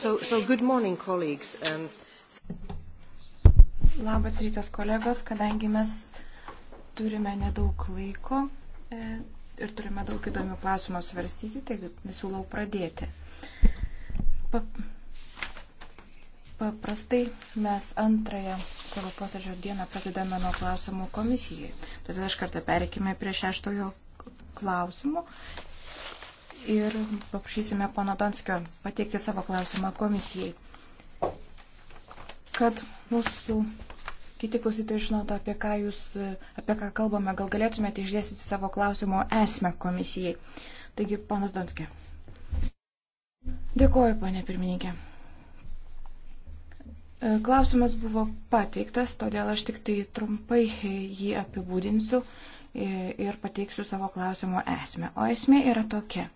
So, so good morning, colleagues. Um... Labas rytas, kolegos, kadangi mes turime nedaug laiko e, ir turime daug įdomių klausimų svarstyti, taigi tai siūlau pradėti. Pap... Paprastai mes antrąją savo posėdžio dieną pradedame nuo klausimų komisijai. Todėl iš karto pereikime prie šeštojo klausimų ir paprašysime pono Donskio pateikti savo klausimą komisijai. Kad mūsų kiti klausytojai žinotų, apie ką jūs, apie ką kalbame, gal galėtumėte išdėstyti savo klausimo esmę komisijai. Taigi, ponas Donskė. Dėkuoju, ponė pirmininkė. E, klausimas buvo pateiktas, todėl aš tik tai trumpai jį apibūdinsiu ir pateiksiu savo klausimo esmę. O esmė yra tokia.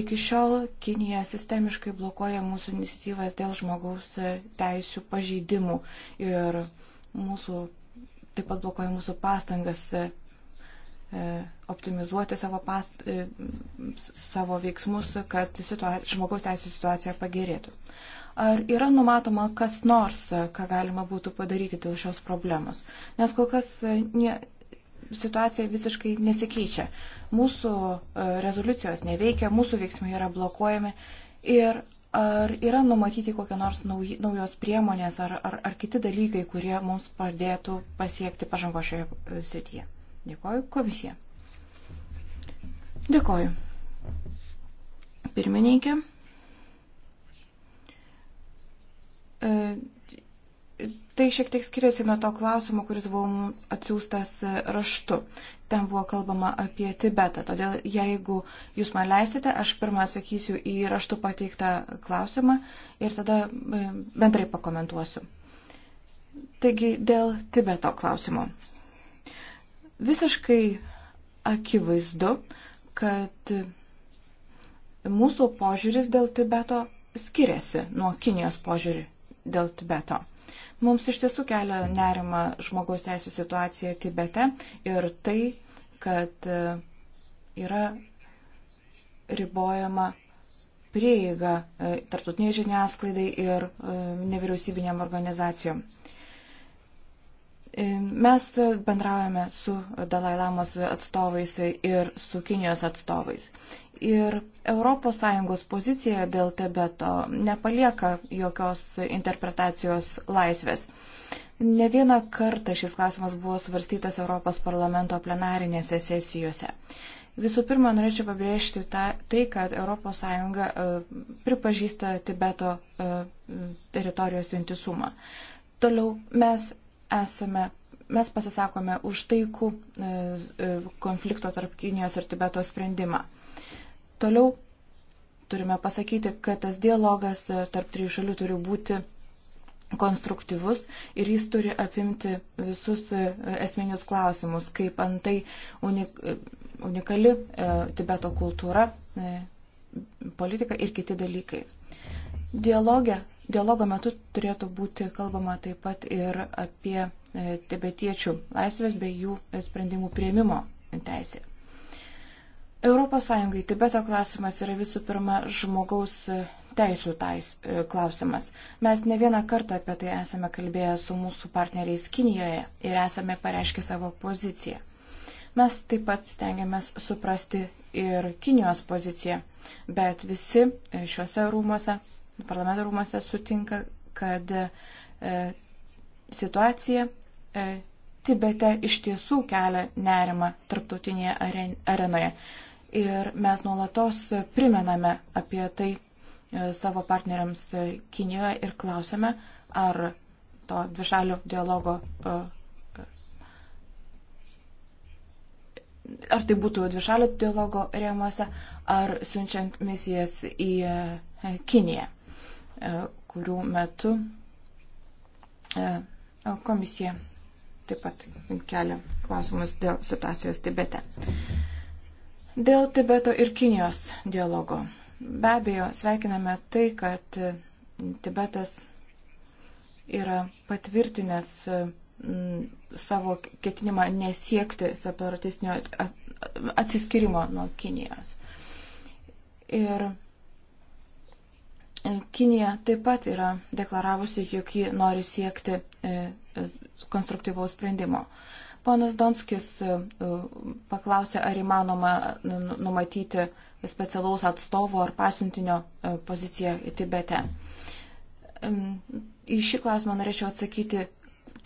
Iki šiol Kinija sistemiškai blokuoja mūsų iniciatyvas dėl žmogaus teisų pažeidimų ir mūsų, taip pat blokuoja mūsų pastangas e, optimizuoti savo, past, e, savo veiksmus, kad situa, žmogaus teisų situacija pagerėtų. Ar yra numatoma kas nors, ką galima būtų padaryti dėl šios problemos? Nes kol kas e, nie, situacija visiškai nesikeičia. Mūsų e, rezoliucijos neveikia, mūsų veiksmai yra blokuojami. Ir ar yra numatyti kokie nors nauj, naujos priemonės ar, ar, ar kiti dalykai, kurie mums padėtų pasiekti pažango šioje e, srityje? Dėkoju komisija. Dėkoju. Pirmininkė. E, Tai šiek tiek skiriasi nuo to klausimo, kuris buvo mums atsiųstas raštu. Ten buvo kalbama apie Tibetą. Todėl jeigu jūs man leisite, aš pirmą atsakysiu į raštu pateiktą klausimą ir tada e, bendrai pakomentuosiu. Taigi dėl Tibeto klausimo. Visiškai akivaizdu, kad mūsų požiūris dėl Tibeto skiriasi nuo Kinijos požiūrį dėl Tibeto. Mums iš tiesų kelia nerima žmogaus teisų situacija Tibete ir tai, kad e, yra ribojama prieiga e, tartutiniai žiniasklaidai ir e, nevyriausybinėm organizacijom. Mes bendraujame su Dalai Lamos atstovais ir su Kinijos atstovais. Ir ES pozicija dėl Tibeto nepalieka jokios interpretacijos laisvės. Ne vieną kartą šis klausimas buvo svarstytas Europos parlamento plenarinėse sesijose. Visų pirma, norėčiau pabrėžti tą, tai, kad ES e, pripažįsta Tibeto e, teritorijos vientisumą. Toliau mes esame mes pasisakome už taikų e, konflikto tarp Kinijos ir Tibeto sprendimą. Toliau turime pasakyti, kad tas dialogas tarp trijų šalių turi būti konstruktyvus ir jis turi apimti visus e, esminius klausimus, kaip antai unikali e, Tibeto kultūra, e, politika ir kiti dalykai. Dialogė, dialogo metu turėtų būti kalbama taip pat ir apie tibetiečių laisvės bei jų sprendimų prieimimo teisė. Europos Sąjungai Tibeto klausimas yra visų pirma žmogaus e, teisų tais, e, klausimas. Mes ne vieną kartą apie tai esame kalbėję su mūsų partneriais Kinijoje ir esame pareiškę savo poziciją. Mes taip pat stengiamės suprasti ir Kinijos poziciją, bet visi e, šiuose rūmose, parlamento rūmose sutinka, kad e, situacija e, Tibete iš tiesų kelia nerima tarptautinėje arenoje. Ir mes nuolatos primename apie tai e, savo partneriams e, Kinijoje ir klausime, ar to dvišalio dialogo, e, ar tai būtų dvišalio dialogo rėmuose, ar siunčiant misijas į Kiniją, kurių metu komisija taip pat kelia klausimus dėl situacijos Tibete. Dėl Tibeto ir Kinijos dialogo. Be abejo, sveikiname tai, kad e, Tibetas yra patvirtinęs e, savo ketinimą nesiekti separatistinio atsiskirimo nuo Kinijos. Ir e, Kinija taip pat yra deklaravusi, jog ji nori siekti konstruktyvaus sprendimo. Ponas Donskis e, e, paklausė, ar įmanoma nu, nu, numatyti specialaus atstovo ar pasiuntinio e, poziciją Tibete. Į šį klausimą norėčiau atsakyti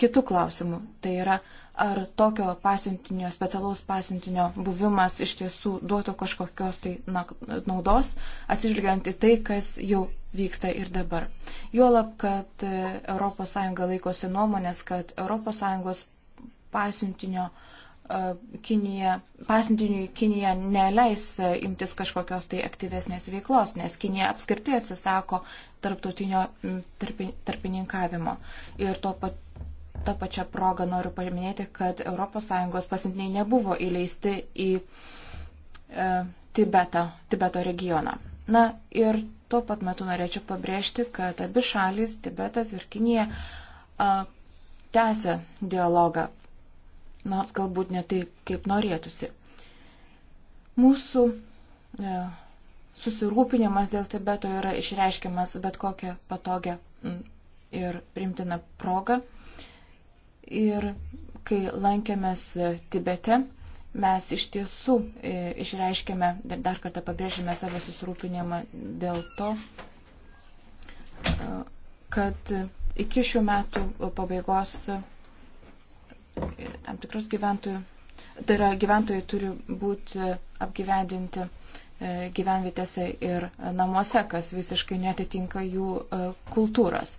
kitų klausimų. Tai yra, ar tokio pasiuntinio, specialaus pasiuntinio buvimas iš tiesų duotų kažkokios tai na, naudos, atsižvelgiant į tai, kas jau vyksta ir dabar. Juolab, kad ES laikosi nuomonės, kad ES pasiuntinio e, Kinija, pasiuntiniui Kinija neleis e, imtis kažkokios tai aktyvesnės veiklos, nes Kinija apskritai atsisako tarptautinio tarpi, tarpininkavimo. Ir to pat, tą pačią progą noriu paminėti, kad ES pasiuntiniai nebuvo įleisti į e, Tibetą, Tibeto regioną. Na ir tuo pat metu norėčiau pabrėžti, kad abi šalis, Tibetas ir Kinija, a, tęsia dialogą nors galbūt ne taip, kaip norėtųsi. Mūsų e, susirūpinimas dėl Tibeto yra išreiškiamas bet kokią patogią ir primtiną progą. Ir kai lankėmės Tibete, mes iš tiesų e, išreiškėme, dar kartą pabrėžėme savo susirūpinimą dėl to, e, kad iki šių metų pabaigos tam tikrus gyventojų, tai yra gyventojai turi būti apgyvendinti e, gyvenvietėse ir namuose, kas visiškai netitinka jų e, kultūros.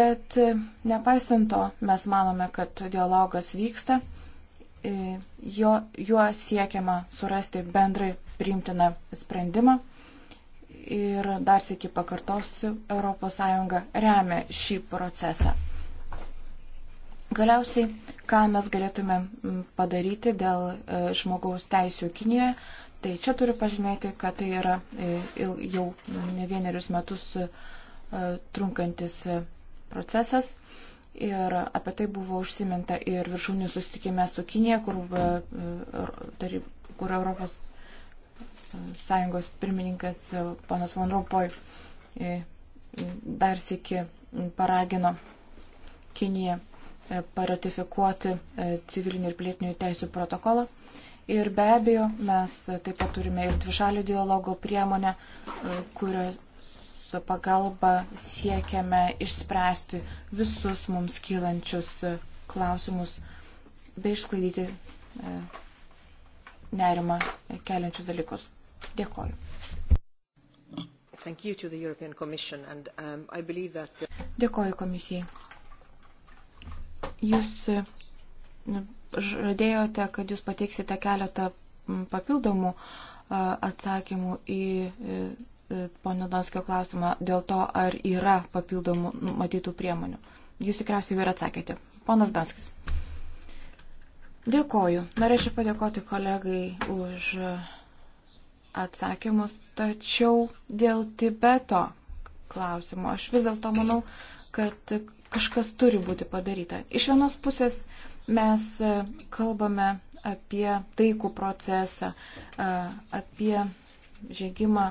Bet e, nepaisant to, mes manome, kad dialogas vyksta, jo, juo siekiama surasti bendrai priimtiną sprendimą. Ir dar sėki pakartosiu, ES remia šį procesą. Galiausiai, ką mes galėtume padaryti dėl e, žmogaus teisų Kinijoje, tai čia turiu pažymėti, kad tai yra e, jau ne vienerius metus e, trunkantis procesas. Ir apie tai buvo užsiminta ir viršūnių sustikime su Kinė, kur, kur Europos Sąjungos pirmininkas panas Van Rompoj dar sėki paragino Kiniją E, paratifikuoti e, civilinių ir pilietinių teisų protokolą. Ir be abejo, mes taip pat turime ir dvišalių dialogo priemonę, e, kurios pagalba siekiame išspręsti visus mums kylančius klausimus bei išsklaidyti nerimą keliančius dalykus. Dėkoju. Um, that... Dėkoju komisijai. Jūs e, žadėjote, kad jūs pateiksite keletą papildomų atsakymų į e, e, ponio Donskio klausimą dėl to, ar yra papildomų matytų priemonių. Jūs tikriausiai ir atsakėte. Ponas Donskis. Dėkoju. Norėčiau padėkoti kolegai už atsakymus, tačiau dėl Tibeto klausimo aš vis dėlto manau, kad kažkas turi būti padaryta. Iš vienos pusės mes e, kalbame apie taikų procesą, e, apie žėgimą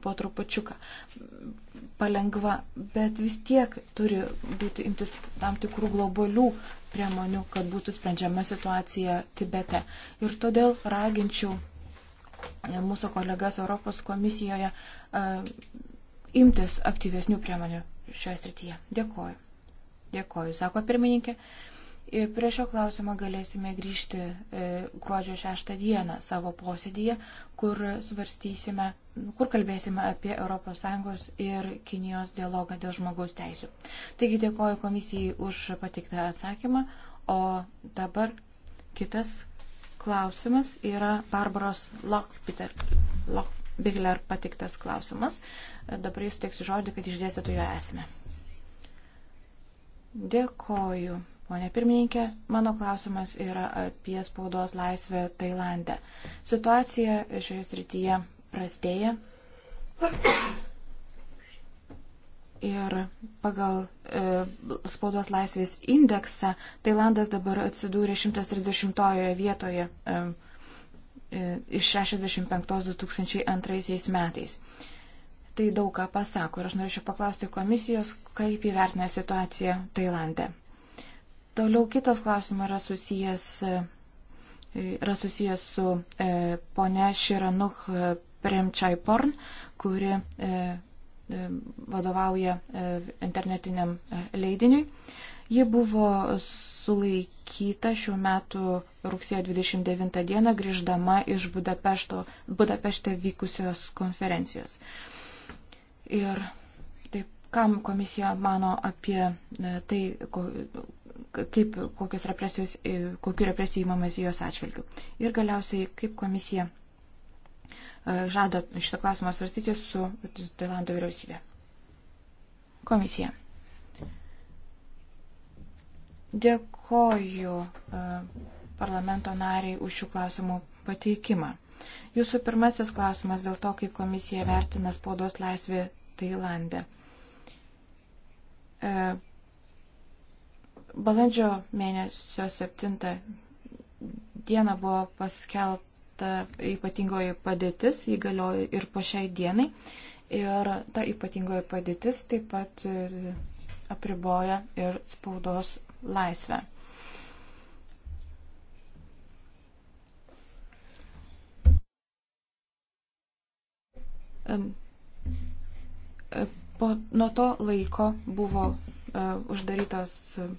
po trupačiuką, palengva, bet vis tiek turi būti imtis tam tikrų globalių priemonių, kad būtų sprendžiama situacija Tibete. Ir todėl raginčiau e, mūsų kolegas Europos komisijoje imtis aktyvesnių priemonių šioje srityje. Dėkuoju. Dėkoju, sako pirmininkė. Prie šio klausimo galėsime grįžti e, gruodžio 6 dieną savo posėdėje, kur svarstysime, kur kalbėsime apie ES ir Kinijos dialogą dėl žmogaus teisų. Taigi dėkoju komisijai už patiktą atsakymą, o dabar kitas klausimas yra Barbaros Lockbiter. Lock Bigler patiktas klausimas. Dabar jis teiksiu žodį, kad išdėsėtų jo esmę. Dėkoju, ponė pirmininkė. Mano klausimas yra apie spaudos laisvę Tailande. Situacija šioje srityje prastėja. Ir pagal e, spaudos laisvės indeksą Tailandas dabar atsidūrė 130 vietoje e, e, iš 65 2002 metais. E, tai daug ką pasako. Ir aš norėčiau paklausti komisijos, kaip įvertina situaciją Tailande. Toliau kitas klausimas yra susijęs, yra susijęs su e, ponia Širanuk Premčaiporn, kuri e, e vadovauja e, internetiniam e, leidiniui. Ji buvo sulaikyta šių metų rugsėjo 29 dieną grįždama iš Budapešto, Budapešte vykusios konferencijos. E, Ir taip, kam komisija mano apie e, tai, ko, kaip, kokios represijos, e, kokiu represijų įmamas jos atšvilgių. Ir galiausiai, kaip komisija e, žada šitą klausimą svarstyti su Tailando vyriausybė. Komisija. Dėkoju parlamento nariai už šių klausimų pateikimą. Jūsų pirmasis klausimas dėl to, kaip komisija vertina spaudos laisvę Tailandė. E, balandžio mėnesio 7 dieną buvo paskelbta ypatingoji padėtis, jį galioja ir po šiai dienai. Ir ta ypatingoji padėtis taip pat e, apriboja ir spaudos laisvę. Po, nuo to laiko buvo uh, uždarytos uh,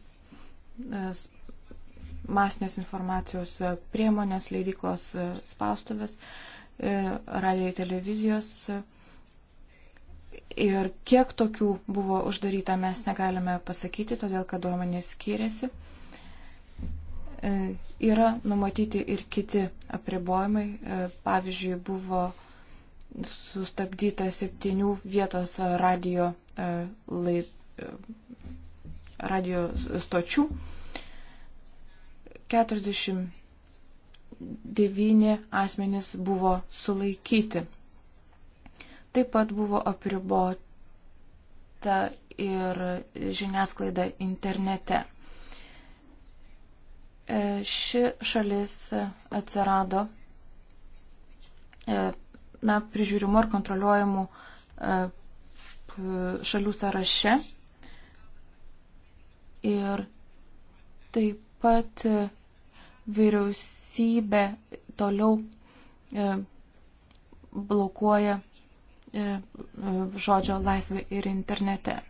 masinės informacijos e, priemonės, leidyklos uh, spaustuvės, uh, radijai televizijos. Uh, ir kiek tokių buvo uždaryta, mes negalime pasakyti, todėl kad duomenys skiriasi. E, yra numatyti ir kiti apribojimai. E, pavyzdžiui, buvo sustabdyta septynių vietos radio, e, laid, e, radio stočių. 49 asmenys buvo sulaikyti. Taip pat buvo apribota ir žiniasklaida internete. E, ši šalis atsirado na, prižiūrimų ar kontroliuojamų e, šalių sąraše. Ir taip pat e, vyriausybė toliau e, blokuoja žodžio laisvę ir internete.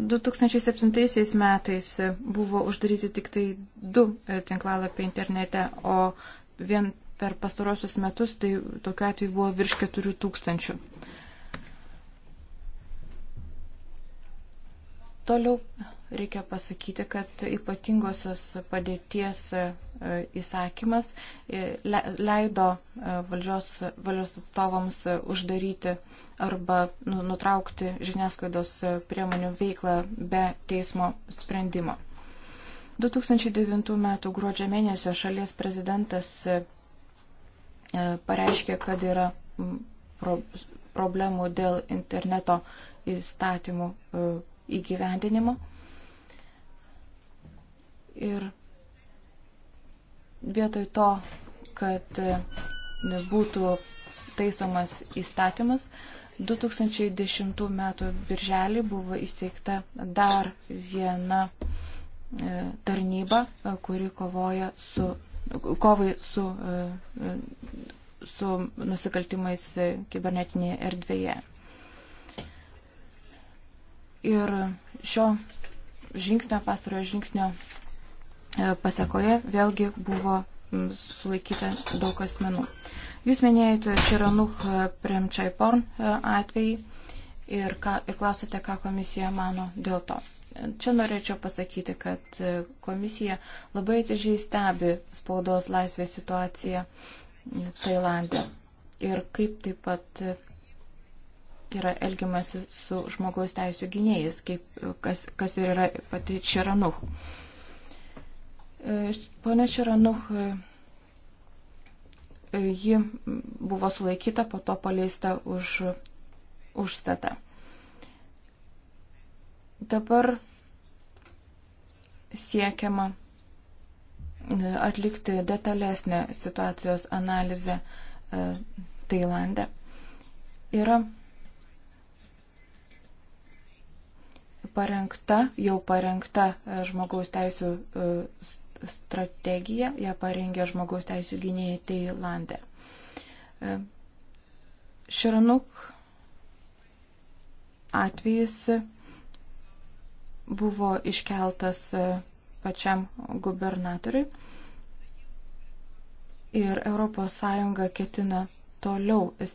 2007 metais buvo uždaryti tik tai du e, tinklalapiai internete, o vien per pastarosius metus tai tokiu atveju buvo virš 4 tūkstančių. Toliau reikia pasakyti, kad ypatingosios padėties e, įsakymas e, leido e, valdžios, valdžios atstovams uždaryti arba nu, nutraukti žiniasklaidos priemonių veiklą be teismo sprendimo. 2009 m. gruodžio mėnesio šalies prezidentas pareiškė, kad yra problemų dėl interneto įstatymų įgyvendinimo. Ir vietoj to, kad e, būtų taisomas įstatymas, 2010 m. birželį buvo įsteigta dar viena e, tarnyba, e, kuri kovoja su, kovai su, su nusikaltimais kibernetinėje erdvėje. Ir šio žingsnio, pastarojo žingsnio E, pasakoje vėlgi buvo sulaikyta daug asmenų. Jūs minėjote Čiranuch e, Premčaiporn e, atvejį ir, ką, ir klausėte, ką komisija mano dėl to. Čia norėčiau pasakyti, kad komisija labai atidžiai stebi spaudos laisvės situaciją Tailandė ir kaip taip pat yra elgiamasi su žmogaus teisų gynėjais, kaip, kas, kas ir yra pati Čiranuch. Uh, Pone Čiranuch, ji buvo sulaikyta, po to paleista už užstatą. Dabar siekiama e, atlikti detalesnę situacijos analizę e, Tailande. Yra parengta, jau parengta e, žmogaus teisų strategiją, ją parengė žmogaus teisų gynėjai Tailandė. E, Širanuk atvejis buvo iškeltas e, pačiam gubernatoriui ir ES ketina toliau e,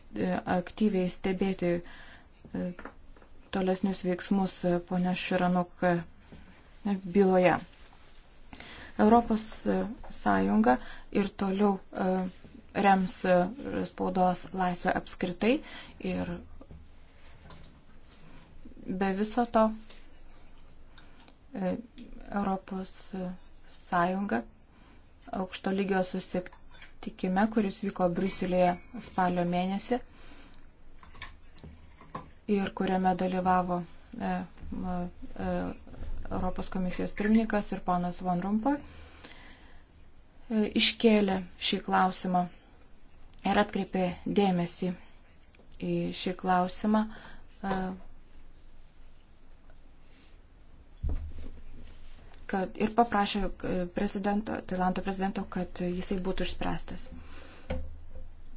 aktyviai stebėti tolesnius veiksmus ponios Širanuk byloje. Europos e, Sąjunga ir toliau e, rems e, spaudos laisvę apskritai ir be viso to Europos Sąjunga aukšto lygio susitikime, kuris vyko Briuselėje spalio mėnesį ir kuriame dalyvavo Europos komisijos pirmininkas ir ponas Van Rumpoj e, iškėlė šį klausimą ir atkreipė dėmesį į šį klausimą. E, kad ir paprašė e, prezidento, Tailanto prezidento, kad jisai būtų išspręstas.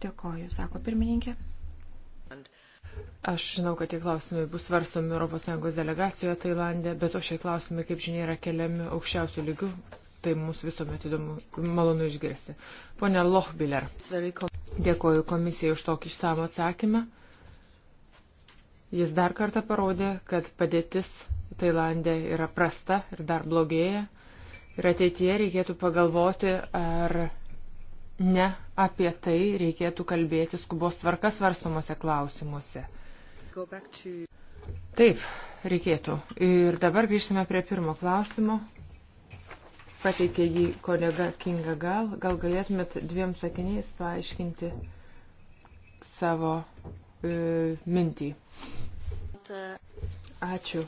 Dėkoju, sako pirmininkė. Aš žinau, kad tie klausimai bus svarstomi ES delegacijoje Tailandė, bet o šie klausimai, kaip žinia, yra keliami aukščiausių lygių. Tai mums visuomet įdomu, malonu išgirsti. Pone Lochbiller, dėkoju komisijai už tokį išsamų atsakymą. Jis dar kartą parodė, kad padėtis Tailandė yra prasta ir dar blogėja. Ir ateityje reikėtų pagalvoti, ar ne apie tai reikėtų kalbėti skubos tvarkas varstomose klausimuose. Taip, reikėtų. Ir dabar grįžtame prie pirmo klausimo. Pateikė jį kolega Kinga Gal. Gal galėtumėt dviem sakiniais paaiškinti savo e, mintį. Ačiū.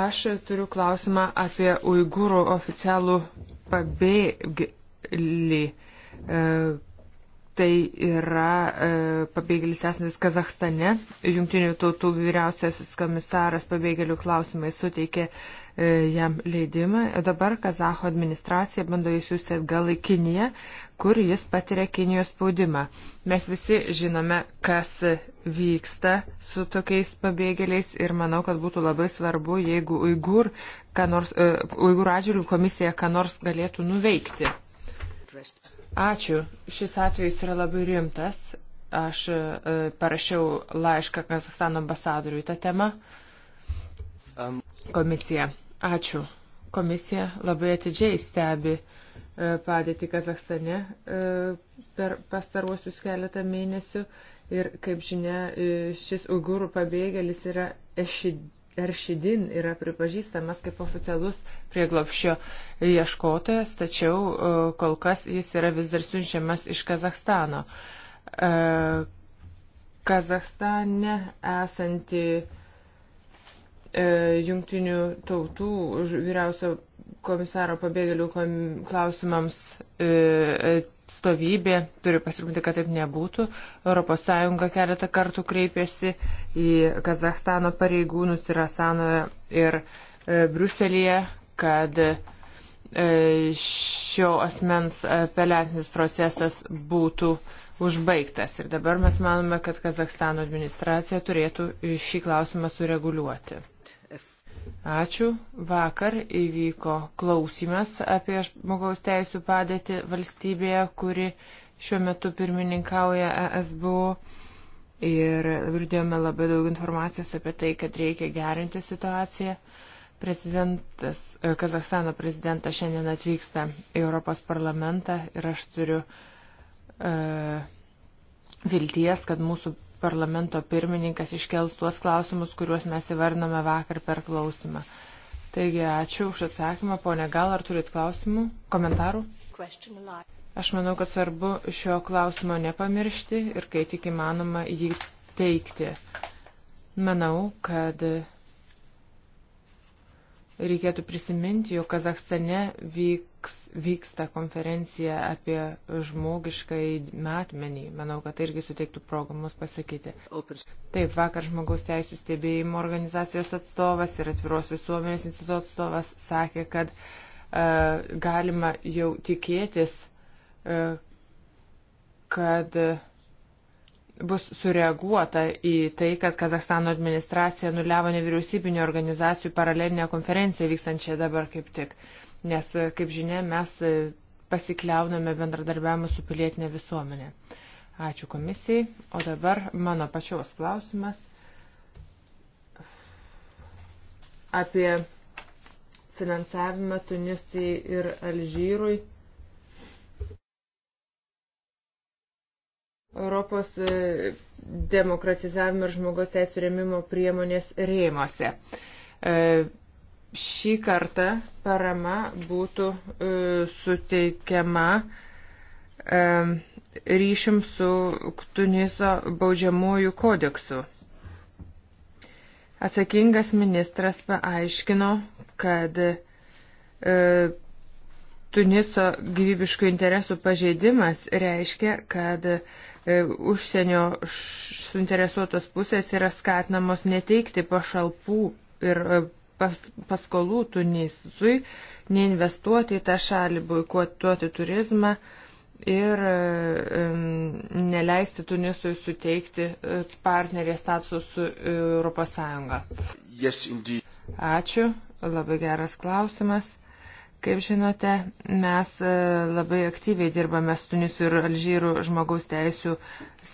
Aš turiu klausimą apie uigūrų oficialų pabėgėlį. E, tai yra e, pabėgėlis esantis Kazahstane. Junktinių tautų vyriausiasis komisaras pabėgėlių klausimai suteikė e, jam leidimą. O dabar Kazaho administracija bando jį siūsti atgal į Kiniją, kur jis patiria Kinijos spaudimą. Mes visi žinome, kas vyksta su tokiais pabėgėliais ir manau, kad būtų labai svarbu, jeigu Uigur, nors, Uigur atžvilgių komisija ką nors galėtų nuveikti. Ačiū. Šis atvejis yra labai rimtas. Aš e, parašiau laišką Kazakstano ambasadoriui tą temą. Komisija. Ačiū. Komisija labai atidžiai stebi e, padėti Kazakstane e, per pastaruosius keletą mėnesių. Ir kaip žinia, šis Ugurų pabėgėlis yra Ešid Eršidin yra pripažįstamas kaip oficialus prieglopščio ieškotojas, tačiau e, kol kas jis yra vis dar siunčiamas iš Kazahstano. E, Kazahstane esanti e, jungtinių tautų vyriausio komisaro pabėgėlių klausimams atstovybė turi pasirūpinti, kad taip nebūtų. ES keletą kartų kreipėsi į Kazahstano pareigūnus ir Asanoje ir e, Bruselėje, kad e, šio asmens apeliacinis procesas būtų užbaigtas. Ir dabar mes manome, kad Kazahstano administracija turėtų šį klausimą sureguliuoti. Ačiū. Vakar įvyko klausimas apie žmogaus teisų padėtį valstybėje, kuri šiuo metu pirmininkauja ESBO. Ir girdėjome labai daug informacijos apie tai, kad reikia gerinti situaciją. Prezidentas, e, Kazakstano prezidentas šiandien atvyksta į Europos parlamentą ir aš turiu e, vilties, kad mūsų parlamento pirmininkas iškels tuos klausimus, kuriuos mes įvarnome vakar per klausimą. Taigi, ačiū už atsakymą. Pone, gal ar turit klausimų, komentarų? Aš manau, kad svarbu šio klausimo nepamiršti ir kai tik įmanoma jį teikti. Manau, kad reikėtų prisiminti, jog Kazakstane vyk vyks, vyksta konferencija apie žmogiškai matmenį. Manau, kad tai irgi suteiktų progą mus pasakyti. Taip, vakar žmogaus teisų stebėjimo organizacijos atstovas ir atviros visuomenės instituto atstovas sakė, kad uh, galima jau tikėtis, uh, kad uh, bus sureaguota į tai, kad Kazakstano administracija nuliavo nevyriausybinio organizacijų paralelinę konferenciją vykstančią dabar kaip tik. Uh, nes, kaip žinia, mes pasikliauname bendradarbiavimu su pilietinė visuomenė. Ačiū komisijai. O dabar mano pačios klausimas apie finansavimą Tunisijai ir Alžyrui. Europos e, demokratizavimo ir žmogaus teisų rėmimo priemonės rėmose. E, šį kartą parama būtų e, suteikiama e, ryšim su Tuniso baudžiamųjų kodeksu. Atsakingas ministras paaiškino, kad e, Tuniso gyvybiškų interesų pažeidimas reiškia, kad e, užsienio suinteresuotos pusės yra skatinamos neteikti pašalpų ir e, pas, paskolų Tunisui, neinvestuoti į tą šalį, boikuotuoti turizmą ir um, neleisti Tunisui suteikti e, partnerės statusų su ES. Yes, indeed. Ačiū, labai geras klausimas. Kaip žinote, mes e, labai aktyviai dirbame su Tunisu ir Alžyru žmogaus teisų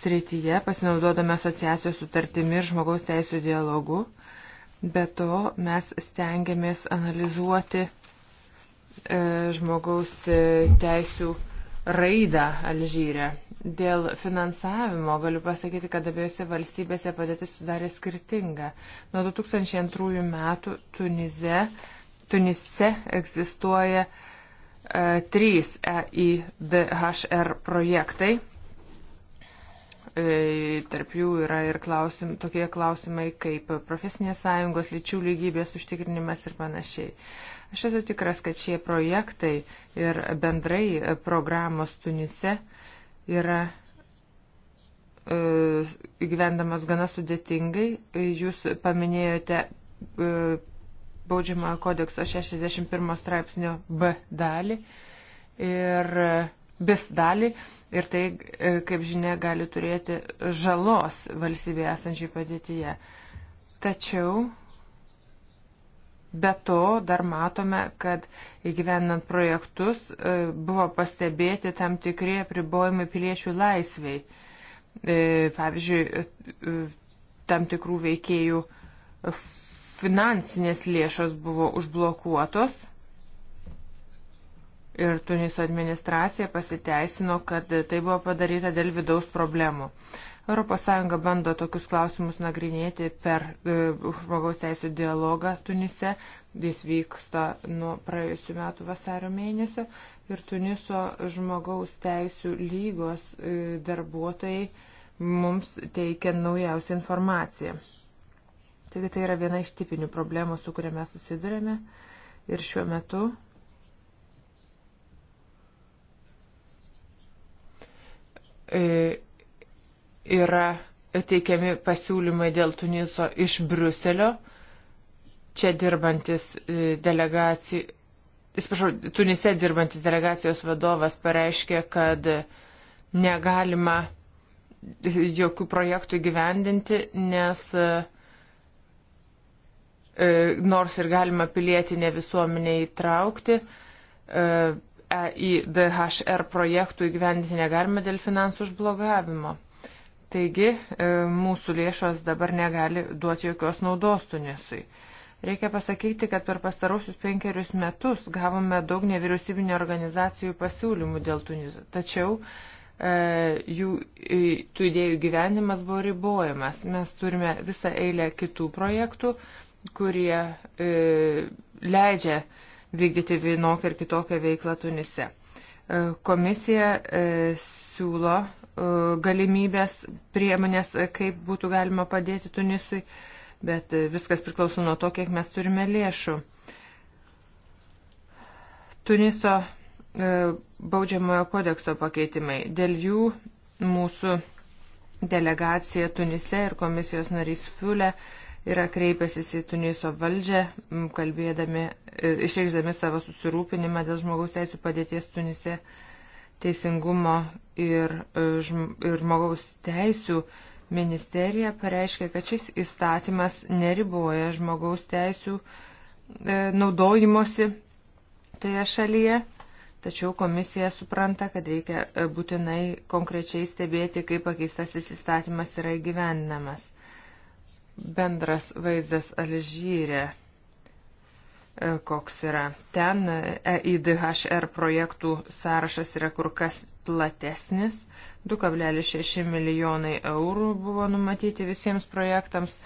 srityje, pasinaudodami asociacijos sutartimi ir žmogaus teisų dialogu. Uh, Be to mes stengiamės analizuoti e, žmogaus e, teisų raidą Alžyre. Dėl finansavimo galiu pasakyti, kad abiejose valstybėse padėtis sudarė skirtinga. Nuo 2002 metų Tunize, Tunise egzistuoja e, trys EIDHR projektai E, tarp jų yra ir klausim, tokie klausimai kaip profesinės sąjungos, lyčių lygybės užtikrinimas ir panašiai. Aš esu tikras, kad šie projektai ir bendrai programos Tunise yra e, įgyvendamas gana sudėtingai. Jūs paminėjote e, baudžiamojo kodekso 61 straipsnio B dalį ir bis dalį ir tai, e, kaip žinia, gali turėti žalos valstybėje esančiai padėtyje. Tačiau be to dar matome, kad įgyvendant projektus e, buvo pastebėti tam tikrie pribojimai piliečių laisviai. E, pavyzdžiui, tam tikrų veikėjų finansinės lėšos buvo užblokuotos ir Tuniso administracija pasiteisino, kad tai buvo padaryta dėl vidaus problemų. ES bando tokius klausimus nagrinėti per e, žmogaus teisų dialogą Tunise. Jis vyksta nuo praėjusiu metu vasario mėnesio ir Tuniso žmogaus teisų lygos e, darbuotojai mums teikia naujausią informaciją. Taigi tai yra viena iš tipinių problemų, su kuria mes susidurėme ir šiuo metu E, yra teikiami pasiūlymai dėl Tuniso iš Briuselio. Čia dirbantis e, delegacijų, atsiprašau, Tunise dirbantis delegacijos vadovas pareiškė, kad negalima jokių projektų gyvendinti, nes e, nors ir galima pilietinę visuomenę įtraukti, EIDHR projektų įgyvendinti negalime dėl finansų užblogavimo. Taigi e, mūsų lėšos dabar negali duoti jokios naudos Tunisui. Reikia pasakyti, kad per pastarausius penkerius metus gavome daug nevyriausybinio organizacijų pasiūlymų dėl Tunizo. Tačiau e, jų, tų idėjų gyvenimas buvo ribojamas. Mes turime visą eilę kitų projektų, kurie e, leidžia e, vykdyti vienokią ir kitokią veiklą Tunise. E, komisija e, siūlo e, galimybės priemonės, kaip būtų galima padėti Tunisui, bet viskas priklauso nuo to, kiek mes turime lėšų. Tuniso baudžiamojo kodekso pakeitimai. Dėl jų mūsų delegacija Tunise ir komisijos narys Fiulė uh, yra kreipęsis į Tuniso valdžią, kalbėdami, e, išreikšdami savo susirūpinimą dėl žmogaus teisų padėties Tunise, teisingumo ir, e, ir žmogaus teisų. Ministerija pareiškia, kad šis įstatymas neriboja žmogaus teisų e, naudojimosi toje šalyje, tačiau komisija supranta, kad reikia būtinai konkrečiai stebėti, kaip pakeistasis įstatymas yra įgyvendinamas bendras vaizdas Alžyre, e, koks yra. Ten EIDHR e projektų sąrašas yra kur kas platesnis. 2,6 milijonai eurų buvo numatyti visiems projektams.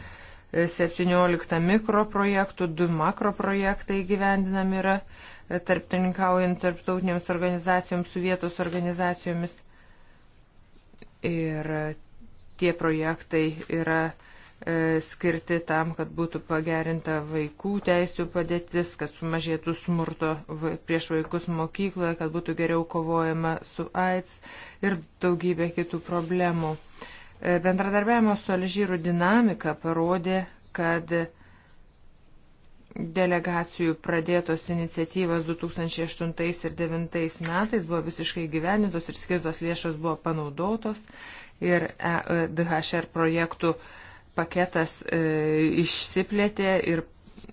17 e, mikroprojektų, 2 makroprojektai gyvendinami yra, tarptininkaujant tarptautinėms organizacijoms su vietos organizacijomis. Ir tie projektai yra uh, E, skirti tam, kad būtų pagerinta vaikų teisų padėtis, kad sumažėtų smurto prieš vaikus mokykloje, kad būtų geriau kovojama su AIDS ir daugybė kitų problemų. E, bendradarbiavimo su Alžyru dinamika parodė, kad delegacijų pradėtos iniciatyvos 2008 ir 2009 metais buvo visiškai gyvenintos ir skirtos lėšos buvo panaudotos ir e, DHR projektų uh, paketas e, išsiplėtė ir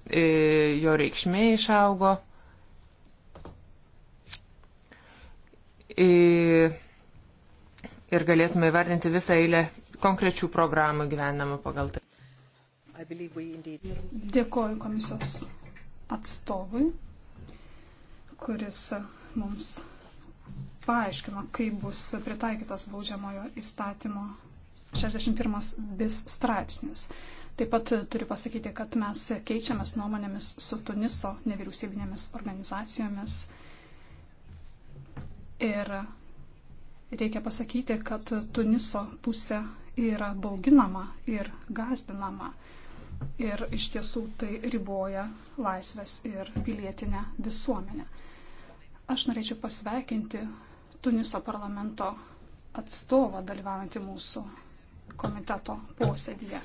e, jo reikšmė išaugo. E, ir galėtume įvardinti visą eilę konkrečių programų gyvenamą pagal tai. Dėkoju komisijos atstovui, kuris mums paaiškino, kaip bus pritaikytas baudžiamojo įstatymo 61 bis straipsnis. Taip pat turiu pasakyti, kad mes keičiamės nuomonėmis su Tuniso nevyriausybinėmis organizacijomis. Ir reikia pasakyti, kad Tuniso pusė yra bauginama ir gazdinama. Ir iš tiesų tai riboja laisvės ir pilietinę visuomenę. Aš norėčiau pasveikinti Tuniso parlamento atstovą dalyvaujantį mūsų komiteto posėdėje.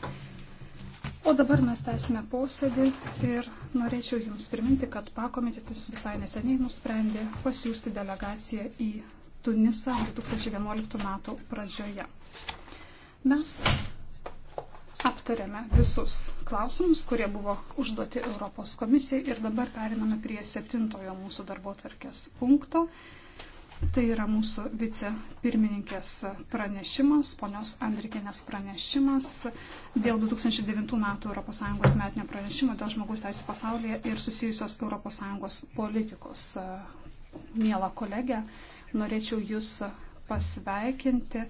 O dabar mes tęsime posėdį ir norėčiau Jums priminti, kad pakomitetis visai neseniai nusprendė pasiūsti delegaciją į Tunisą 2011 m. pradžioje. Mes aptarėme visus klausimus, kurie buvo užduoti Europos komisijai ir dabar periname prie septintojo mūsų darbo tvarkės punkto. Tai yra mūsų vicepirmininkės pranešimas, ponios Andrikinės pranešimas dėl 2009 metų ES metinio pranešimo dėl žmogaus teisų pasaulyje ir susijusios ES politikos. Mėla kolegė, norėčiau Jūs pasveikinti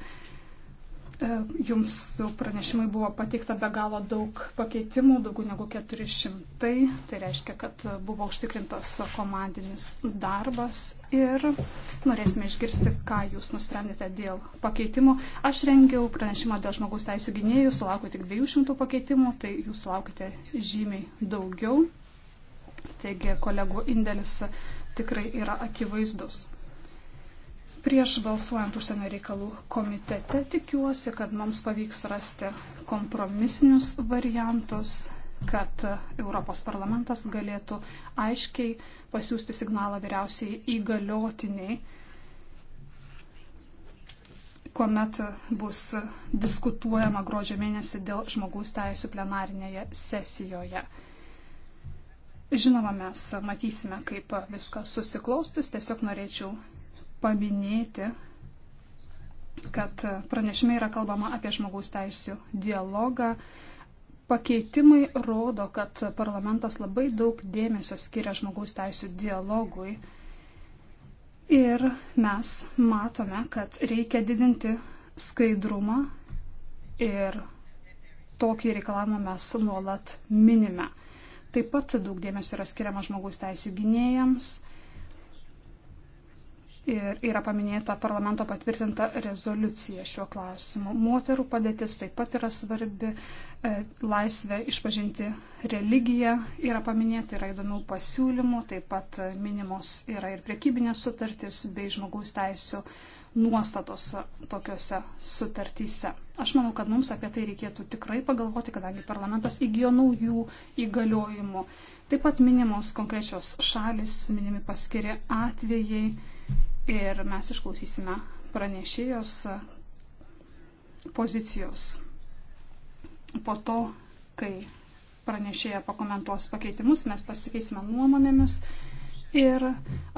E, jums pranešimai buvo pateikta be galo daug pakeitimų, daugiau negu 400. Tai reiškia, kad buvo užtikrintas komandinis darbas ir norėsime išgirsti, ką Jūs nusprendėte dėl pakeitimų. Aš rengiau pranešimą dėl žmogaus teisų gynėjų, sulaukiu tik 200 pakeitimų, tai Jūs sulaukite žymiai daugiau. Taigi kolegų indėlis tikrai yra akivaizdus. Prieš balsuojant užsienio reikalų komitete tikiuosi, kad mums pavyks rasti kompromisinius variantus, kad Europos parlamentas galėtų aiškiai pasiūsti signalą vyriausiai įgaliotiniai, kuomet bus diskutuojama gruodžio mėnesį dėl žmogaus teisų plenarinėje sesijoje. Žinoma, mes matysime, kaip viskas susiklaustis, tiesiog norėčiau paminėti, kad pranešime yra kalbama apie žmogaus teisų dialogą. Pakeitimai rodo, kad parlamentas labai daug dėmesio skiria žmogaus teisų dialogui. Ir mes matome, kad reikia didinti skaidrumą ir tokį reikalavimą mes nuolat minime. Taip pat daug dėmesio yra skiriama žmogaus teisų gynėjams ir yra paminėta parlamento patvirtinta rezoliucija šiuo klausimu. Moterų padėtis taip pat yra svarbi, e, laisvė išpažinti religiją yra paminėta, yra įdomių pasiūlymų, taip pat minimos yra ir priekybinės sutartys bei žmogaus teisų nuostatos tokiuose sutartyse. Aš manau, kad mums apie tai reikėtų tikrai pagalvoti, kadangi parlamentas įgijo naujų įgaliojimų. Taip pat minimos konkrečios šalis, minimi paskiri atvejai ir mes išklausysime pranešėjos pozicijos. Po to, kai pranešėja pakomentuos pakeitimus, mes pasikeisime nuomonėmis. Ir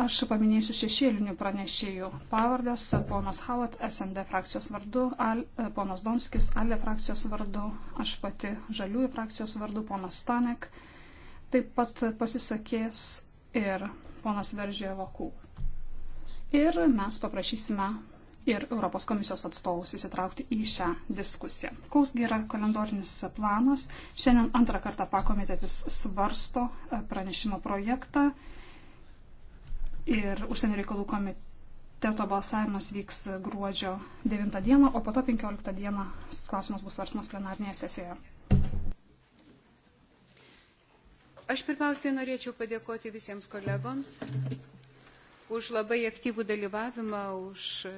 aš paminėsiu šešėlinių pranešėjų pavardės. Ponas Havat, SND frakcijos vardu, Al, ponas Donskis, Alė frakcijos vardu, aš pati Žaliųjų frakcijos vardu, ponas Stanek. Taip pat pasisakės ir ponas Veržė Vakū ir mes paprašysime ir Europos komisijos atstovus įsitraukti į šią diskusiją. Kausgi yra kalendorinis planas. Šiandien antrą kartą pakomitetis svarsto e, pranešimo projektą ir užsienio reikalų komiteto balsavimas vyks gruodžio 9 dieną, o po to 15 dieną klausimas bus svarstamas plenarnėje sesijoje. Aš pirmiausiai norėčiau padėkoti visiems kolegoms už labai aktyvų dalyvavimą, už e,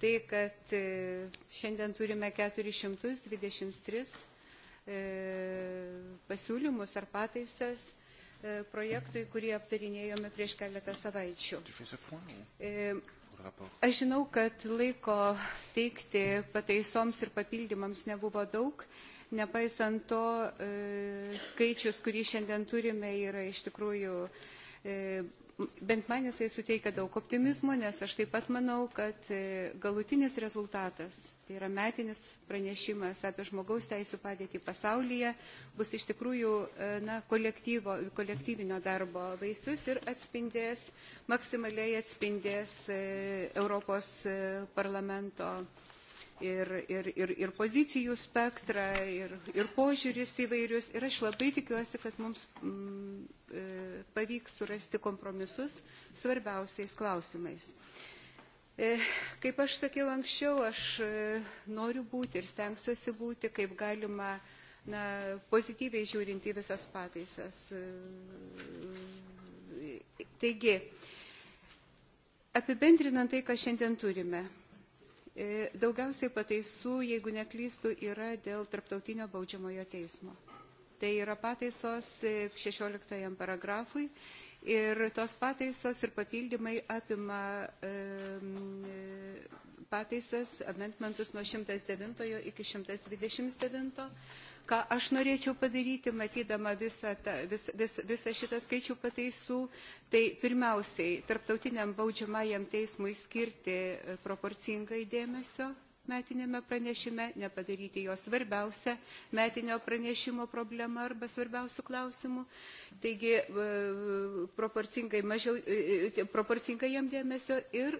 tai, kad e, šiandien turime 423 e, pasiūlymus ar pataisas projektui, kurį aptarinėjome prieš keletą savaičių. Aš žinau, kad laiko teikti pataisoms ir papildymams nebuvo daug. Nepaisant to, skaičius, kurį šiandien turime, yra iš tikrųjų bent man jisai suteikia daug optimizmo, nes aš taip pat manau, kad e, galutinis rezultatas, tai yra metinis pranešimas apie žmogaus teisų padėtį pasaulyje, bus iš tikrųjų e, na, kolektyvinio darbo vaisius ir atspindės, maksimaliai atspindės e, Europos parlamento ir, ir, ir, ir pozicijų spektrą, ir, ir požiūris įvairius. Ir aš labai tikiuosi, kad mums mm, e, pavyks surasti kompromisus svarbiausiais klausimais. E, kaip aš sakiau anksčiau, aš e, noriu būti ir stengsiuosi būti, kaip galima na, pozityviai žiūrinti į visas pataisas. Taigi, apibendrinant tai, ką šiandien turime, E, daugiausiai pataisų, jeigu neklystų, yra dėl tarptautinio baudžiamojo teismo. Tai yra pataisos 16 e, paragrafui ir tos pataisos ir papildymai apima e, e pataisas, amendmentus nuo 109 iki 129 ką aš norėčiau padaryti, matydama visą, ta, vis, vis, visą šitą skaičių pataisų, tai pirmiausiai tarptautiniam baudžiamajam teismui skirti e, proporcingai dėmesio metinėme pranešime, nepadaryti jo svarbiausia metinio pranešimo problema arba svarbiausių klausimų. Taigi e, proporcingai, mažiau, e, proporcingai jam dėmesio ir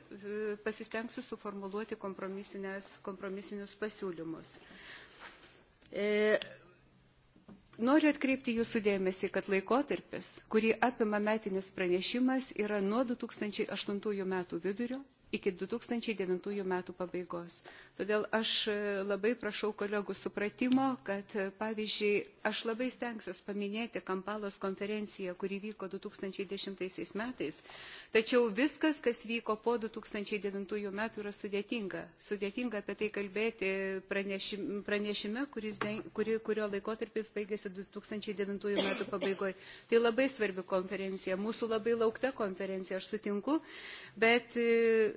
pasistengsiu suformuluoti kompromisinius pasiūlymus. Mhm. E, noriu atkreipti jūsų dėmesį, kad laikotarpis, kurį apima metinis pranešimas, yra nuo 2008 metų vidurio iki 2009 metų pabaigos. Todėl aš e, labai prašau kolegų supratimo, kad e, pavyzdžiui, aš labai stengsiuos paminėti Kampalos konferenciją, kuri vyko 2010 metais, tačiau viskas, kas vyko po 2009 metų yra sudėtinga. Sudėtinga apie tai kalbėti pranešime, pranešime kuris, kuri, kurio laikotarpis baigėsi 2009 metų pabaigoje. Tai labai svarbi konferencija, mūsų labai laukta konferencija, aš sutinku, bet e,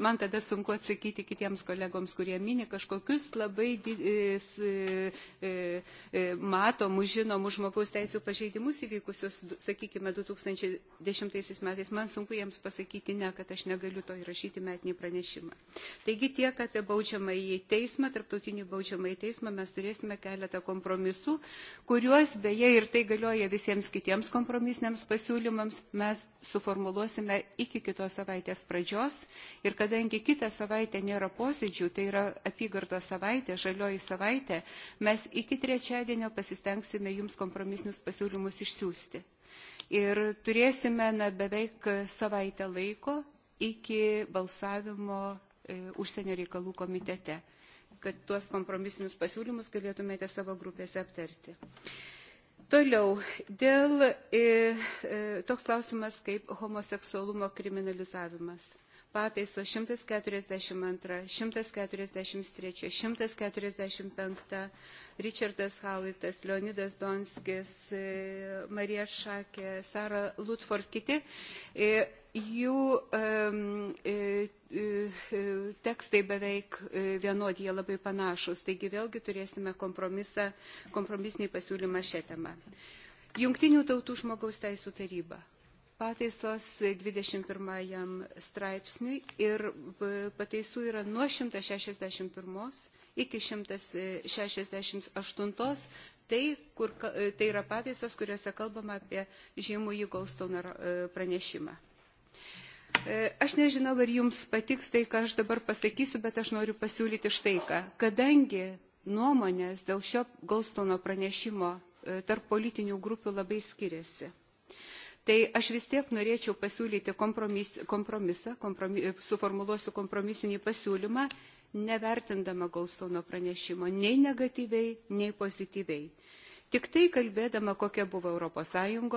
man tada sunku atsakyti kitiems kolegoms, kurie mini kažkokius labai didis, e, e, e, matomus, žinomus žmogaus teisų pažeidimus įvykusius, sakykime, 2010 metais. Man sunku jiems pasakyti ne, kad aš negaliu to įrašyti metinį pranešimą. Taigi tiek apie baudžiamąjį teismą, tarptautinį baudžiamąjį teismą mes turėsime keletą kompromisų, kuriuos beje ir tai galioja visiems kitiems kompromisiniams pasiūlymams mes suformuluosime iki kitos savaitės pradžios ir kad kadangi kitą savaitę nėra posėdžių, tai yra apygardo savaitė, žalioji savaitė, mes iki trečiadienio pasistengsime jums kompromisinius pasiūlymus išsiųsti. Ir turėsime na, beveik savaitę laiko iki balsavimo e, užsienio reikalų komitete, kad tuos kompromisinius pasiūlymus galėtumėte savo grupėse aptarti. Toliau, dėl e, e, toks klausimas kaip homoseksualumo kriminalizavimas pataiso 142, 143, 145, Richardas Hauitas, Leonidas Donskis, e, Marija Šakė, Sara Lutford, kiti. E, jų e, tekstai beveik vienodi, jie labai panašus, taigi vėlgi turėsime kompromisinį pasiūlymą šią temą. Jungtinių tautų žmogaus teisų taryba pataisos 21 straipsniui ir pataisų yra nuo 161 iki 168. Tai, kur, tai yra pataisos, kuriuose kalbama apie žymų į Goldstone e, pranešimą. E, aš nežinau, ar jums patiks tai, ką aš dabar pasakysiu, bet aš noriu pasiūlyti štai ką. Kadangi nuomonės dėl šio Goldstone pranešimo e, tarp politinių grupių labai skiriasi. Tai aš vis tiek norėčiau pasiūlyti kompromis, kompromisą, kompromis, suformuluosiu kompromisinį pasiūlymą, nevertindama Galsono pranešimo nei negatyviai, nei pozityviai. Tik tai kalbėdama, kokia buvo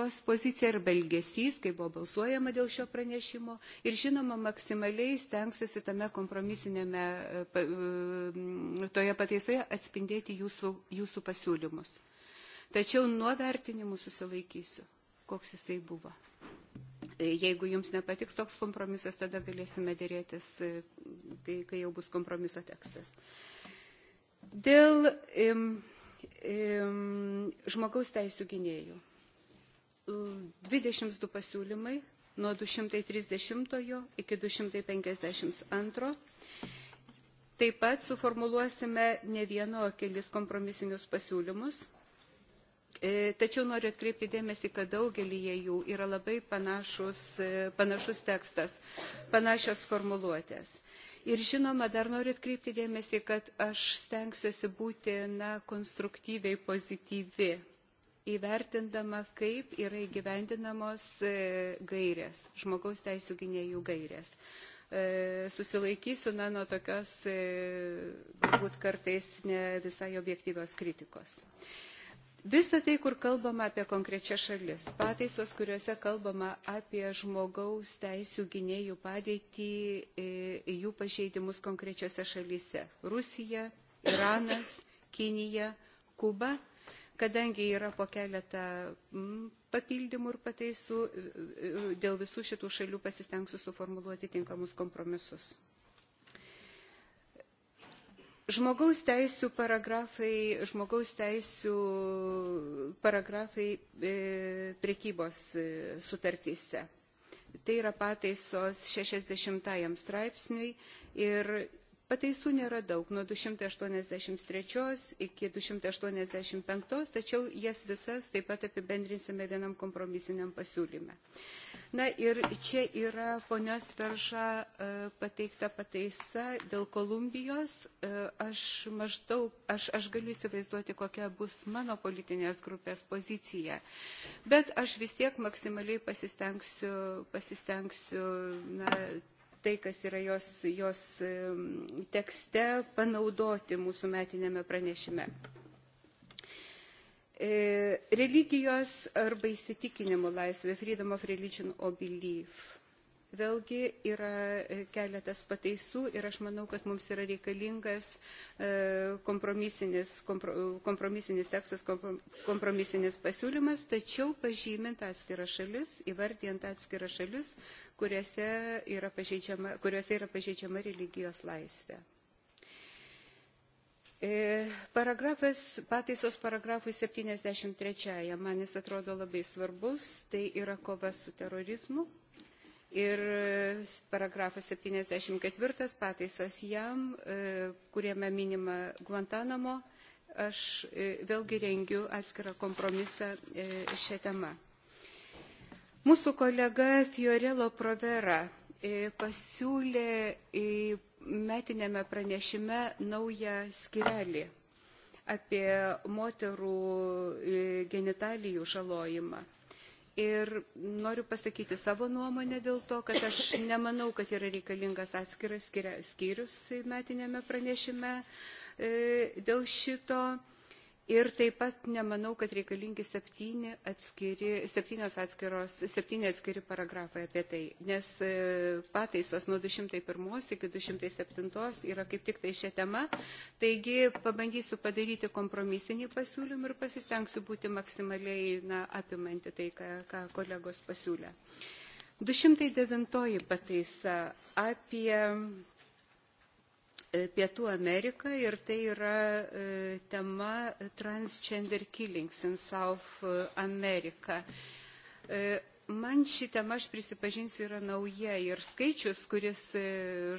ES pozicija ir belgesys, kai buvo balsuojama dėl šio pranešimo ir žinoma, maksimaliai stengsiuosi tame kompromisinėme toje pataisoje atspindėti jūsų, jūsų pasiūlymus. Tačiau nuo vertinimų susilaikysiu koks jisai buvo. E, jeigu jums nepatiks toks kompromisas, tada galėsime dėrėtis, e, kai, kai jau bus kompromiso tekstas. Dėl im, im, žmogaus teisų gynėjų. 22 pasiūlymai nuo 230 iki 252. Taip pat suformuluosime ne vieno kelis kompromisinius pasiūlymus E, tačiau noriu atkreipti dėmesį, kad daugelį jų yra labai panašus, e, panašus tekstas, panašios formuluotės. Ir žinoma, dar noriu atkreipti dėmesį, kad aš stengsiuosi būti na, konstruktyviai pozityvi, įvertindama, kaip yra įgyvendinamos e, gairės, žmogaus teisų gynėjų gairės. Susilaikysiu na, nuo tokios, galbūt kartais ne visai objektyvios kritikos. Visą tai, kur kalbama apie konkrečias šalis, pataisos, kuriuose kalbama apie žmogaus teisų gynėjų padėtį, e, jų pažeidimus konkrečiose šalyse - Rusija, Iranas, Kinija, Kuba, kadangi yra po keletą mm, papildymų ir pataisų, e, e, dėl visų šitų šalių pasistengsiu suformuluoti tinkamus kompromisus. Žmogaus teisų paragrafai, žmogaus teisų paragrafai e, prekybos e, sutartyse. Tai yra pataisos 60 straipsniui ir Pataisų nėra daug, nuo 283 iki 285, tačiau jas visas taip pat apibendrinsime vienam kompromisiniam pasiūlyme. Na ir čia yra ponios verža e, pateikta pataisa dėl Kolumbijos. E, aš maždaug, aš, aš galiu įsivaizduoti, kokia bus mano politinės grupės pozicija, bet aš vis tiek maksimaliai pasistengsiu, pasistengsiu na, tai, kas yra jos, jos tekste, panaudoti mūsų metinėme pranešime. E, religijos arba įsitikinimų laisvė, freedom of religion or belief Vėlgi yra e, keletas pataisų ir aš manau, kad mums yra reikalingas e, kompromisinis, kompromisinis tekstas, kompromisinis pasiūlymas, tačiau pažymint atskirą šalis, įvardijant atskirą šalis, kuriuose yra pažeidžiama, kuriuose yra pažeidžiama religijos laisvė. E, paragrafas, pataisos paragrafui 73, man jis atrodo labai svarbus, tai yra kova su terorizmu Ir e, paragrafas 74 pataisos jam, e, kuriame minima Guantanamo, aš e, vėlgi rengiu atskirą kompromisą šią temą. Mūsų kolega Fiorello Provera pasiūlė metinėme pranešime naują skirelį apie moterų genitalijų žalojimą. Ir noriu pasakyti savo nuomonę dėl to, kad aš nemanau, kad yra reikalingas atskiras skyrius metinėme pranešime e, dėl šito. Ir taip pat nemanau, kad reikalingi septyni atskiri, septynios atskiros, septyni atskiri paragrafai apie tai, nes e, pataisos nuo 201 iki 207 yra kaip tik tai šią temą. Taigi pabandysiu padaryti kompromisinį pasiūlymą ir pasistengsiu būti maksimaliai na, apimanti tai, ką, ką kolegos pasiūlė. 209 pataisa apie E, Pietų Ameriką ir tai yra e, tema Transgender Killings in South e, America. Man ši tema, aš prisipažinsiu, yra nauja ir skaičius, kuris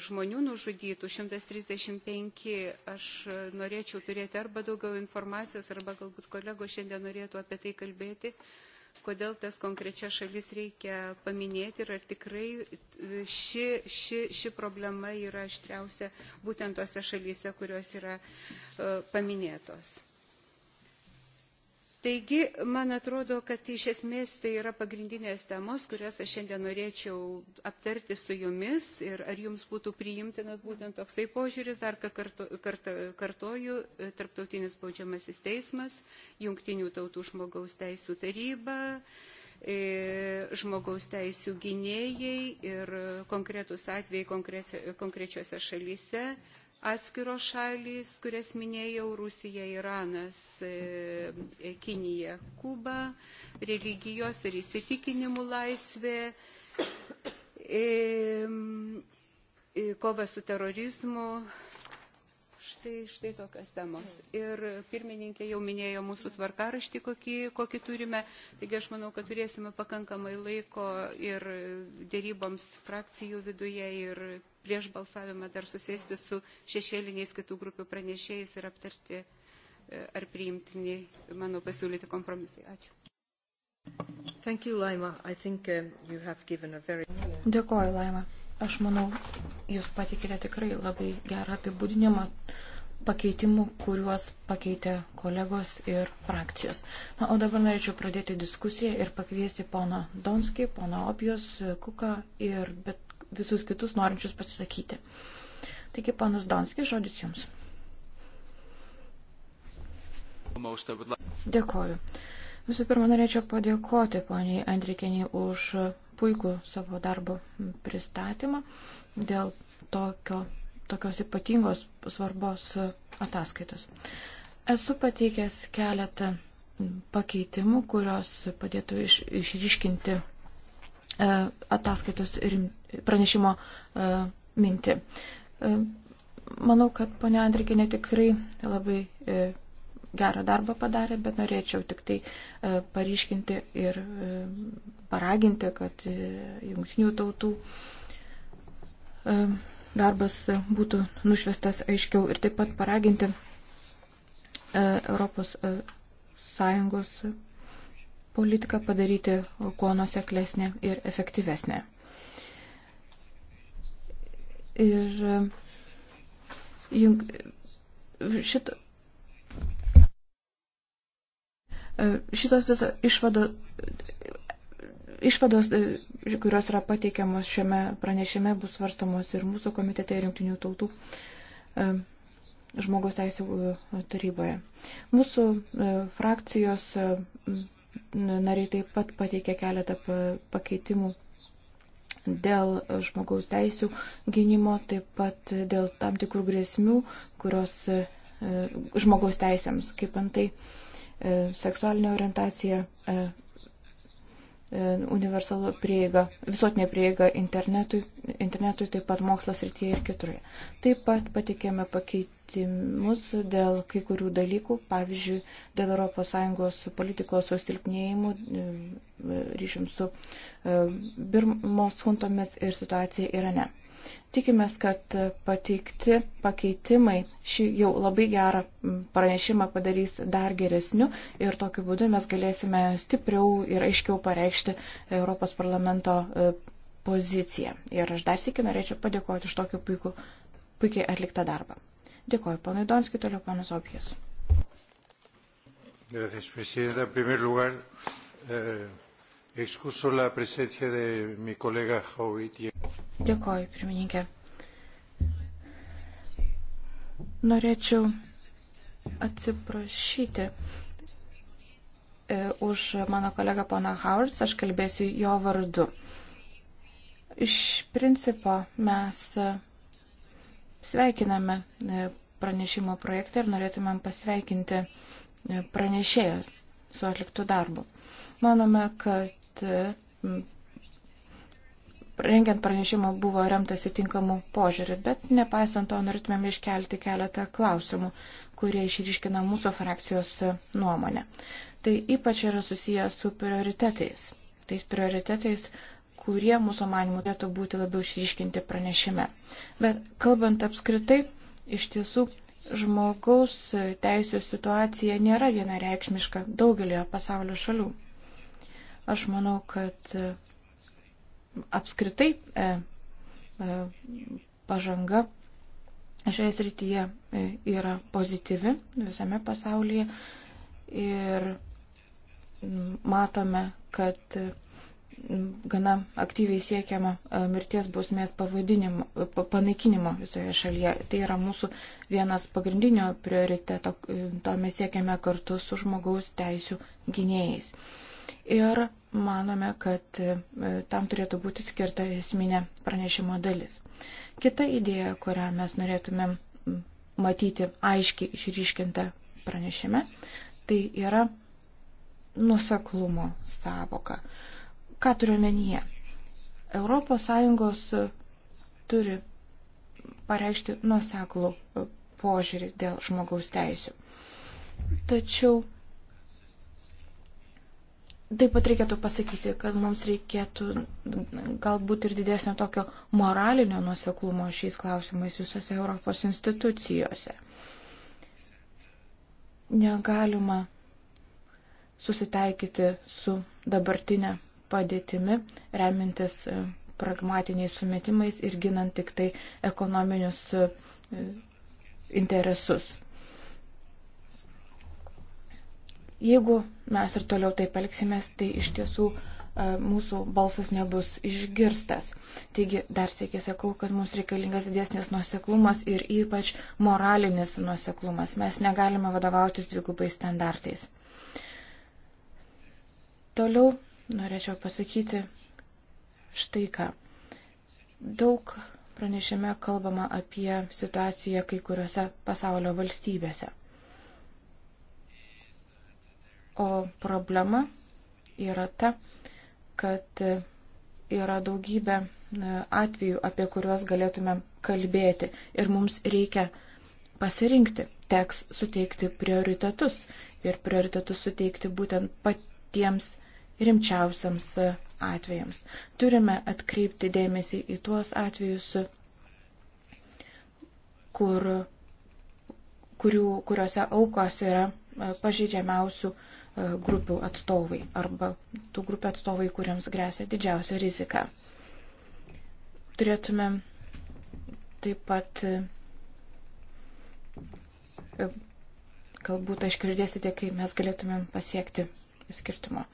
žmonių nužudytų 135, aš norėčiau turėti arba daugiau informacijos, arba galbūt kolegos šiandien norėtų apie tai kalbėti, kodėl tas konkrečias šalis reikia paminėti ir ar tikrai e, ši, ši, ši problema yra aštriausia būtent tose šalyse, kurios yra e, paminėtos. Taigi, man atrodo, kad iš esmės tai yra pagrindinės temos, kurias aš šiandien norėčiau aptarti su jumis ir ar jums būtų priimtinas būtent toksai požiūris, dar kartu, kartu, kartoju, e, Tarptautinis baudžiamasis teismas, Jungtinių tautų žmogaus teisų taryba, e, žmogaus teisų gynėjai ir konkretus atvejai konkrečiose šalyse atskiros šalys, kurias minėjau - Rusija, Iranas, e, e, Kinija, Kuba, religijos ir įsitikinimų laisvė, e, kova su terorizmu, Štai, štai tokios temos. Ir pirmininkė jau minėjo mūsų tvarkaraštį, kokį, kokį turime. Taigi aš manau, kad turėsime pakankamai laiko ir dėryboms frakcijų viduje ir prieš balsavimą dar susėsti su šešėliniais kitų grupių pranešėjais ir aptarti, e, ar priimtini mano pasiūlyti kompromisai. Ačiū. Thank you, Laima. I think um, you have given a very... Dėkoju, Laima. Aš manau, jūs patikite tikrai labai gerą apibūdinimą pakeitimų, kuriuos pakeitė kolegos ir frakcijos. Na, o dabar norėčiau pradėti diskusiją ir pakviesti pono Donskį, pono Opijos, Kuką ir bet visus kitus norinčius pasisakyti. Taigi, panas Donskis, žodis jums. Dėkoju. Visų pirma, norėčiau padėkoti poniai Andrikeniai už puikų savo darbo pristatymą dėl tokio, tokios ypatingos svarbos ataskaitos. Esu pateikęs keletą pakeitimų, kurios padėtų iš, išryškinti e, ataskaitos rim, pranešimo e, mintį. E, manau, kad ponia Andrikinė tikrai labai e, gerą darbą padarė, bet norėčiau tik tai paryškinti ir paraginti, kad jungtinių tautų darbas būtų nušvestas aiškiau ir taip pat paraginti Europos Sąjungos politiką padaryti kuo nuseklesnė ir efektyvesnė. Ir e, jung, šito, e, šitos viso išvado, išvados, e, kurios yra pateikiamos šiame pranešime, bus svarstamos ir mūsų komitete, ir jungtinių tautų žmogaus teisų taryboje. Mūsų frakcijos nariai taip pat pateikė keletą pakeitimų dėl žmogaus teisų gynimo, taip pat dėl tam tikrų grėsmių, kurios e, žmogaus teisėms, kaip antai e, seksualinė orientacija, e, E, universalų prieigą, visuotinę prieigą internetui, internetui, taip pat mokslas rytyje ir kitur. Taip pat patikėme pakeitimus dėl kai kurių dalykų, pavyzdžiui, dėl ES politikos susilpnėjimų e, ryšim su e, Birmos huntomis ir situacija Irane. Ir Tikimės, kad pateikti pakeitimai šį jau labai gerą pranešimą padarys dar geresniu ir tokiu būdu mes galėsime stipriau ir aiškiau pareikšti Europos parlamento e, poziciją. Ir aš dar sėki norėčiau padėkoti už tokį puikų, puikiai atliktą darbą. Dėkoju, ponai Donskiai, toliau ponas Opijas. Gracias, presidenta. En primer lugar, eh, excuso la presencia de mi colega Howitt. Dėkoju, pirmininkė. Norėčiau atsiprašyti e, už mano kolegą poną Howards, aš kalbėsiu jo vardu. Iš principo mes e, sveikiname e, pranešimo projektą ir norėtumėm pasveikinti pranešėją su atliktu darbu. Manome, kad rengiant pranešimą buvo remtasi tinkamų požiūrių, bet nepaisant to norėtumėm iškelti keletą klausimų, kurie išryškina mūsų frakcijos nuomonę. Tai ypač yra susijęs su prioritetais. Tais prioritetais, kurie mūsų manimų turėtų būti labiau išryškinti pranešime. Bet kalbant apskritai, iš tiesų žmogaus teisų situacija nėra vienareikšmiška daugelio pasaulio šalių. Aš manau, kad apskritai e, e, pažanga šioje srityje e, yra pozityvi visame pasaulyje ir matome, kad e, gana aktyviai siekiama e, mirties bausmės panaikinimo visoje šalyje. Tai yra mūsų vienas pagrindinio prioriteto, to mes siekiame kartu su žmogaus teisų gynėjais ir manome, kad e, tam turėtų būti skirta esminė pranešimo dalis. Kita idėja, kurią mes norėtumėm matyti aiškiai išryškintą pranešime, tai yra nuseklumo savoka. Ką turiu menyje? ES turi pareikšti nuseklų e, požiūrį dėl žmogaus teisių. Tačiau Taip pat reikėtų pasakyti, kad mums reikėtų galbūt ir didesnio tokio moralinio nuseklumo šiais klausimais visose Europos institucijose. Negalima susitaikyti su dabartinė padėtimi, remintis e, pragmatiniais sumetimais ir ginant tik tai ekonominius e, interesus. Jeigu mes ir toliau taip elgsimės, tai iš tiesų e, mūsų balsas nebus išgirstas. Taigi, dar sėkiai sakau, kad mums reikalingas didesnis nuseklumas ir ypač moralinis nuseklumas. Mes negalime vadovautis dvigubai standartais. Toliau norėčiau pasakyti štai ką. Daug pranešime kalbama apie situaciją kai kuriuose pasaulio valstybėse. O problema yra ta, kad yra daugybė e, atvejų, apie kuriuos galėtume kalbėti ir mums reikia pasirinkti. Teks suteikti prioritetus ir prioritetus suteikti būtent patiems rimčiausiams e, atvejams. Turime atkreipti dėmesį į tuos atvejus, kur, kurių, kuriuose aukos yra e, pažydžiamiausių E, grupių atstovai arba tų grupių atstovai, kuriems grėsia didžiausia rizika. Turėtume taip pat e, e, galbūt aiškiai išdėstyti, kaip mes galėtumėm pasiekti skirtumo.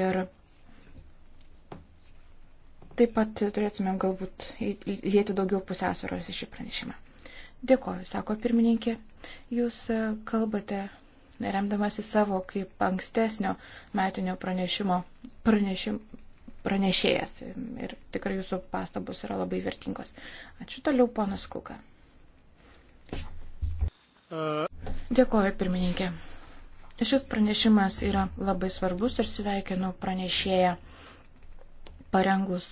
Ir taip pat turėtumėm galbūt įdėti daugiau pusiausvėros į šį pranešimą. Dėkoju, sako pirmininkė. Jūs kalbate remdamasi savo kaip ankstesnio metinio pranešimo pranešim, pranešėjas. Ir tikrai jūsų pastabos yra labai vertingos. Ačiū toliau, ponas Kuka. Dėkuoju, pirmininkė. Šis pranešimas yra labai svarbus ir sveikinu pranešėją parengus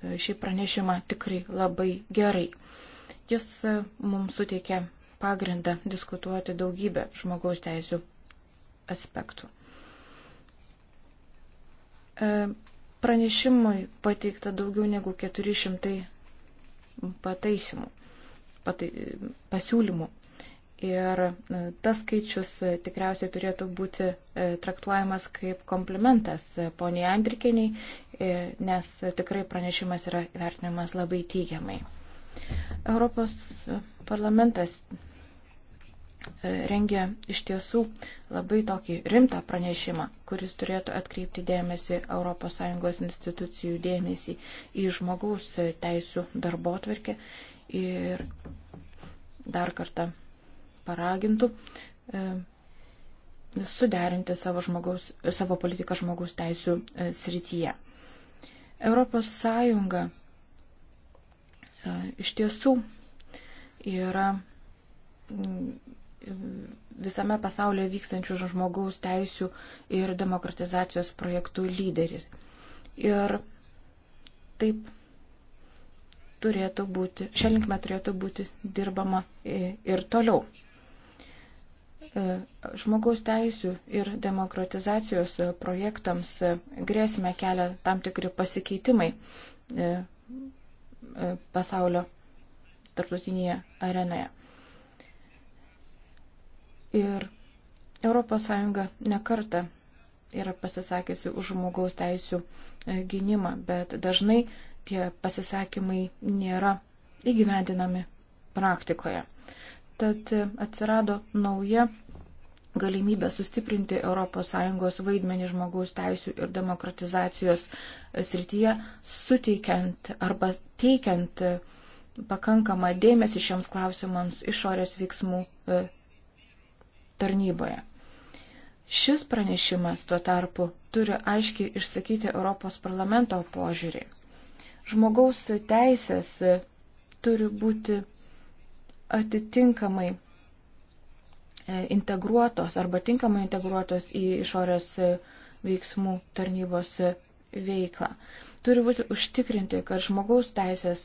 šį pranešimą tikrai labai gerai. Jis mums suteikia pagrindą diskutuoti daugybę žmogaus teisų aspektų. E, pranešimui pateikta daugiau negu 400 pataisimų, patai, pasiūlymų. Ir e, tas skaičius e, tikriausiai turėtų būti traktuojamas kaip komplimentas poniai Andrikiniai, nes tikrai pranešimas yra vertinamas labai teigiamai. Europos parlamentas E, rengia iš tiesų labai tokį rimtą pranešimą, kuris turėtų atkreipti dėmesį ES institucijų dėmesį į žmogaus teisų darbo atverkę ir dar kartą paragintų e, suderinti savo, žmogaus, savo politiką žmogaus teisų e, srityje. ES e, iš tiesų yra mm, visame pasaulyje vykstančių žmogaus teisų ir demokratizacijos projektų lyderis. Ir taip turėtų būti, šią linkmę turėtų būti dirbama ir toliau. E, žmogaus teisų ir demokratizacijos projektams e, grėsime kelia tam tikri pasikeitimai e, pasaulio tarptautinėje arenoje. Ir ES nekarta yra pasisakiusi už žmogaus teisų e, gynimą, bet dažnai tie pasisakymai nėra įgyvendinami praktikoje. Tad e, atsirado nauja galimybė sustiprinti ES vaidmenį žmogaus teisų ir demokratizacijos e, srityje, suteikiant arba teikiant pakankamą dėmesį šiems klausimams išorės veiksmų tarnyboje. Šis pranešimas tuo tarpu turi aiškiai išsakyti Europos parlamento požiūrį. Žmogaus teisės turi būti atitinkamai e, integruotos arba tinkamai integruotos į išorės e, veiksmų tarnybos e, veiklą. Turi būti užtikrinti, kad žmogaus, teisės,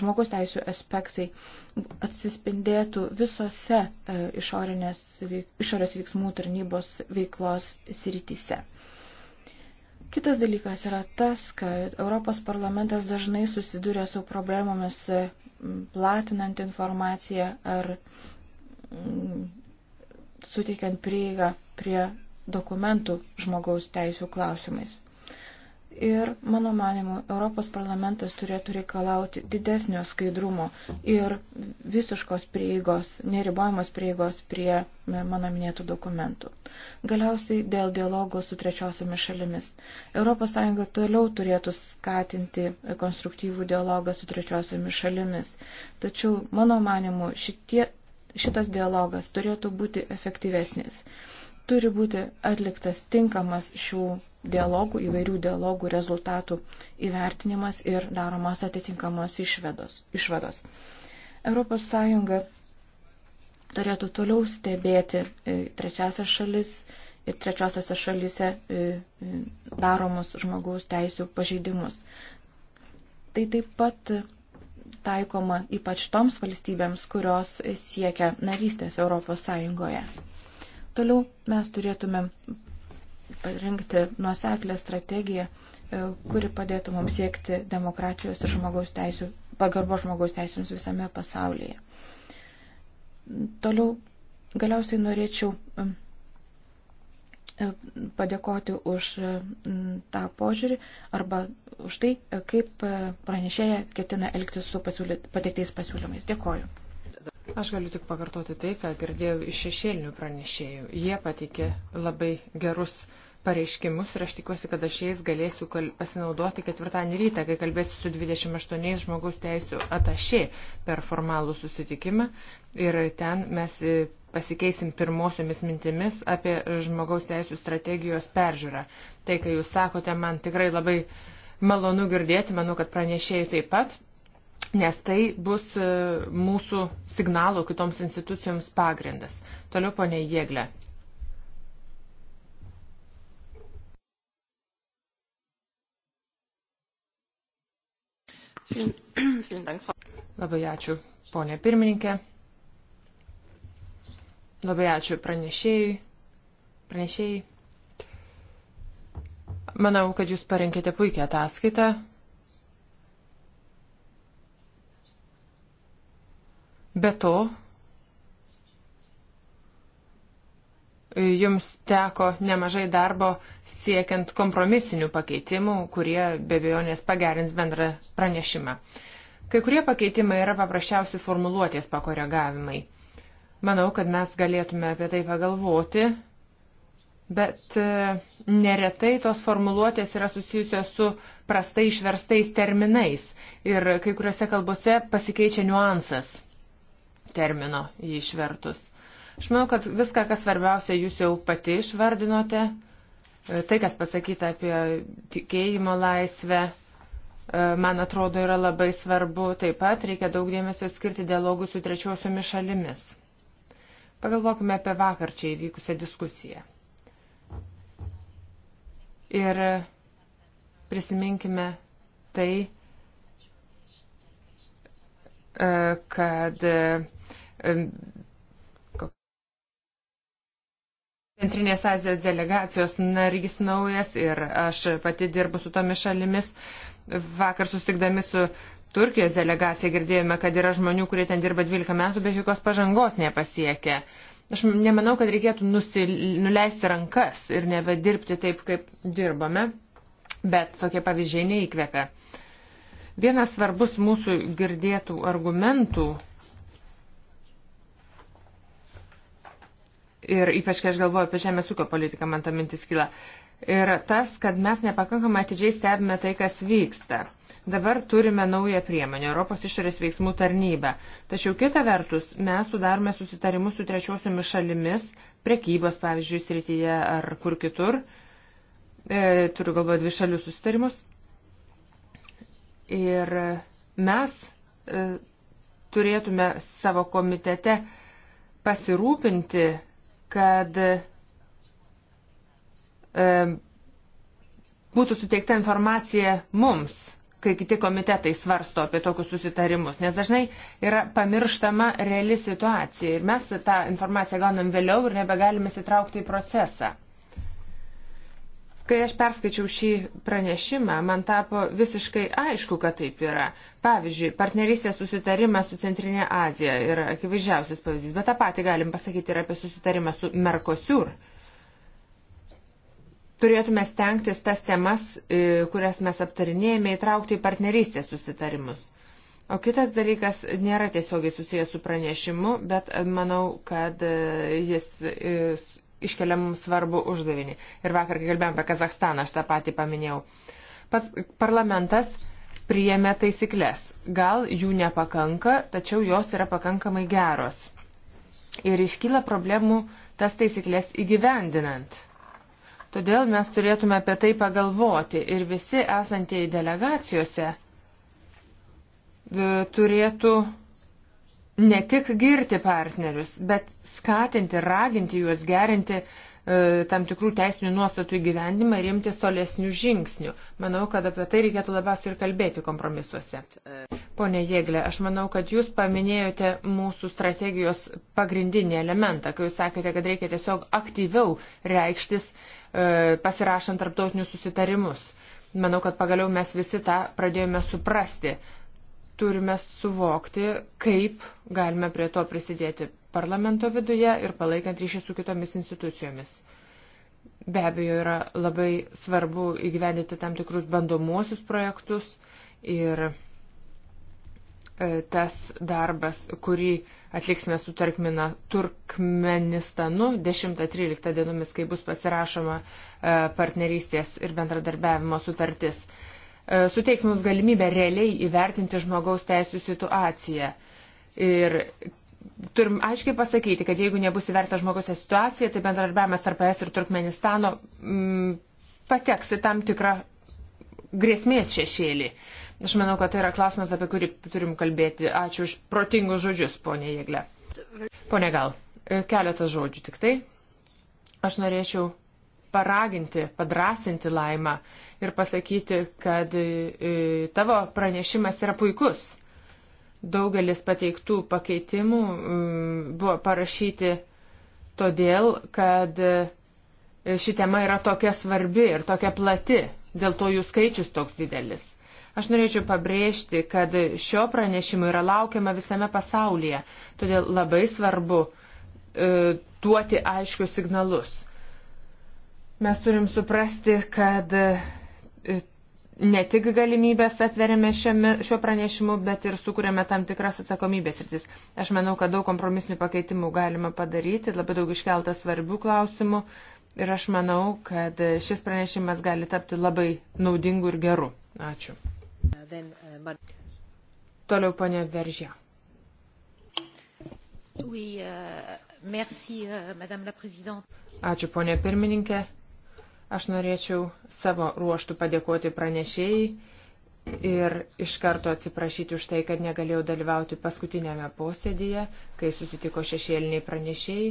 žmogaus teisų aspektai atsispindėtų visose e, išorės, išorės veiksmų tarnybos veiklos srityse. Kitas dalykas yra tas, kad Europos parlamentas dažnai susiduria su problemomis e, platinant informaciją ar mm, suteikiant prieigą prie dokumentų žmogaus teisų klausimais. Ir, mano manimu, Europos parlamentas turėtų reikalauti didesnio skaidrumo ir visiškos prieigos, neribojamos prieigos prie mano minėtų dokumentų. Galiausiai dėl dialogo su trečiosiomis šalimis. ES toliau turėtų skatinti konstruktyvų dialogą su trečiosiomis šalimis. Tačiau, mano manimu, šitie, šitas dialogas turėtų būti efektyvesnis. Turi būti atliktas tinkamas šių dialogų, įvairių dialogų rezultatų įvertinimas ir daromos atitinkamos išvedos, išvados. ES turėtų toliau stebėti e, trečiasias šalis ir trečiosiose šalise e, e, daromus žmogaus teisų pažeidimus. Tai taip pat taikoma ypač toms valstybėms, kurios siekia narystės ES. Toliau mes turėtume parengti nuoseklę strategiją, e, kuri padėtų mums siekti demokratijos ir žmogaus teisų, pagarbo žmogaus teisėms visame pasaulyje. Toliau galiausiai norėčiau e, padėkoti už e, tą požiūrį arba už tai, kaip pranešėja ketina elgtis su pasiūly, pateiktais pasiūlymais. Dėkoju. Aš galiu tik pakartoti tai, ką girdėjau iš šešėlinių pranešėjų. Jie pateikė labai gerus pareiškimus ir aš tikiuosi, kad aš jais galėsiu pasinaudoti ketvirtadienį rytą, kai kalbėsiu su 28 žmogaus teisų atašė per formalų susitikimą ir ten mes e, pasikeisim pirmosiomis mintimis apie žmogaus teisų strategijos peržiūrą. Tai, kai jūs sakote, man tikrai labai malonu girdėti, manau, kad pranešėjai taip pat, nes tai bus e, mūsų signalo kitoms institucijoms pagrindas. Toliau, ponė Jėglė. Labai ačiū, ponė pirmininkė. Labai ačiū pranešėjui. Pranešėjai. Manau, kad jūs parinkėte puikią ataskaitą. Be to, jums teko nemažai darbo siekiant kompromisinių pakeitimų, kurie be abejonės pagerins bendrą pranešimą. Kai kurie pakeitimai yra paprasčiausi formuluotės pakoregavimai. Manau, kad mes galėtume apie tai pagalvoti, bet e, neretai tos formuluotės yra susijusios su prastai išverstais terminais ir kai kuriuose kalbose pasikeičia niuansas termino jį išvertus. Aš manau, kad viską, kas svarbiausia, jūs jau pati išvardinote. E, tai, kas pasakyta apie tikėjimo laisvę, e, man atrodo, yra labai svarbu. Taip pat reikia daug dėmesio skirti dialogui su trečiosiomis šalimis. Pagalvokime apie vakar čia įvykusią diskusiją. Ir prisiminkime tai, e, kad Centrinės Azijos delegacijos narys naujas ir aš pati dirbu su tomis šalimis. Vakar susitikdami su Turkijos delegacija girdėjome, kad yra žmonių, kurie ten dirba 12 metų, bet jokios pažangos nepasiekė. Aš nemanau, kad reikėtų nusil... nuleisti rankas ir nebedirbti taip, kaip dirbame, bet tokie pavyzdžiai neįkvepia. Vienas svarbus mūsų girdėtų argumentų ir ypač kai aš galvoju apie žemės ūkio politiką, man ta mintis kyla. Ir tas, kad mes nepakankamai atidžiai stebime tai, kas vyksta. Dabar turime naują priemonę - Europos išorės veiksmų tarnybą. Tačiau kita vertus, mes sudarome susitarimus su trečiosiomis šalimis, prekybos, pavyzdžiui, srityje ar kur kitur. E, turiu galvoje dvi šalių susitarimus. Ir mes e, turėtume savo komitete pasirūpinti kad būtų suteikta informacija mums, kai kiti komitetai svarsto apie tokius susitarimus, nes dažnai yra pamirštama reali situacija ir mes tą informaciją gaunam vėliau ir nebegalime įsitraukti į procesą. Kai aš perskaičiau šį pranešimą, man tapo visiškai aišku, kad taip yra. Pavyzdžiui, partnerystės susitarimas su Centrinė Azija yra akivaizdžiausias pavyzdys, bet tą patį galim pasakyti ir apie susitarimą su Mercosur. Turėtume stengtis tas temas, e, kurias mes aptarinėjame, įtraukti į partnerystės susitarimus. O kitas dalykas nėra tiesiogiai susijęs su pranešimu, bet manau, kad e, jis e, iškelia mums svarbu uždavinį. Ir vakar, kai kalbėjome apie Kazakstaną, aš tą patį paminėjau. Pas, parlamentas priėmė taisyklės. Gal jų nepakanka, tačiau jos yra pakankamai geros. Ir iškyla problemų tas taisyklės įgyvendinant. Todėl mes turėtume apie tai pagalvoti ir visi esantieji delegacijose e, turėtų ne tik girti partnerius, bet skatinti, raginti juos gerinti e, tam tikrų teisinių nuostatų įgyvendimą ir imtis tolesnių žingsnių. Manau, kad apie tai reikėtų labiausiai ir kalbėti kompromisuose. Pone Jėglė, aš manau, kad jūs paminėjote mūsų strategijos pagrindinį elementą, kai jūs sakėte, kad reikia tiesiog aktyviau reikštis e, pasirašant tarptautinius susitarimus. Manau, kad pagaliau mes visi tą pradėjome suprasti turime suvokti, kaip galime prie to prisidėti parlamento viduje ir palaikant ryšį su kitomis institucijomis. Be abejo, yra labai svarbu įgyvendyti tam tikrus bandomuosius projektus ir e, tas darbas, kurį atliksime su Tarkmina Turkmenistanu 10-13 dienomis, kai bus pasirašoma e, partnerystės ir bendradarbiavimo sutartis. E, suteiks mums galimybę realiai įvertinti žmogaus teisų situaciją. Ir turim aiškiai pasakyti, kad jeigu nebus įverta žmogaus teisų situacija, tai bendradarbiavimas tarp ES ir Turkmenistano m, mm, pateks į tam tikrą grėsmės šešėlį. Aš manau, kad tai yra klausimas, apie kurį turim kalbėti. Ačiū už protingus žodžius, ponė Jėglė. Pone Gal, e, keletas žodžių tik tai. Aš norėčiau paraginti, padrasinti laimą ir pasakyti, kad e, e, tavo pranešimas yra puikus. Daugelis pateiktų pakeitimų e, buvo parašyti todėl, kad ši tema yra tokia svarbi ir tokia plati, dėl to jų skaičius toks didelis. Aš norėčiau pabrėžti, kad šio pranešimo yra laukiama visame pasaulyje, todėl labai svarbu e, duoti aiškius signalus. Mes turim suprasti, kad e, ne tik galimybės atveriame šiame, šiuo pranešimu, bet ir sukūrėme tam tikras atsakomybės rytis. Aš manau, kad daug kompromisinių pakeitimų galima padaryti, labai daug iškeltas svarbių klausimų ir aš manau, kad šis pranešimas gali tapti labai naudingu ir geru. Ačiū. Toliau ponė Veržė. Euh, euh, Ačiū ponė pirmininkė. Aš norėčiau savo ruoštų padėkoti pranešėjai ir iš karto atsiprašyti už tai, kad negalėjau dalyvauti paskutinėme posėdėje, kai susitiko šešėliniai pranešėjai,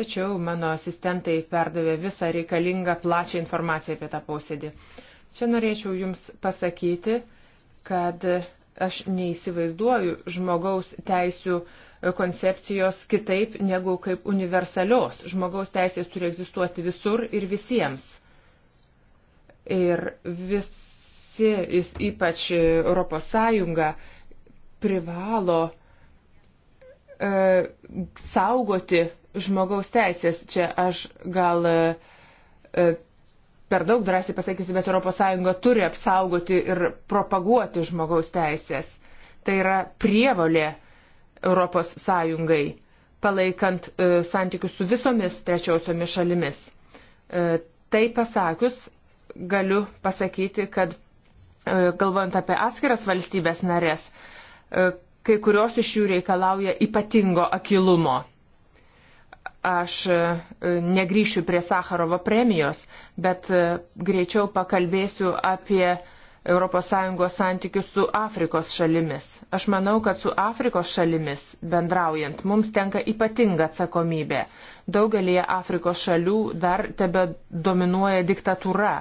tačiau mano asistentai perdavė visą reikalingą plačią informaciją apie tą posėdį. Čia norėčiau Jums pasakyti, kad aš neįsivaizduoju žmogaus teisių koncepcijos kitaip negu kaip universalios. Žmogaus teisės turi egzistuoti visur ir visiems. Ir visi, ypač ES, privalo e, saugoti žmogaus teisės. Čia aš gal e, e per daug drąsiai pasakysiu, bet ES turi apsaugoti ir propaguoti žmogaus teisės. Tai yra prievalė ES palaikant e, santykius su visomis trečiosiomis šalimis. E, tai pasakius, galiu pasakyti, kad e, galvojant apie atskiras valstybės narės, e, kai kurios iš jų reikalauja ypatingo akilumo. Aš e, negryšiu prie Sakarovo premijos, bet greičiau pakalbėsiu apie ES santykius su Afrikos šalimis. Aš manau, kad su Afrikos šalimis bendraujant mums tenka ypatinga atsakomybė. Daugelie Afrikos šalių dar tebe dominuoja diktatūra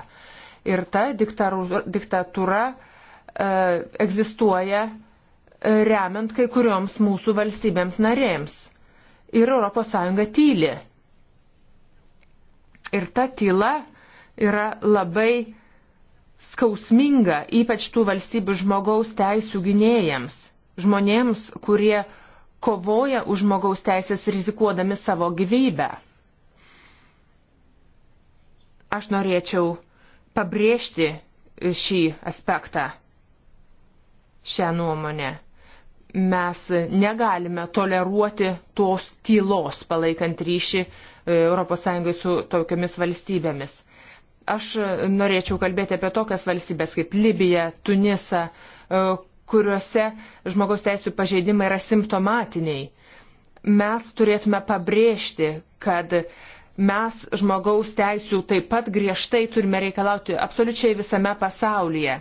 Ir ta diktatūra e, egzistuoja e, remiant kai kurioms mūsų valstybėms narėms. Ir ES tyli. Ir ta tyla yra labai skausminga, ypač tų valstybių žmogaus teisų gynėjams, žmonėms, kurie kovoja už žmogaus teisės rizikuodami savo gyvybę. Aš norėčiau pabrėžti šį aspektą, šią nuomonę. Mes negalime toleruoti tos tylos, palaikant ryšį ES su tokiamis valstybėmis. Aš norėčiau kalbėti apie tokias valstybės kaip Libija, Tunisa, e, kuriuose žmogaus teisų pažeidimai yra simptomatiniai. Mes turėtume pabrėžti, kad mes žmogaus teisų taip pat griežtai turime reikalauti absoliučiai visame pasaulyje.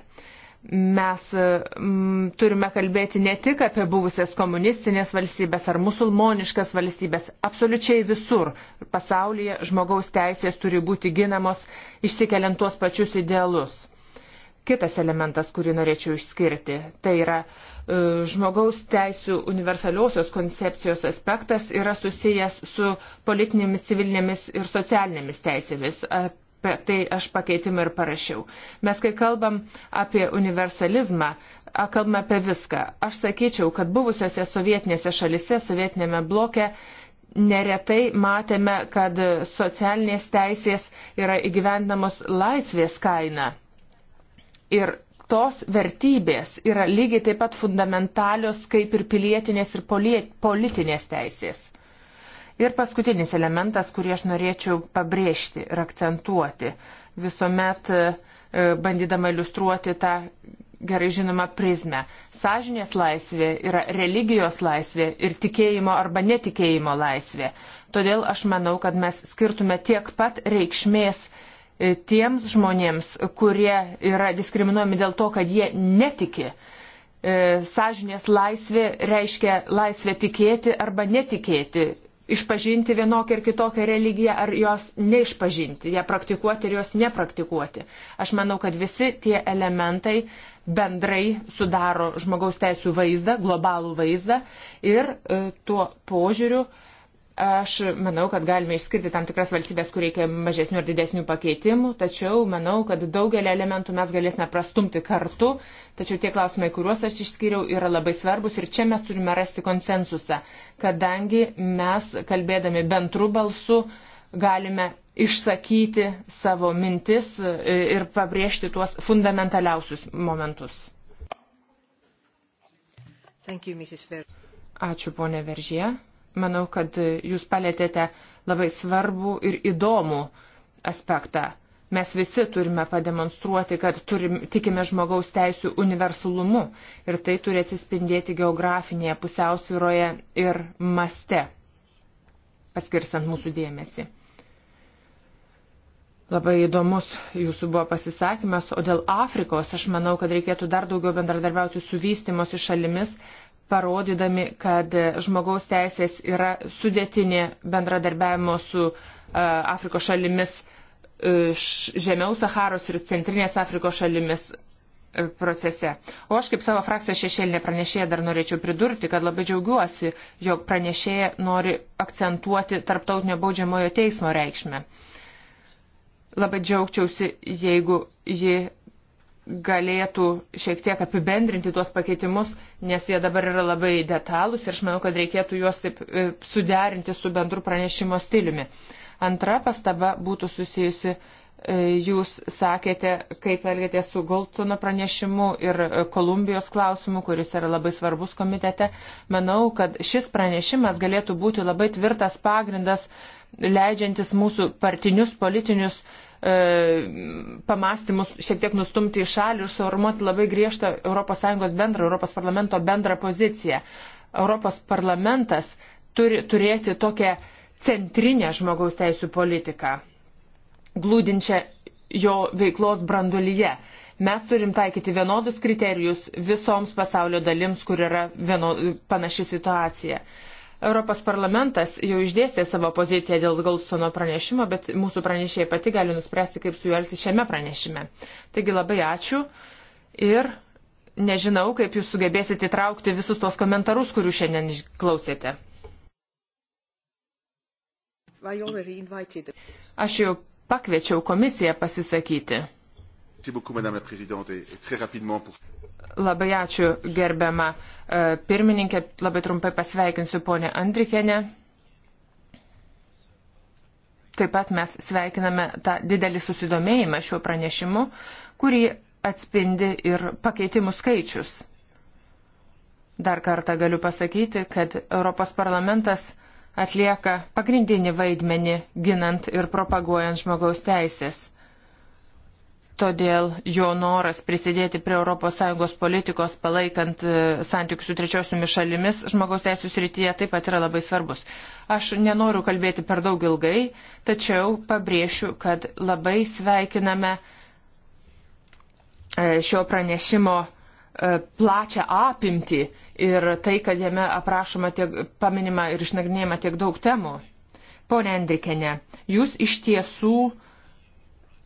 Mes mm, turime kalbėti ne tik apie buvusias komunistinės valstybės ar musulmoniškas valstybės, absoliučiai visur pasaulyje žmogaus teisės turi būti ginamos išsikeliant tuos pačius idealus. Kitas elementas, kurį norėčiau išskirti, tai yra uh, E, žmogaus teisų universaliosios koncepcijos aspektas yra susijęs su politinėmis, civilinėmis ir socialinėmis teisėmis. Apie tai aš pakeitimą ir parašiau. Mes, kai kalbam apie universalizmą, kalbame apie viską. Aš sakyčiau, kad buvusiose sovietinėse šalise, sovietinėme bloke, neretai matėme, kad socialinės teisės yra įgyvendamos laisvės kaina. Ir tos vertybės yra lygiai taip pat fundamentalios kaip ir pilietinės ir politinės teisės. Ir paskutinis elementas, kurį aš norėčiau pabrėžti ir akcentuoti, visuomet e, bandydama iliustruoti tą gerai žinomą prizmę. Sažinės laisvė yra religijos laisvė ir tikėjimo arba netikėjimo laisvė. Todėl aš manau, kad mes skirtume tiek pat reikšmės E, tiems žmonėms, kurie yra diskriminuojami dėl to, kad jie netiki. E, Sažinės laisvė reiškia laisvę tikėti arba netikėti, išpažinti vienokią ir kitokią religiją ar jos neišpažinti, ją praktikuoti ir jos nepraktikuoti. Aš manau, kad visi tie elementai bendrai sudaro žmogaus teisų vaizdą, globalų vaizdą ir e, tuo požiūriu, Aš manau, kad galime išskirti tam tikras valstybės, kur reikia mažesnių ar didesnių pakeitimų, tačiau manau, kad daugelį elementų mes galėsime prastumti kartu, tačiau tie klausimai, kuriuos aš išskyriau, yra labai svarbus ir čia mes turime rasti konsensusą, kadangi mes, kalbėdami bendru balsu, galime išsakyti savo mintis e, ir pabrėžti tuos fundamentaliausius momentus. Thank you, Ačiū, ponė Veržė. Manau, kad jūs palėtėte labai svarbų ir įdomų aspektą. Mes visi turime pademonstruoti, kad turim, tikime žmogaus teisų universalumu ir tai turi atsispindėti geografinėje pusiausvyroje ir maste, paskirsant mūsų dėmesį. Labai įdomus jūsų buvo pasisakymas, o dėl Afrikos aš manau, kad reikėtų dar daugiau bendradarbiauti su vystimosi šalimis, parodydami, kad žmogaus teisės yra sudėtinė bendradarbiavimo su e, Afrikos šalimis, e, žemiau Saharos ir centrinės Afrikos šalimis e, procese. O aš kaip savo frakcijos šešėlinė pranešėja dar norėčiau pridurti, kad labai džiaugiuosi, jog pranešėja nori akcentuoti tarptautinio baudžiamojo teismo reikšmę. Labai džiaugčiausi, jeigu ji galėtų šiek tiek apibendrinti tuos pakeitimus, nes jie dabar yra labai detalūs ir aš manau, kad reikėtų juos taip e, suderinti su bendru pranešimo stiliumi. Antra pastaba būtų susijusi, e, jūs sakėte, kaip elgėte su Goldsono pranešimu ir e, Kolumbijos klausimu, kuris yra labai svarbus komitete. Manau, kad šis pranešimas galėtų būti labai tvirtas pagrindas, leidžiantis mūsų partinius politinius uh, E, pamastymus šiek tiek nustumti į šalį ir suformuoti labai griežtą ES bendrą, ES parlamento bendrą poziciją. Europos parlamentas turi turėti tokią centrinę žmogaus teisų politiką, glūdinčią jo veiklos brandulyje. Mes turim taikyti vienodus kriterijus visoms pasaulio dalims, kur yra vieno, panaši situacija. Uh, Europos parlamentas jau išdėstė savo poziciją dėl Goldstono pranešimo, bet mūsų pranešėjai pati gali nuspręsti, kaip su juo elgtis šiame pranešime. Taigi labai ačiū ir nežinau, kaip jūs sugebėsite įtraukti visus tuos komentarus, kurių šiandien klausėte. Aš jau pakviečiau komisiją pasisakyti. Merci beaucoup, Madame la Présidente, et très rapidement pour. Labai ačiū gerbiama e, pirmininkė, labai trumpai pasveikinsiu ponę Andrikienę. Taip pat mes sveikiname tą didelį susidomėjimą šiuo pranešimu, kurį atspindi ir pakeitimų skaičius. Dar kartą galiu pasakyti, kad Europos parlamentas atlieka pagrindinį vaidmenį ginant ir propaguojant žmogaus teisės. Todėl jo noras prisidėti prie ES politikos palaikant e, santykius su trečiosiomis šalimis žmogaus teisų srityje taip pat yra labai svarbus. Aš nenoriu kalbėti per daug ilgai, tačiau pabrėšiu, kad labai sveikiname e, šio pranešimo e, plačią apimtį ir tai, kad jame aprašoma tiek paminima ir išnagrinėjama tiek daug temų. Pone Andrikene, jūs iš tiesų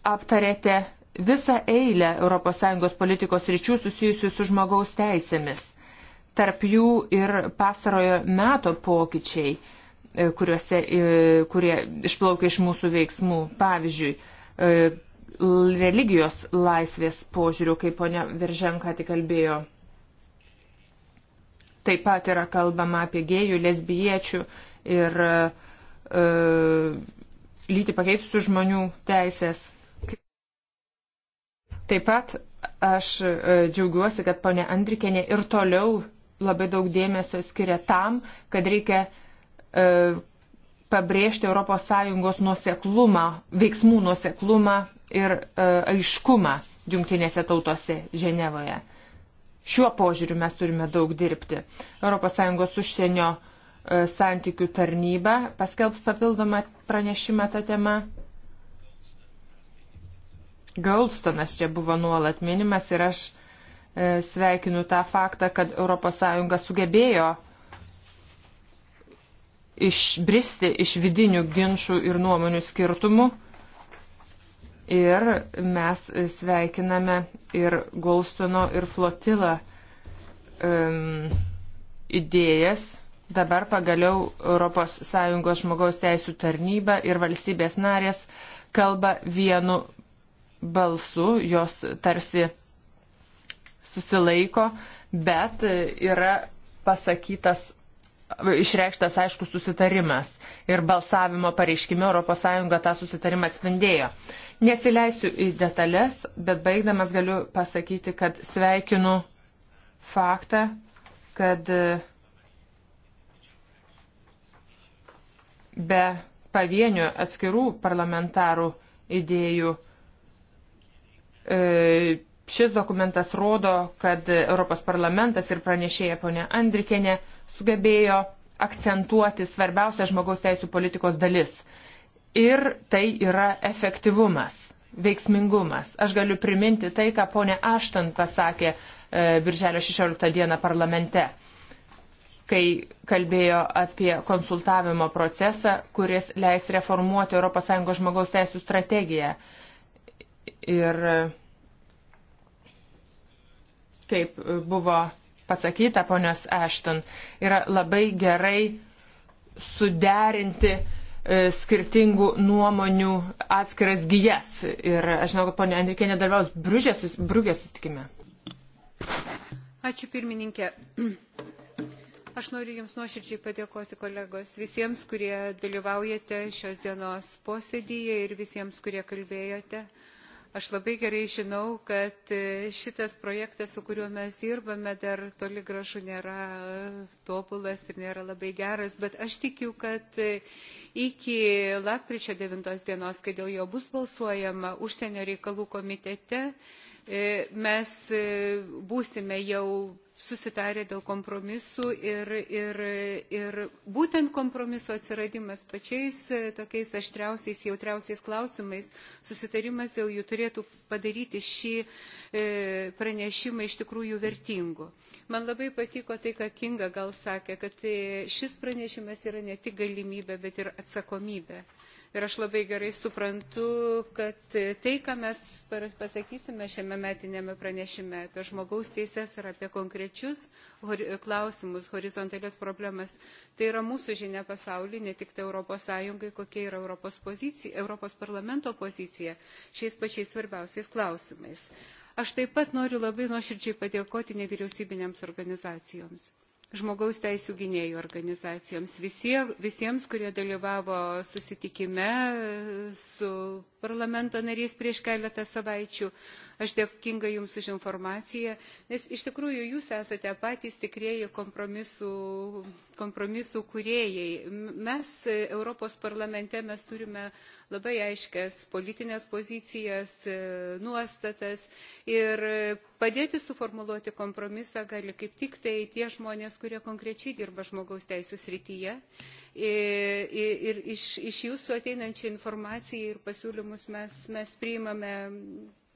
aptarėte visą eilę ES politikos ryčių susijusių su žmogaus teisėmis. Tarp jų ir pasarojo meto pokyčiai, e, kuriuose, e, kurie išplaukia iš mūsų veiksmų. Pavyzdžiui, e, religijos laisvės požiūrių, kaip ponia Virženka tik kalbėjo. Taip pat yra kalbama apie gėjų, lesbiečių ir e, lyti pakeitusių žmonių teisės Taip pat aš e, džiaugiuosi, kad ponė Andrikėnė ir toliau labai daug dėmesio skiria tam, kad reikia e, pabrėžti ES nuoseklumą, veiksmų nuoseklumą ir e, aiškumą jungtinėse tautose Ženevoje. Šiuo požiūriu mes turime daug dirbti. ES užsienio e, santykių tarnyba paskelbs papildomą pranešimą tą temą Goldstonas čia buvo nuolat minimas ir aš e, sveikinu tą faktą, kad ES sugebėjo išbristi iš vidinių ginčių ir nuomonių skirtumų. Ir mes sveikiname ir Golstono, ir flotilą um, idėjas. Dabar pagaliau ES žmogaus teisų tarnyba ir valstybės narės kalba vienu balsu, jos tarsi susilaiko, bet yra pasakytas, išreikštas aiškus susitarimas ir balsavimo pareiškime ES tą susitarimą atspindėjo. Nesileisiu į detalės, bet baigdamas galiu pasakyti, kad sveikinu faktą, kad be pavienių atskirų parlamentarų idėjų E, šis dokumentas rodo, kad Europos parlamentas ir pranešėja ponė Andrikienė sugebėjo akcentuoti svarbiausią žmogaus teisų politikos dalis. Ir tai yra efektyvumas, veiksmingumas. Aš galiu priminti tai, ką ponė Ašton pasakė e, Birželio 16 dieną parlamente, kai kalbėjo apie konsultavimo procesą, kuris leis reformuoti ES žmogaus teisų strategiją ir kaip buvo pasakyta ponios Ashton, yra labai gerai suderinti e, skirtingų nuomonių atskiras gyjas. Ir aš žinau, kad ponia Andrikė nedalyvaus brūgės sustikime. Ačiū pirmininkė. Aš noriu Jums nuoširdžiai padėkoti kolegos visiems, kurie dalyvaujate šios dienos posėdyje ir visiems, kurie kalbėjote. Uh, Aš labai gerai žinau, kad e, šitas projektas, su kuriuo mes dirbame, dar toli gražu nėra e, tobulas ir nėra labai geras, bet aš tikiu, kad e, iki lapkričio 9 dienos, kai dėl jo bus balsuojama užsienio reikalų komitete, mes būsime jau susitarę dėl kompromisų ir, ir, ir būtent kompromiso atsiradimas pačiais e, tokiais aštriausiais, jautriausiais klausimais, susitarimas dėl jų turėtų padaryti šį e, pranešimą iš tikrųjų vertingu. Man labai patiko tai, ką Kinga gal sakė, kad e, šis pranešimas yra ne tik galimybė, bet ir atsakomybė. Ir aš labai gerai suprantu, kad tai, ką mes pasakysime šiame metinėme pranešime apie žmogaus teises ir apie konkrečius klausimus, horizontalias problemas, tai yra mūsų žinia pasaulyje, ne tik tai Europos Sąjungai, kokia yra Europos, pozicija, Europos parlamento pozicija šiais pačiais svarbiausiais klausimais. Aš taip pat noriu labai nuoširdžiai padėkoti nevyriausybinėms organizacijoms žmogaus teisų gynėjų organizacijoms, visie, visiems, kurie dalyvavo susitikime su parlamento nariais prieš keletą savaičių. Aš dėkinga Jums už informaciją, nes iš tikrųjų Jūs esate patys tikrieji kompromisų, kompromisų kuriejai. Mes Europos parlamente mes turime labai aiškias politinės pozicijas, nuostatas ir padėti suformuluoti kompromisą gali kaip tik tai tie žmonės, kurie konkrečiai dirba žmogaus teisų srityje. Ir, ir iš, iš jūsų ateinančią informaciją ir pasiūlymą įstatymus mes, mes priimame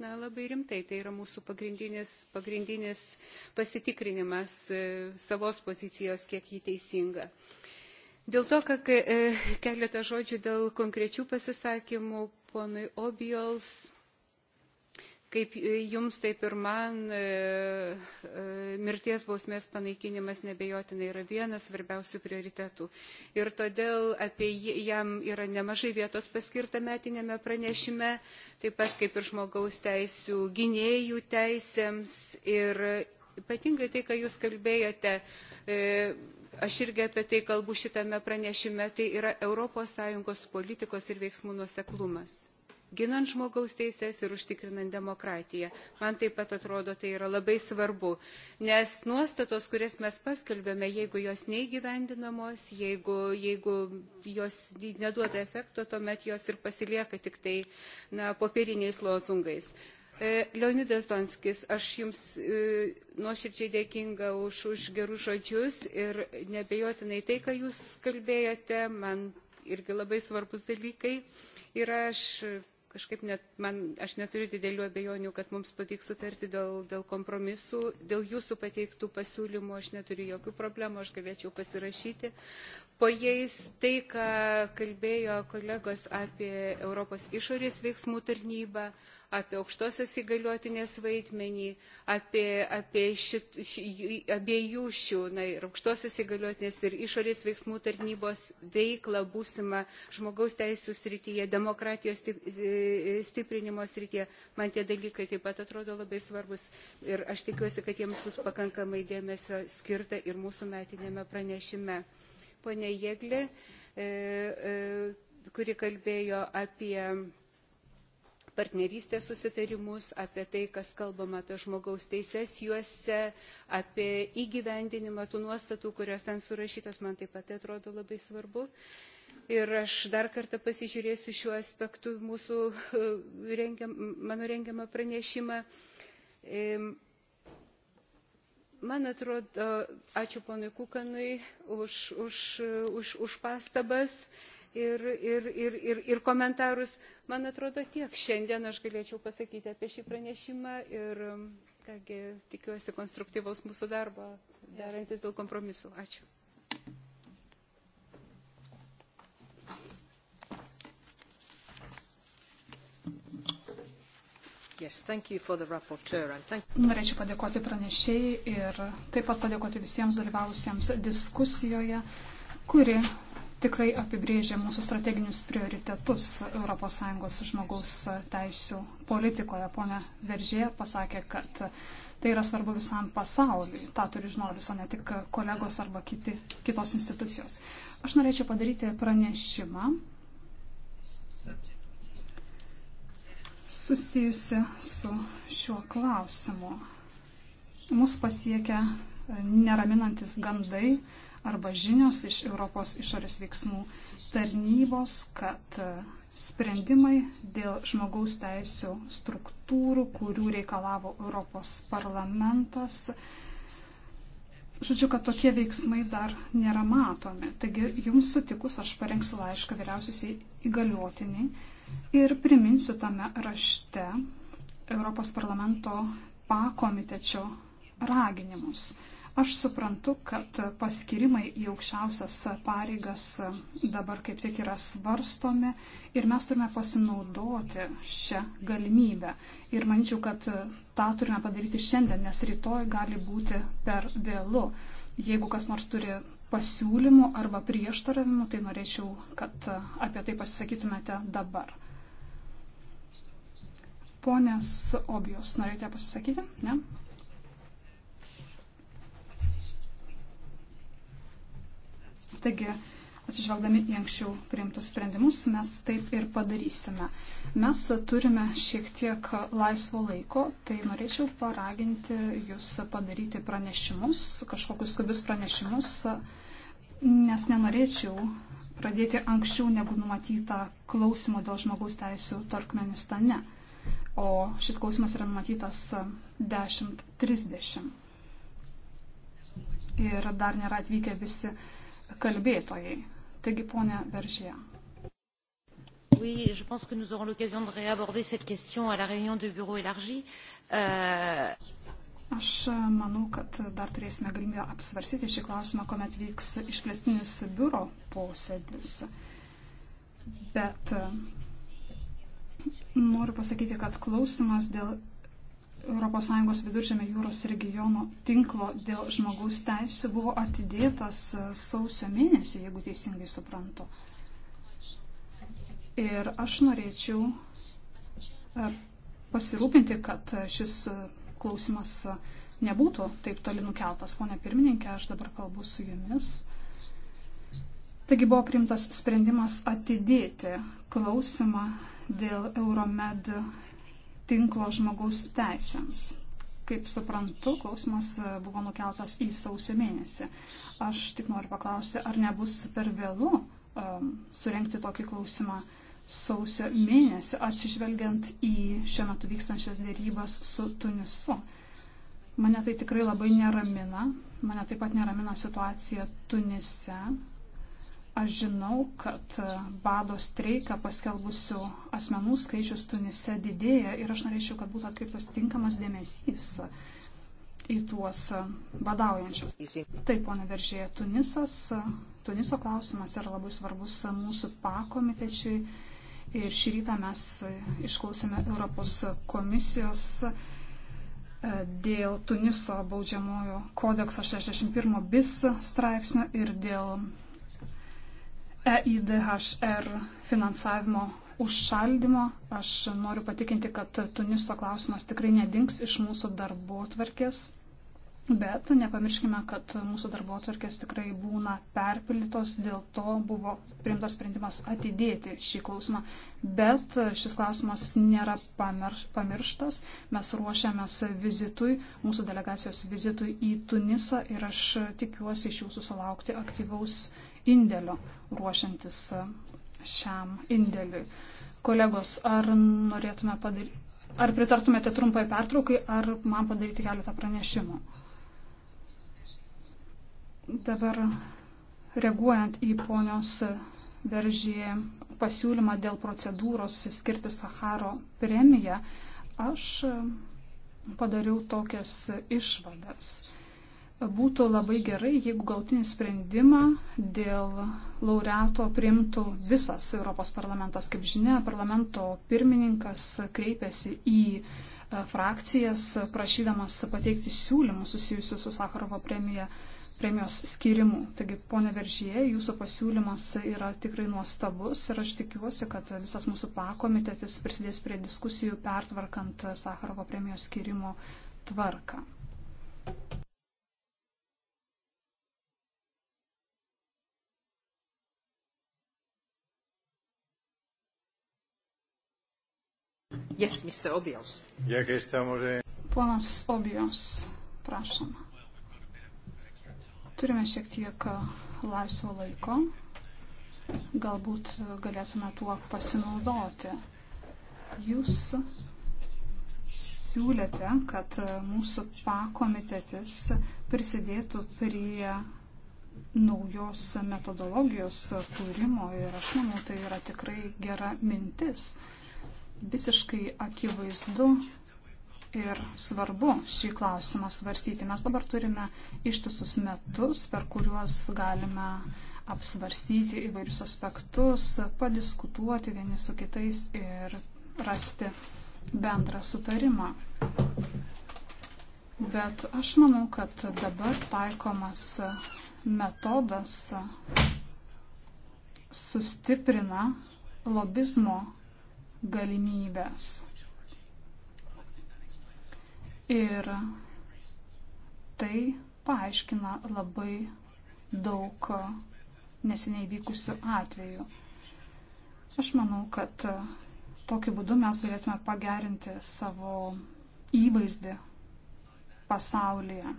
na, labai rimtai. Tai yra mūsų pagrindinis, pagrindinis pasitikrinimas e, savos pozicijos, kiek jį teisinga. Dėl to, kad e, keletą žodžių dėl konkrečių pasisakymų ponui Obiols kaip e, jums, taip ir man, e, e, mirties bausmės panaikinimas nebejotinai yra vienas svarbiausių prioritetų. Ir todėl apie jam yra nemažai vietos paskirta metinėme pranešime, taip pat kaip ir žmogaus teisų gynėjų teisėms. Ir ypatingai tai, ką jūs kalbėjote, aš irgi apie tai kalbu šitame pranešime, tai yra ES politikos ir veiksmų nuoseklumas ginant žmogaus teises ir užtikrinant demokratiją. Man taip pat atrodo, tai yra labai svarbu, nes nuostatos, kurias mes paskelbėme, jeigu jos neįgyvendinamos, jeigu, jeigu jos neduoda efekto, tuomet jos ir pasilieka tik tai na, popieriniais lozungais. E, Leonidas Donskis, aš Jums e, nuoširdžiai dėkinga už, už gerus žodžius ir nebejotinai tai, ką Jūs kalbėjote, man irgi labai svarbus dalykai. Ir aš kažkaip net, man, aš neturiu didelių abejonių, kad mums pavyks sutarti dėl, dėl kompromisų, dėl jūsų pateiktų pasiūlymų, aš neturiu jokių problemų, aš galėčiau pasirašyti. Po jais tai, ką kalbėjo kolegos apie Europos išorės veiksmų tarnybą, apie aukštosios įgaliotinės vaidmenį, apie, apie šit, ši, abiejų šių na, ir aukštosios įgaliotinės ir išorės veiksmų tarnybos veiklą būsimą žmogaus teisų srityje, demokratijos stiprinimo srityje. Man tie dalykai taip pat atrodo labai svarbus ir aš tikiuosi, kad jiems bus pakankamai dėmesio skirta ir mūsų metinėme pranešime. Pone Jėglė, e, e, kuri kalbėjo apie partnerystės susitarimus, apie tai, kas kalbama apie žmogaus teises juose, apie įgyvendinimą tų nuostatų, kurios ten surašytas, man taip pat tai atrodo labai svarbu. Ir aš dar kartą pasižiūrėsiu šiuo aspektu mūsų e, rengiam, mano rengiamą pranešimą. Man atrodo, ačiū ponui Kukanui už, už, už, už pastabas ir, ir, ir, ir, ir komentarus. Man atrodo, tiek šiandien aš galėčiau pasakyti apie šį pranešimą ir kągi, tikiuosi konstruktyvaus mūsų darbo, darantis dėl kompromisų. Ačiū. Yes, rapporteur, thank... Norėčiau padėkoti pranešėjai ir taip pat padėkoti visiems dalyvavusiems diskusijoje, kuri tikrai apibrėžia mūsų strateginius prioritetus ES žmogaus teisų politikoje. Pone Veržė pasakė, kad tai yra svarbu visam pasauliui. Ta turi žinoti, o ne tik kolegos arba kiti, kitos institucijos. Aš norėčiau padaryti pranešimą susijusi su šiuo klausimu. Mūsų pasiekia neraminantis gandai arba žinios iš Europos išorės veiksmų tarnybos, kad e, sprendimai dėl žmogaus teisų struktūrų, kurių reikalavo Europos parlamentas, Žodžiu, kad tokie veiksmai dar nėra matomi. Taigi, jums sutikus, aš parengsiu laišką vyriausiusiai įgaliotiniai ir priminsiu tame rašte Europos parlamento pakomitečio raginimus. Aš suprantu, kad paskirimai į aukščiausias pareigas dabar kaip tik yra svarstomi ir mes turime pasinaudoti šią galimybę. Ir manyčiau, kad tą turime padaryti šiandien, nes rytoj gali būti per vėlu. Jeigu kas nors turi pasiūlymų arba prieštaravimų, tai norėčiau, kad apie tai pasisakytumėte dabar. Ponės Obijos, norėtumėte pasisakyti? Ne? Taigi, atsižvelgdami į anksčiau priimtus sprendimus, mes taip ir padarysime. Mes turime šiek tiek laisvo laiko, tai norėčiau paraginti jūs padaryti pranešimus, kažkokius skubius pranešimus, nes nenorėčiau pradėti anksčiau negu numatyta klausimo dėl žmogaus teisų Turkmenistane. O šis klausimas yra numatytas 10.30. Ir dar nėra atvykę visi kalbėtojai. Taigi, ponė Veržė. Oui, je pense que nous aurons l'occasion de réaborder cette question à la réunion du bureau élargi. Euh... Aš euh, manau, kad dar turėsime galimybę apsvarsyti šį klausimą, kuomet vyks išplėstinis biuro posėdis. Bet euh, noriu pasakyti, kad klausimas dėl ES viduržėme jūros regiono tinklo dėl žmogaus teisų buvo atidėtas e, sausio mėnesio, jeigu teisingai suprantu. Ir aš norėčiau e, pasirūpinti, kad šis e, klausimas nebūtų taip toli nukeltas. Pone pirmininkė, aš dabar kalbu su jumis. Taigi buvo priimtas sprendimas atidėti klausimą dėl Euromed tinklo žmogaus teisėms. Kaip suprantu, klausimas e, buvo nukeltas į sausio mėnesį. Aš tik noriu paklausti, ar nebus per vėlų um, e, surenkti tokį klausimą sausio mėnesį, atsižvelgiant į šiuo metu vykstančias dėrybas su Tunisu. Mane tai tikrai labai neramina. Mane taip pat neramina situacija Tunise, Aš žinau, kad bado streiką paskelbusių asmenų skaičius Tunise didėja ir aš norėčiau, kad būtų atkreiptas tinkamas dėmesys į tuos badaujančius. Taip, ponė Veržėje, Tunisas, Tuniso klausimas yra labai svarbus mūsų pakomitečiui ir šį rytą mes išklausėme Europos komisijos e, dėl Tuniso baudžiamojo kodekso 61 bis straipsnio ir dėl EIDHR finansavimo užšaldimo. Aš noriu patikinti, kad Tuniso klausimas tikrai nedings iš mūsų darbo tvarkės. Bet nepamirškime, kad mūsų darbo atvarkės tikrai būna perpildytos, dėl to buvo priimtas sprendimas atidėti šį klausimą. Bet šis klausimas nėra pamirštas. Mes ruošiamės vizitui, mūsų delegacijos vizitui į Tunisą ir aš tikiuosi iš jūsų sulaukti aktyvaus indėlio ruošiantis e, šiam indėliui. Kolegos, ar norėtume padaryti, ar pritartumėte trumpai pertraukai, ar man padaryti keletą pranešimų? Dabar reaguojant į ponios veržyje pasiūlymą dėl procedūros skirti Saharo premiją, aš padariau tokias išvadas. Būtų labai gerai, jeigu gautinį sprendimą dėl laureato priimtų visas Europos parlamentas. Kaip žinia, parlamento pirmininkas kreipėsi į e, frakcijas, prašydamas pateikti siūlymus susijusius su Sakarovo premija, premijos skirimu. Taigi, ponė Veržyje, jūsų pasiūlymas yra tikrai nuostabus ir aš tikiuosi, kad visas mūsų pakomitetis prisidės prie diskusijų pertvarkant Sakarovo premijos skirimo tvarką. Yes, Mr. Obios. Ja, kai estamos... Ponas Obios, prašom. Turime šiek tiek laisvo laiko. Galbūt galėtume tuo pasinaudoti. Jūs siūlėte, kad mūsų pakomitetis prisidėtų prie naujos metodologijos kūrimo ir aš manau, tai yra tikrai gera mintis visiškai akivaizdu ir svarbu šį klausimą svarstyti. Mes dabar turime ištisus metus, per kuriuos galime apsvarstyti įvairius aspektus, padiskutuoti vieni su kitais ir rasti bendrą sutarimą. Bet aš manau, kad dabar taikomas metodas sustiprina lobizmo galimybės. Ir tai paaiškina labai daug neseniai vykusių atvejų. Aš manau, kad tokiu būdu mes galėtume pagerinti savo įvaizdį pasaulyje.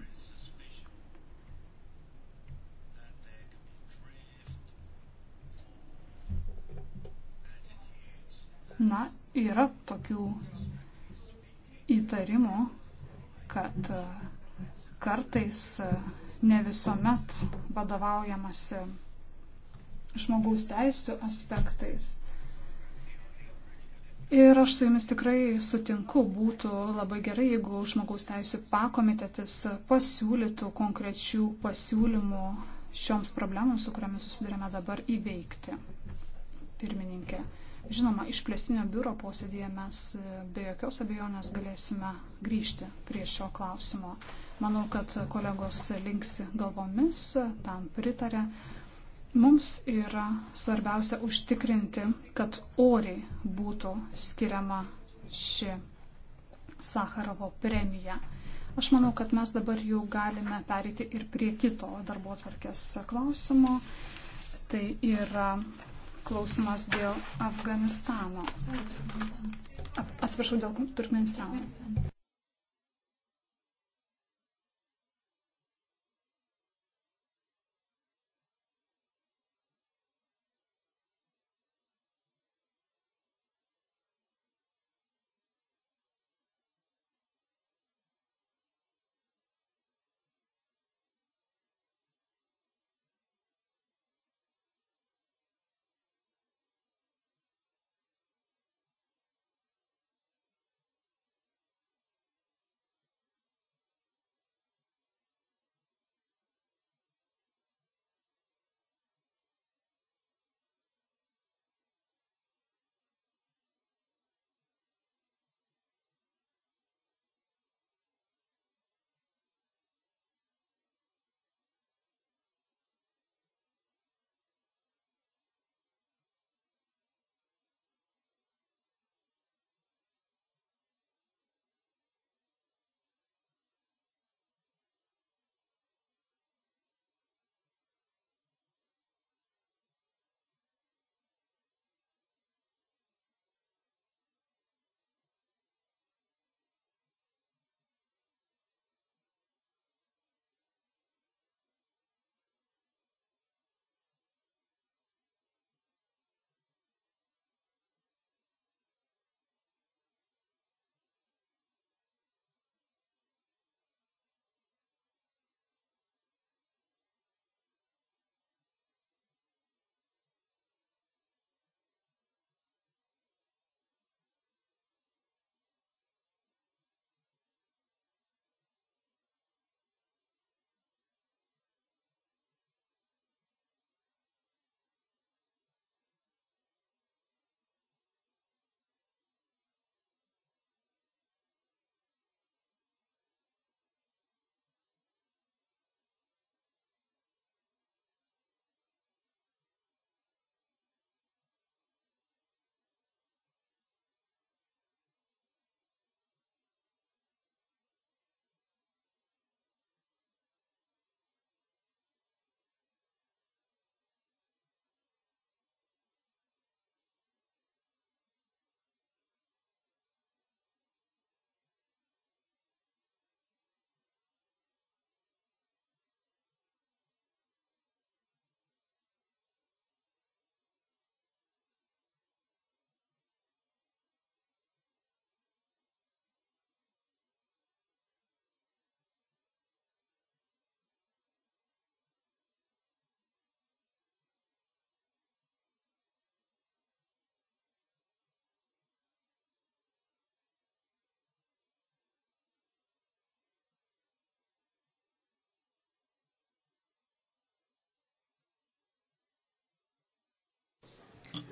Na, yra tokių įtarimų, kad e, kartais e, ne visuomet vadovaujamasi žmogaus teisų aspektais. Ir aš su jumis tikrai sutinku, būtų labai gerai, jeigu žmogaus teisų pakomitetis pasiūlytų konkrečių pasiūlymų šioms problemams, su kuriamis susidurėme dabar, įveikti. Pirmininkė. Žinoma, išplėstinio biuro posėdėje mes e, be jokios abejonės galėsime grįžti prie šio klausimo. Manau, kad kolegos linksi galvomis, tam pritarė. Mums yra svarbiausia užtikrinti, kad oriai būtų skiriama ši Sakarovo premija. Aš manau, kad mes dabar jau galime perėti ir prie kito darbo atvarkės klausimo. Tai yra klausimas dėl Afganistano. Atsiprašau, dėl Turkmenistano.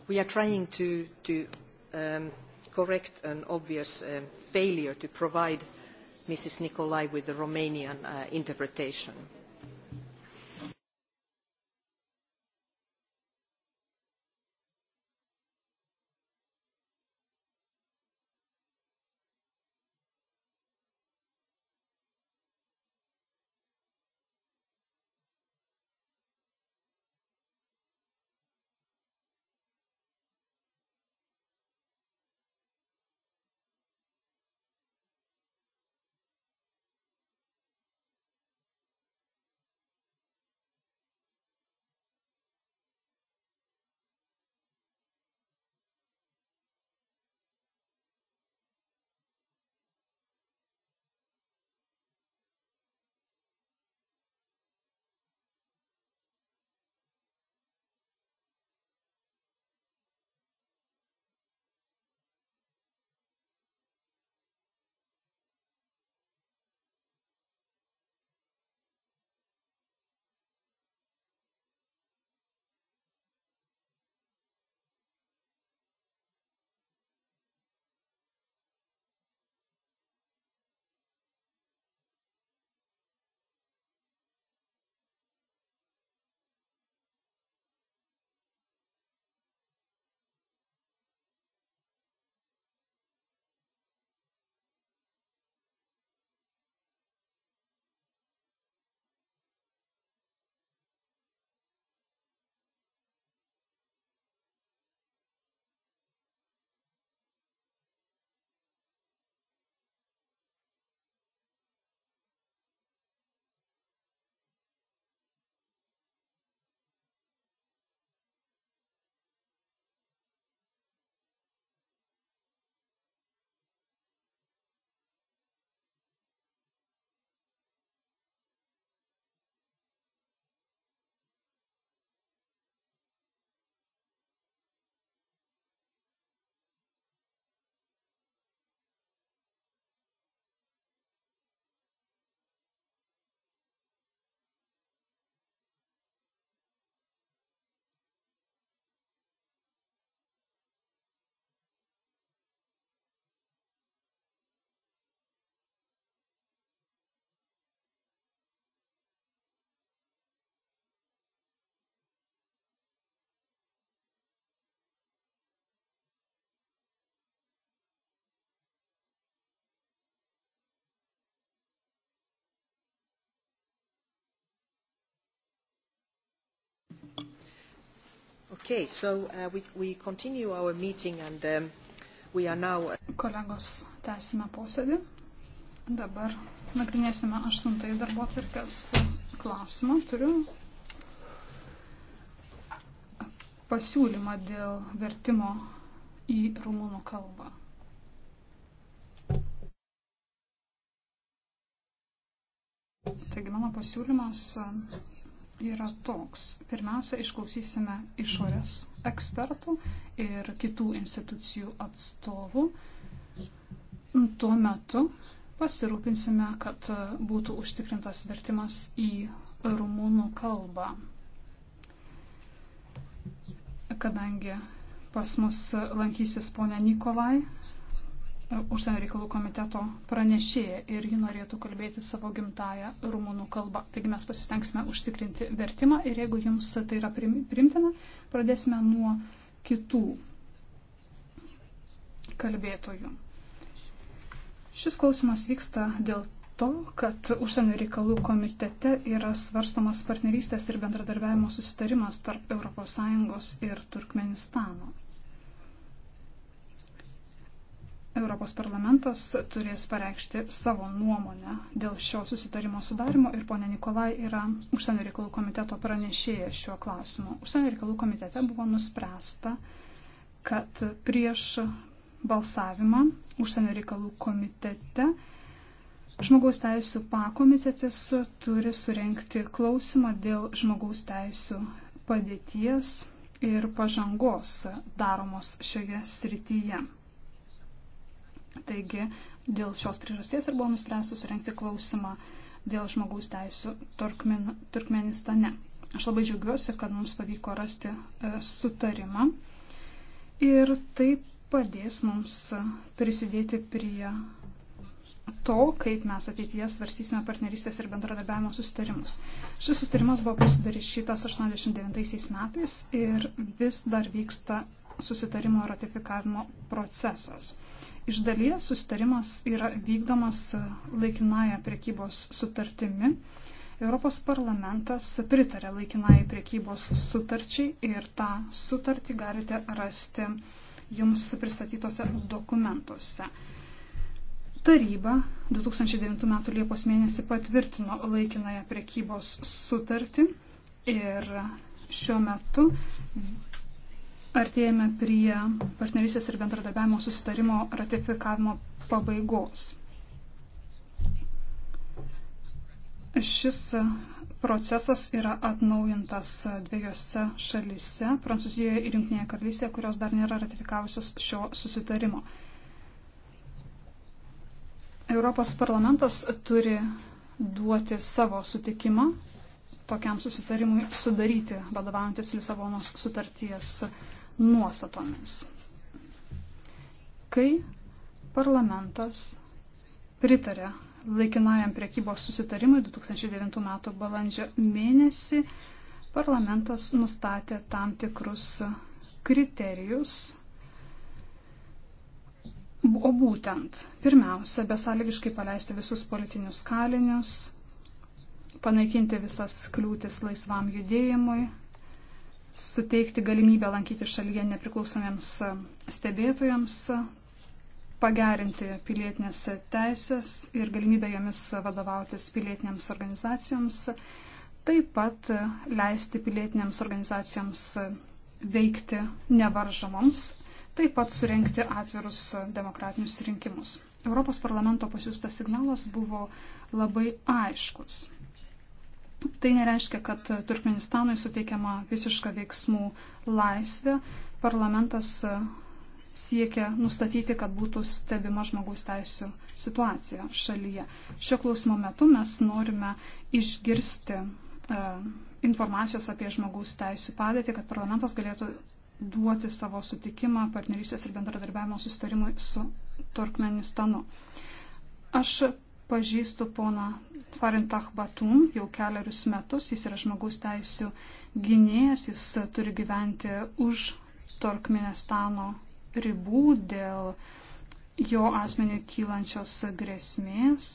we are trying to, to um, correct an obvious um, failure to provide Mrs. Nicolai with the Romanian uh, interpretation. Uh, Okay, so uh, we, we continue our meeting and um, we are now... Uh, Kolegos, tęsime posėdį. Dabar nagrinėsime aštuntąjį darbo tvarkės klausimą. Turiu pasiūlymą dėl vertimo į rumunų kalbą. Taigi mano pasiūlymas yra toks. Pirmiausia, išklausysime išorės ekspertų ir kitų institucijų atstovų. Tuo metu pasirūpinsime, kad būtų užtikrintas vertimas į rumūnų kalbą. Kadangi pas mus lankysis ponia Nikolai, užsienio reikalų komiteto pranešėja ir ji norėtų kalbėti savo gimtają rumunų kalbą. Taigi mes pasistengsime užtikrinti vertimą ir jeigu jums tai yra primtina, pradėsime nuo kitų kalbėtojų. Šis klausimas vyksta dėl to, kad užsienio reikalų komitete yra svarstomas partnerystės ir bendradarbiavimo susitarimas tarp ES ir Turkmenistano. Europos parlamentas turės pareikšti savo nuomonę dėl šio susitarimo sudarimo ir ponė Nikolai yra užsienio reikalų komiteto pranešėja šiuo klausimu. Užsienio reikalų komitete buvo nuspręsta, kad prieš balsavimą užsienio reikalų komitete Žmogaus teisų pakomitetis turi surenkti klausimą dėl žmogaus teisų padėties ir pažangos daromos šioje srityje. Taigi dėl šios priežasties ir buvo nuspręsta surenkti klausimą dėl žmogaus teisų Turkmen, Turkmenistane. Aš labai džiaugiuosi, kad mums pavyko rasti e, sutarimą ir tai padės mums prisidėti prie to, kaip mes ateityje svarstysime partnerystės ir bendradarbiavimo sustarimus. Šis sustarimas buvo pasidaryšytas 89 metais ir vis dar vyksta susitarimo ratifikavimo procesas. Iš dalies sustarimas yra vykdomas laikinąją priekybos sutartimi. Europos parlamentas pritarė laikinai priekybos sutarčiai ir tą sutartį galite rasti jums pristatytose dokumentuose. Taryba 2009 m. Liepos mėnesį patvirtino laikinąją priekybos sutartį ir šiuo metu Artėjame prie partnerystės ir bendradarbiavimo susitarimo ratifikavimo pabaigos. Šis procesas yra atnaujintas dviejose šalise - Prancūzijoje ir Junktinėje karalystėje, kurios dar nėra ratifikavusios šio susitarimo. Europos parlamentas turi duoti savo sutikimą tokiam susitarimui sudaryti, vadovaujantis Lisabonos sutarties nuostatomis. Kai parlamentas pritarė laikinajam priekybos susitarimui 2009 m. balandžio mėnesį, parlamentas nustatė tam tikrus kriterijus. O būtent, pirmiausia, besąlygiškai paleisti visus politinius kalinius, panaikinti visas kliūtis laisvam judėjimui, suteikti galimybę lankyti šalyje nepriklausomiems stebėtojams, pagerinti pilietinės teisės ir galimybę jomis vadovautis pilietinėms organizacijoms, taip pat leisti pilietinėms organizacijoms veikti nevaržomoms, taip pat surenkti atvirus demokratinius rinkimus. Europos parlamento pasiūstas signalas buvo labai aiškus. Tai nereiškia, kad Turkmenistanui suteikiama visiška veiksmų laisvė. Parlamentas e, siekia nustatyti, kad būtų stebima žmogaus teisų situacija šalyje. Šio klausimo metu mes norime išgirsti e, informacijos apie žmogaus teisų padėtį, kad parlamentas galėtų duoti savo sutikimą partnerystės ir bendradarbiavimo sustarimui su Turkmenistanu. Aš pažįstu poną Farintach Batum jau keliarius metus, jis yra žmogaus teisų gynėjas, jis turi gyventi už Turkmenistano ribų dėl jo asmenį kylančios grėsmės.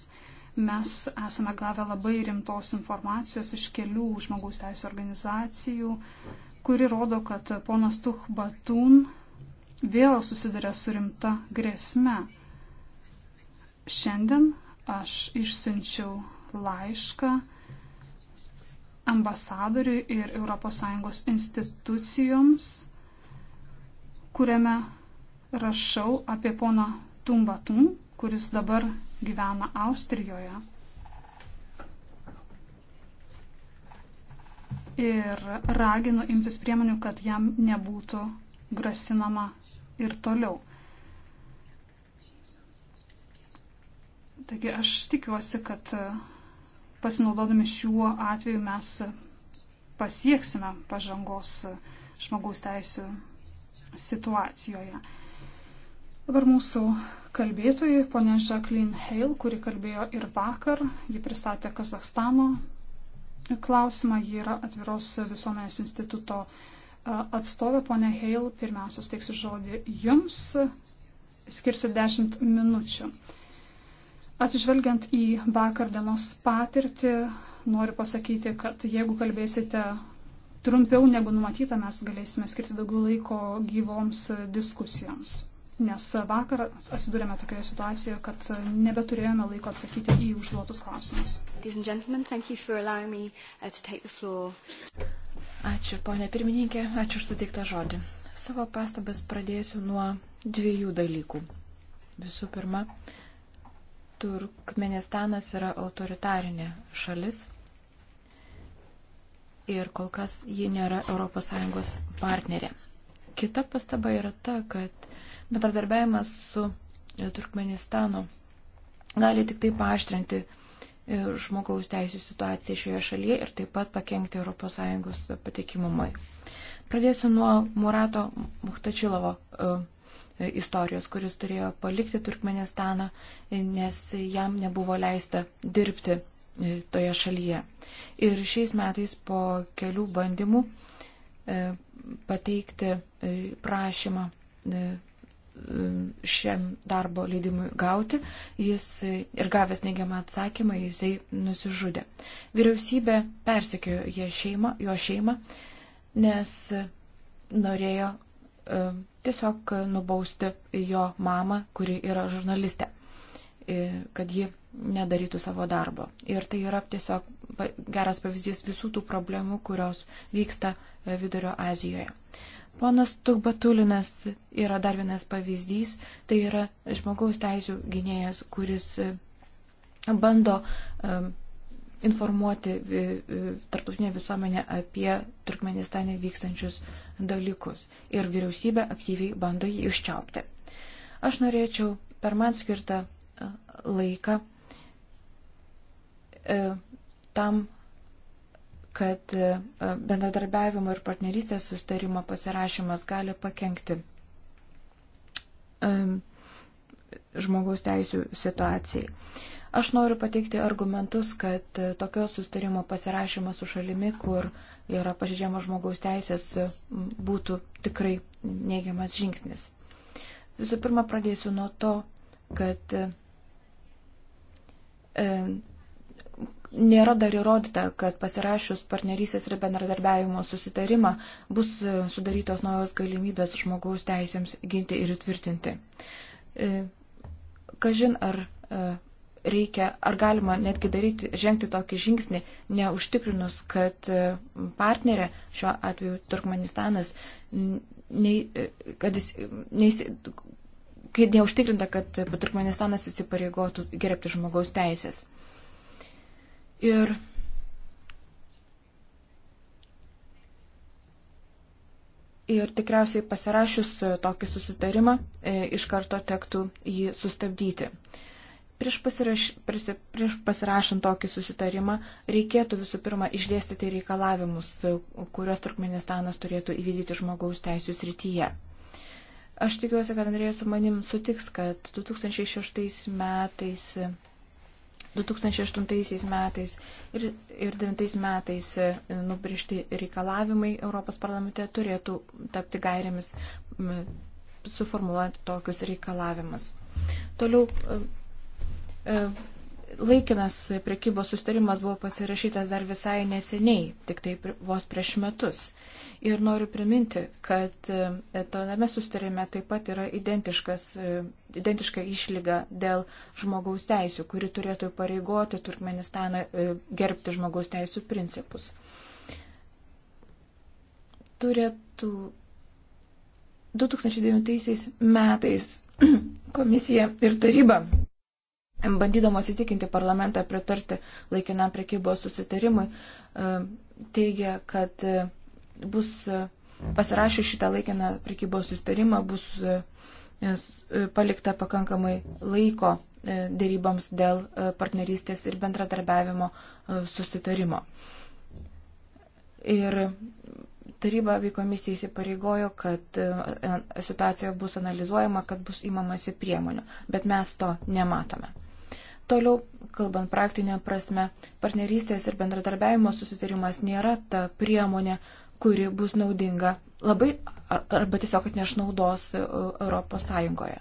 Mes esame gavę labai rimtos informacijos iš kelių žmogaus teisų organizacijų, kuri rodo, kad ponas Tuch Batun vėl susiduria su rimta grėsme. Šiandien aš išsiunčiau laišką ambasadoriui ir ES institucijoms, kuriame rašau apie poną Tumbatum, kuris dabar gyvena Austrijoje. ir raginu imtis priemonių, kad jam nebūtų grasinama ir toliau. Taigi aš tikiuosi, kad pasinaudodami šiuo atveju mes pasieksime pažangos žmogaus teisų situacijoje. Dabar mūsų kalbėtojai, ponė Jacqueline Hale, kuri kalbėjo ir vakar, ji pristatė Kazakstano klausimą, ji yra atviros visuomenės instituto atstovė, ponė Hale, pirmiausia, steiksiu žodį jums, skirsiu 10 minučių. Atsižvelgiant į vakar dienos patirtį, noriu pasakyti, kad jeigu kalbėsite trumpiau negu numatyta, mes galėsime skirti daugiau laiko gyvoms diskusijoms. Nes vakar atsidūrėme tokioje situacijoje, kad nebeturėjome laiko atsakyti į užduotus klausimus. Uh, ačiū, ponė pirmininkė, ačiū už suteiktą žodį. Savo pastabas pradėsiu nuo dviejų dalykų. Visų pirma, Turkmenistanas yra autoritarinė šalis ir kol kas ji nėra ES partnerė. Kita pastaba yra ta, kad bendradarbiavimas su e, Turkmenistanu gali tik tai paaštrinti e, žmogaus teisų situaciją šioje šalyje ir taip pat pakengti ES patikimumui. Pradėsiu nuo Murato Muhtačilovo e, istorijos, kuris turėjo palikti Turkmenistaną, nes jam nebuvo leista dirbti e, toje šalyje. Ir šiais metais po kelių bandymų e, pateikti e, prašymą šiam darbo leidimui gauti, jis ir gavęs neigiamą atsakymą, jisai nusižudė. Vyriausybė persekiojo šeimą, jo šeimą, nes norėjo tiesiog nubausti jo mamą, kuri yra žurnalistė, kad ji nedarytų savo darbo. Ir tai yra tiesiog geras pavyzdys visų tų problemų, kurios vyksta e, Vidurio Azijoje. Ponas Tukbatulinas yra dar vienas pavyzdys, tai yra žmogaus teisų gynėjas, kuris e, bando e, informuoti tarptautinę visuomenę apie Turkmenistane vykstančius dalykus ir vyriausybė aktyviai bando jį iščiaupti. Aš norėčiau per man skirtą e, laiką e, tam, kad e, bendradarbiavimo ir partnerystės sustarimo pasirašymas gali pakengti žmogaus teisų situacijai. Aš noriu pateikti argumentus, kad tokio sustarimo pasirašymas su šalimi, kur yra pažydžiama žmogaus teisės, būtų tikrai neigiamas žingsnis. Visų pirma, pradėsiu nuo to, kad e, nėra dar įrodyta, kad pasirašius partnerysės ir bendradarbiavimo susitarimą bus sudarytos naujos galimybės žmogaus teisėms ginti ir įtvirtinti. E, kažin ar e, reikia, ar galima netgi daryti, žengti tokį žingsnį, neužtikrinus, kad e, partnerė, šiuo atveju Turkmenistanas, nei, e, kad jis, neis, kai neužtikrinta, kad e, Turkmenistanas įsipareigotų gerbti žmogaus teisės. Ir Ir tikriausiai pasirašius tokį susitarimą, iš karto tektų jį sustabdyti. E, Prieš, pasiraš, prisi, prieš pasirašant tokį susitarimą reikėtų visų pirma išdėstyti reikalavimus, kuriuos Turkmenistanas turėtų įvykdyti žmogaus teisų srityje. Aš tikiuosi, kad Andrėjus su manim sutiks, kad 2006 metais, 2008 metais ir, ir 2009 metais nubriežti reikalavimai Europos parlamente turėtų tapti gairėmis suformuoluojant tokius reikalavimus. Toliau E, laikinas prekybos sustarimas buvo pasirašytas dar visai neseniai, tik tai vos prieš metus. Ir noriu priminti, kad e, tame sustarime taip pat yra e, identiška išlyga dėl žmogaus teisų, kuri turėtų pareigoti Turkmenistaną gerbti žmogaus teisų principus. Turėtų 2009 metais komisija ir taryba bandydamos įtikinti parlamentą pritarti laikinam prekybos susitarimui, e, teigia, kad e, bus e, pasirašius šitą laikiną prekybos susitarimą, bus palikta pakankamai laiko dėryboms dėl partnerystės ir bendradarbiavimo susitarimo. Ir taryba bei komisija įsipareigojo, kad situacija bus analizuojama, kad bus įmamasi priemonių, bet mes to nematome. Toliau, kalbant praktinę prasme, partnerystės ir bendradarbiavimo susitarimas nėra ta priemonė, kuri bus naudinga labai arba tiesiog atneš naudos e, Europos Sąjungoje.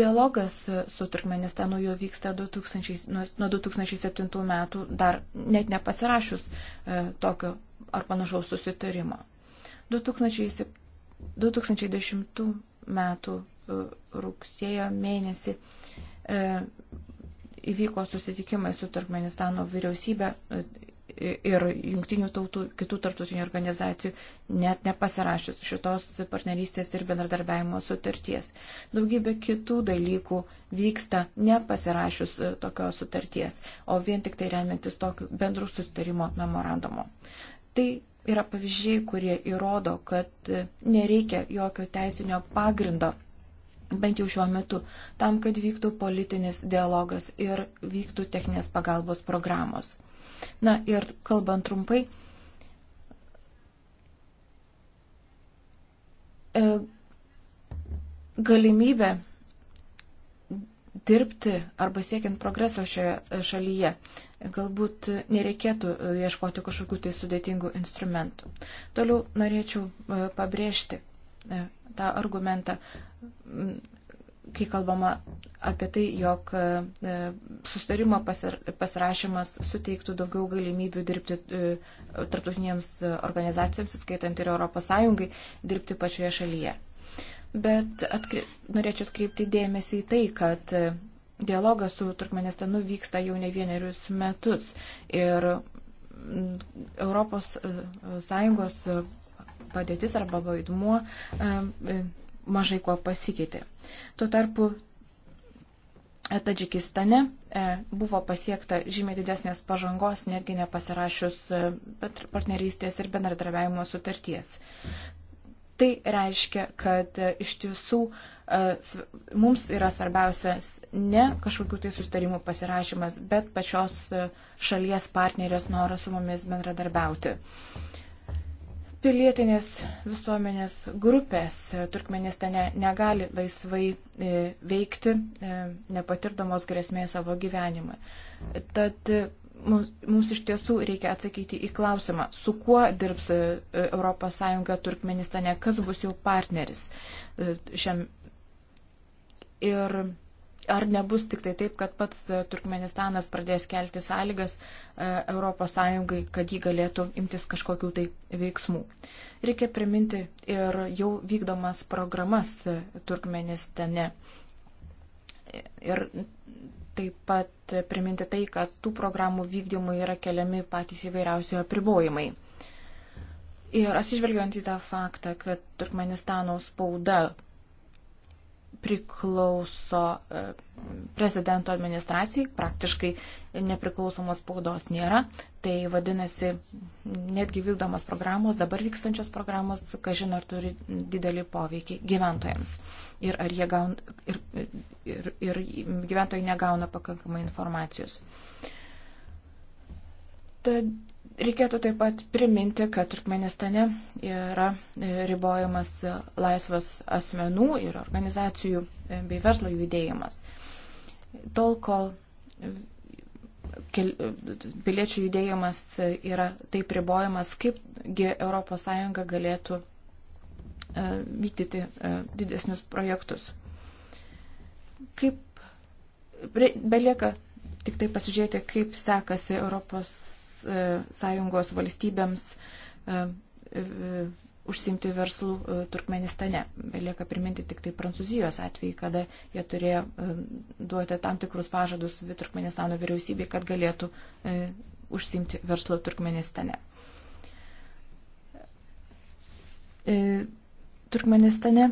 Dialogas e, su Turkmenistanu jau vyksta 2000, nuo 2007 metų, dar net nepasirašius e, tokio ar panašaus susitarimo. 2007, 2010 metų rugsėjo mėnesį įvyko susitikimai su Turkmenistano vyriausybė e, ir jungtinių tautų, kitų tarptautinių organizacijų, net nepasirašius šitos partnerystės ir bendradarbiavimo sutarties. Daugybė kitų dalykų vyksta nepasirašius e, tokios sutarties, o vien tik tai remiantis tokiu bendru sustarimo memorandumu. Tai yra pavyzdžiai, kurie įrodo, kad e, nereikia jokio teisinio pagrindo bent jau šiuo metu, tam, kad vyktų politinis dialogas ir vyktų techninės pagalbos programos. Na ir kalbant trumpai, e, galimybė dirbti arba siekiant progreso šioje šalyje, galbūt nereikėtų e, ieškoti kažkokių tai sudėtingų instrumentų. Toliau norėčiau e, pabrėžti tą argumentą, kai kalbama apie tai, jog e, sustarimo pasirašymas suteiktų daugiau galimybių dirbti e, tarptautinėms organizacijoms, skaitant ir ES, dirbti pačioje šalyje. Bet atkri... norėčiau atkreipti dėmesį į tai, kad e, dialogas su Turkmenistanu vyksta jau ne vienerius metus ir ES padėtis arba vaidmuo mažai kuo pasikeitė. Tuo tarpu Tadžikistane e, buvo pasiekta žymiai didesnės pažangos, netgi nepasirašius e, partnerystės ir bendradarbiavimo sutarties. Tai reiškia, kad e, iš tiesų mums yra svarbiausias ne kažkokių tai sustarimų pasirašymas, bet pačios šalies partnerės noras su mumis bendradarbiauti. Uh, pilietinės visuomenės grupės e, Turkmenistane negali laisvai e, veikti, e, nepatirdamos grėsmės savo gyvenimą. Tad mums iš tiesų reikia atsakyti į klausimą, su kuo dirbs ES Turkmenistane, kas bus jų partneris šiam. Ir Ar nebus tik tai taip, kad pats e, Turkmenistanas pradės kelti sąlygas ES, kad jį galėtų imtis kažkokių tai veiksmų? Reikia priminti ir jau vykdomas programas e, Turkmenistane. E, ir taip pat priminti tai, kad tų programų vykdymui yra keliami patys įvairiausi apribojimai. Ir atsižvelgiant į tą faktą, kad Turkmenistano spauda priklauso e, prezidento administracijai, praktiškai nepriklausomos spaudos nėra. Tai vadinasi, netgi vykdomos programos, dabar vykstančios programos, kažin ar turi didelį poveikį gyventojams. Ir ar jie gauna, ir, ir, ir gyventojai negauna pakankamai informacijos. Tad Reikėtų taip pat priminti, kad Turkmenistane yra e, ribojamas e, laisvas asmenų ir organizacijų e, bei verslo judėjimas. Tol, kol piliečių judėjimas yra taip ribojamas, kaipgi ES galėtų vykdyti didesnius projektus. Kaip belieka tik tai pasižiūrėti, kaip sekasi Europos E, sąjungos valstybėms e, e, užsimti verslų Turkmenistane. Belieka priminti tik tai Prancūzijos atvejį, kada jie turėjo duoti tam tikrus pažadus Turkmenistano vyriausybei, kad galėtų užsimti verslų Turkmenistane. Turkmenistane.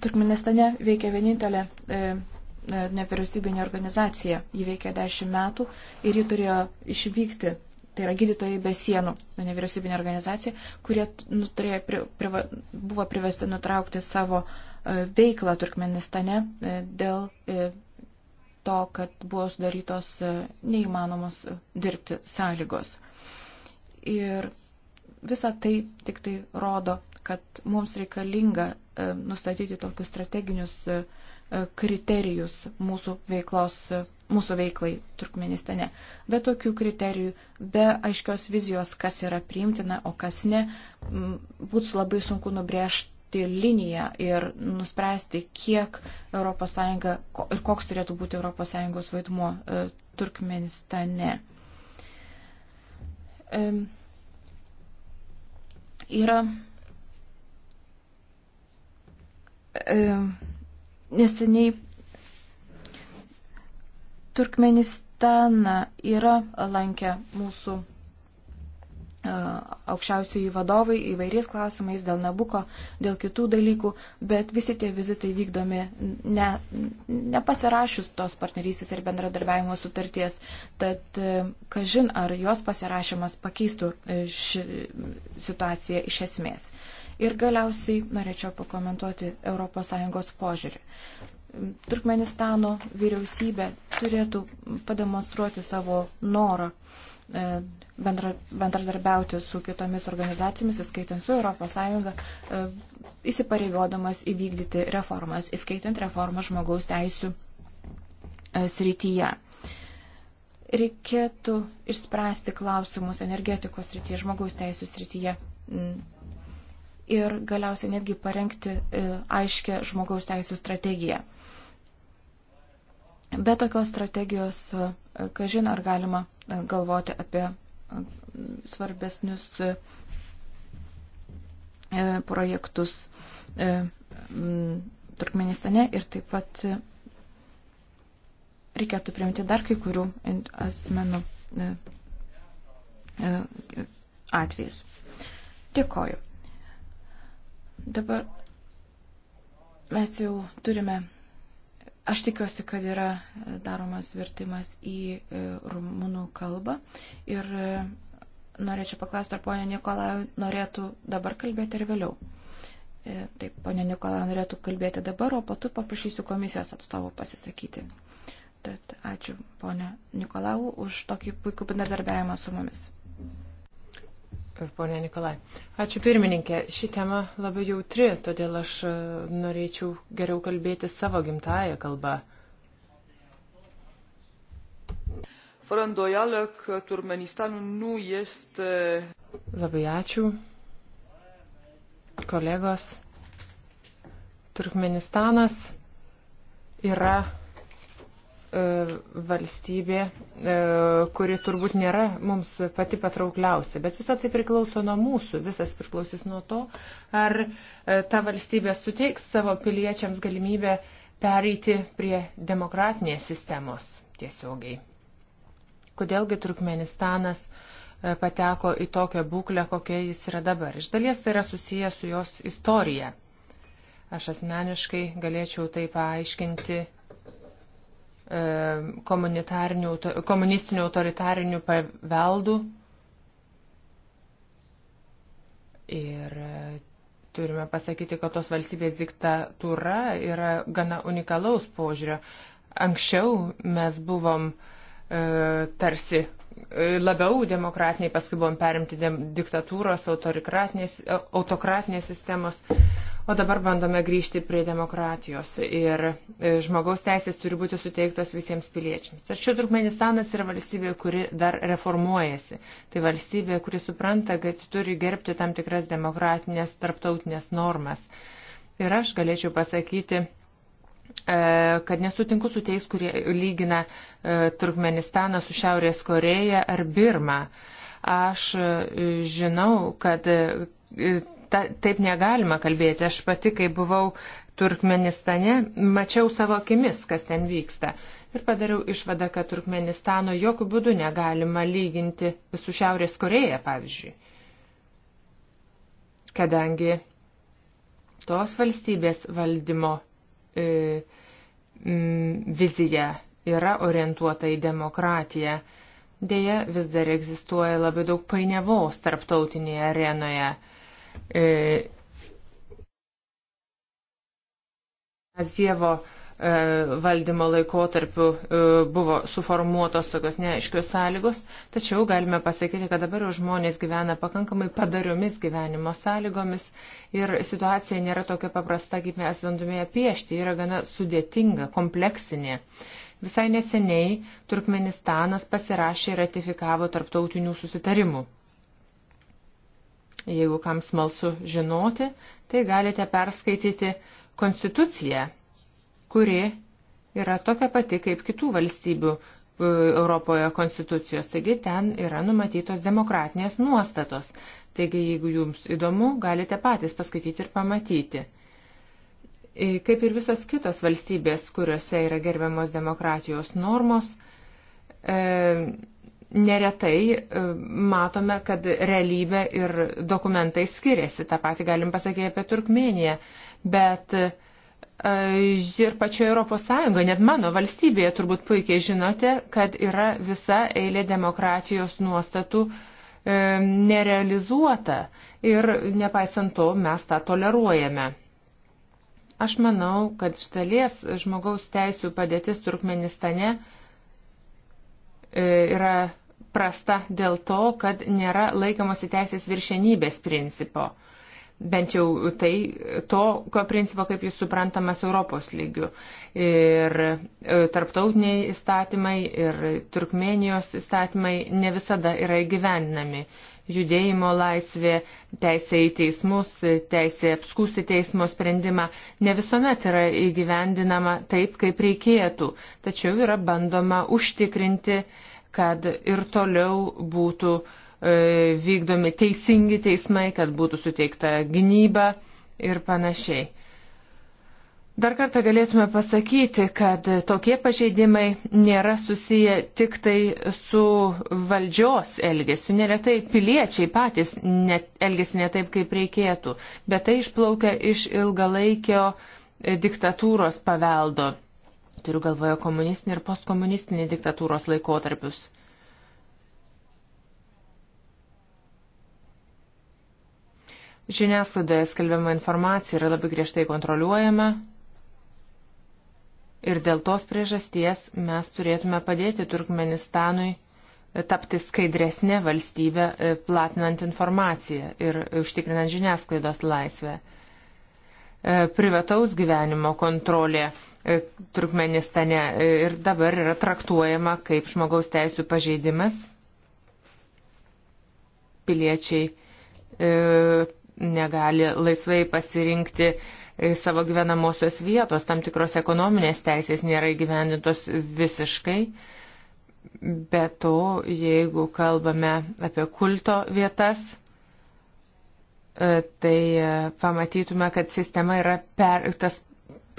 Turkmenistane veikia vienintelė e, nevyriausybinė organizacija. Ji veikė 10 metų ir ji turėjo išvykti. Tai yra gydytojai be sienų, nevyriausybinė organizacija, kurie nuturėjo, pri, priva, buvo privesti nutraukti savo e, veiklą Turkmenistane e, dėl e, to, kad buvo sudarytos neįmanomos dirbti sąlygos. Ir visa tai tik tai rodo, kad mums reikalinga nustatyti tokius strateginius uh, kriterijus mūsų, veiklos, mūsų veiklai Turkmenistane. Be tokių kriterijų, be aiškios vizijos, kas yra priimtina, o kas ne, būtų labai sunku nubrėžti liniją ir nuspręsti, kiek ES ir koks turėtų būti ES vaidmuo e, Turkmenistane. Yra neseniai Turkmenistaną yra lankę mūsų e, aukščiausiai vadovai įvairiais klausimais dėl Nabuko, dėl kitų dalykų, bet visi tie vizitai vykdomi ne, nepasirašius tos partnerystės ir bendradarbiavimo sutarties. Tad, e, kažin, ar jos pasirašymas pakeistų e, ši situaciją iš esmės. Ir galiausiai norėčiau pakomentuoti ES požiūrį. Turkmenistano vyriausybė turėtų pademonstruoti savo norą e, bendra, bendradarbiauti su kitomis organizacijomis, įskaitant su ES, e, įsipareigodamas įvykdyti reformas, įskaitant reformą žmogaus teisų e, srityje. Reikėtų išspręsti klausimus energetikos srityje, žmogaus teisų srityje ir galiausiai netgi parengti e, aiškę žmogaus teisų strategiją. Be tokios strategijos, e, kažin ar galima e, galvoti apie svarbesnius projektus Turkmenistane ir taip pat reikėtų priimti dar kai kurių asmenų atvejus. Dėkoju. Dabar mes jau turime. Aš tikiuosi, kad yra daromas vertimas į e, rumunų kalbą. Ir e, norėčiau paklausti, ar ponė Nikolai norėtų dabar kalbėti ar vėliau. E, taip, ponė Nikolai norėtų kalbėti dabar, o po to paprašysiu komisijos atstovų pasisakyti. Tad ačiū, ponė Nikolau, už tokį puikų bendradarbiavimą su mumis. Pone Nikolai, ačiū pirmininkė. Ši tema labai jautri, todėl aš e, norėčiau geriau kalbėti savo gimtają kalbą. Fără îndoială că Turmenistanul nu este... Labai ačiū. Kolegos, Turkmenistanas yra E, valstybė, e, kuri turbūt nėra mums pati patraukliausia, bet visa tai priklauso nuo mūsų, visas priklausys nuo to, ar e, ta valstybė suteiks savo piliečiams galimybę pereiti prie demokratinės sistemos tiesiogiai. Kodėlgi Turkmenistanas pateko į tokią būklę, kokia jis yra dabar. Iš dalies tai yra susijęs su jos istorija. Aš asmeniškai galėčiau tai paaiškinti E, komunistinių autoritarinių paveldų. Ir e, turime pasakyti, kad tos valstybės diktatūra yra gana unikalaus požiūrio. Anksčiau mes buvom e, tarsi e, labiau demokratiniai, paskui buvom perimti diktatūros, autokratinės sistemos. O dabar bandome grįžti prie demokratijos ir e, žmogaus teisės turi būti suteiktos visiems piliečiams. Tačiau Turkmenistanas yra valstybė, kuri dar reformuojasi. Tai valstybė, kuri supranta, kad turi gerbti tam tikras demokratinės tarptautinės normas. Ir aš galėčiau pasakyti, e, kad nesutinku su teis, kurie lygina e, Turkmenistaną su Šiaurės Koreja ar Birma. Aš žinau, kad ta, taip negalima kalbėti. Aš pati, kai buvau Turkmenistane, mačiau savo akimis, kas ten vyksta. Ir padariau išvadą, kad Turkmenistano jokių būdų negalima lyginti su Šiaurės Koreja, pavyzdžiui. Kadangi tos valstybės valdymo e, m, vizija yra orientuota į demokratiją, dėja vis dar egzistuoja labai daug painiavos tarptautinėje arenoje. E, E, Azievo e, valdymo laikotarpiu e, buvo suformuotos tokios neaiškios sąlygos, tačiau galime pasakyti, kad dabar žmonės gyvena pakankamai padariomis gyvenimo sąlygomis ir situacija nėra tokia paprasta, kaip mes bandome piešti, yra gana sudėtinga, kompleksinė. Visai neseniai Turkmenistanas pasirašė ir ratifikavo tarptautinių susitarimų. Jeigu kam smalsu žinoti, tai galite perskaityti konstituciją, kuri yra tokia pati kaip kitų valstybių e, Europoje konstitucijos. Taigi ten yra numatytos demokratinės nuostatos. Taigi, jeigu jums įdomu, galite patys paskaityti ir pamatyti. E, kaip ir visos kitos valstybės, kuriuose yra gerbiamos demokratijos normos, e, neretai e, matome, kad realybė ir dokumentai skiriasi. Ta pati galim pasakyti apie Turkmeniją. Bet e, ir pačioje Europos Sąjungoje, net mano valstybėje turbūt puikiai žinote, kad yra visa eilė demokratijos nuostatų e, nerealizuota. Ir nepaisant to, mes tą toleruojame. Aš manau, kad štalies žmogaus teisų padėtis Turkmenistane yra prasta dėl to, kad nėra laikomasi teisės viršenybės principo. Bent jau tai, to, ko principo, kaip jis suprantamas Europos lygių. Ir e, tarptautiniai įstatymai ir Turkmenijos įstatymai ne visada yra įgyvendinami judėjimo laisvė, teisė į teismus, teisė apskūsti teismo sprendimą ne visuomet yra įgyvendinama taip, kaip reikėtų, tačiau yra bandoma užtikrinti uh, kad ir toliau būtų e, vykdomi teisingi teismai, kad būtų suteikta gynyba ir panašiai. Dar kartą galėtume pasakyti, kad tokie pažeidimai nėra susiję tik tai su valdžios elgesiu. Neretai piliečiai patys net, elgesi ne taip, kaip reikėtų, bet tai išplaukia iš ilgalaikio diktatūros paveldo. Turiu galvoje komunistinį ir postkomunistinį diktatūros laikotarpius. Žiniasklaidoje skelbiama informacija yra labai griežtai kontroliuojama ir dėl tos priežasties mes turėtume padėti Turkmenistanui tapti skaidresnė valstybė, e, platinant informaciją ir užtikrinant žiniasklaidos laisvę. E, privataus gyvenimo kontrolė E, Turkmenistane e, ir dabar yra traktuojama kaip žmogaus teisų pažeidimas. Piliečiai e, negali laisvai pasirinkti savo gyvenamosios vietos, tam tikros ekonominės teisės nėra įgyvendintos visiškai. Be to, jeigu kalbame apie kulto vietas, tai pamatytume, kad sistema yra per, tas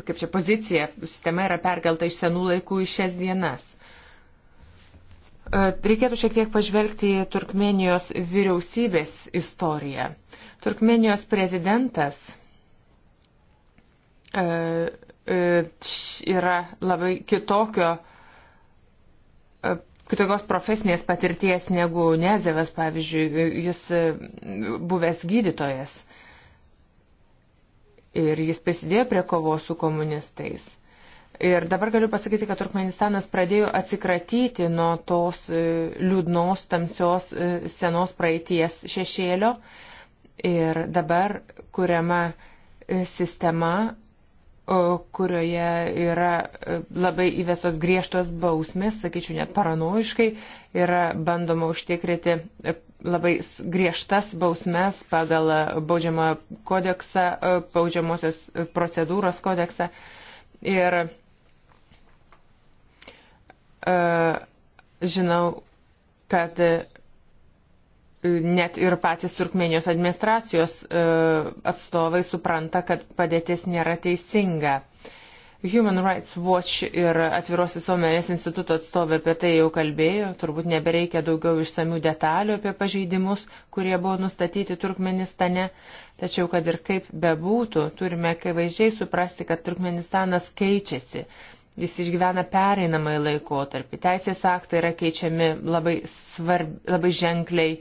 kaip čia pozicija, sistema yra perkelta iš senų laikų į šias dienas. E, reikėtų šiek tiek pažvelgti į Turkmenijos vyriausybės istoriją. Turkmenijos prezidentas e, e, yra labai kitokio, kitokios profesinės patirties negu Nezevas, pavyzdžiui, jis buvęs gydytojas ir jis prisidėjo prie kovos su komunistais. Ir dabar galiu pasakyti, kad Turkmenistanas pradėjo atsikratyti nuo tos e, liūdnos, tamsios, e, senos praeities šešėlio. Ir dabar kuriama e, sistema, kurioje yra e, labai įvestos griežtos bausmės, sakyčiau, net paranoiškai yra bandoma užtikrinti e, labai griežtas bausmes pagal e, baudžiamojo kodeksą, baudžiamosios procedūros kodeksą. Ir žinau, kad net ir patys Turkmenijos administracijos e, atstovai supranta, kad padėtis nėra teisinga. Human Rights Watch ir atviros visuomenės instituto atstovė apie tai jau kalbėjo, turbūt nebereikia daugiau išsamių detalių apie pažeidimus, kurie buvo nustatyti Turkmenistane, tačiau kad ir kaip bebūtų, turime akivaizdžiai suprasti, kad Turkmenistanas keičiasi. Jis išgyvena pereinamąjį laikotarpį. Teisės aktai yra keičiami labai, svarb, labai ženkliai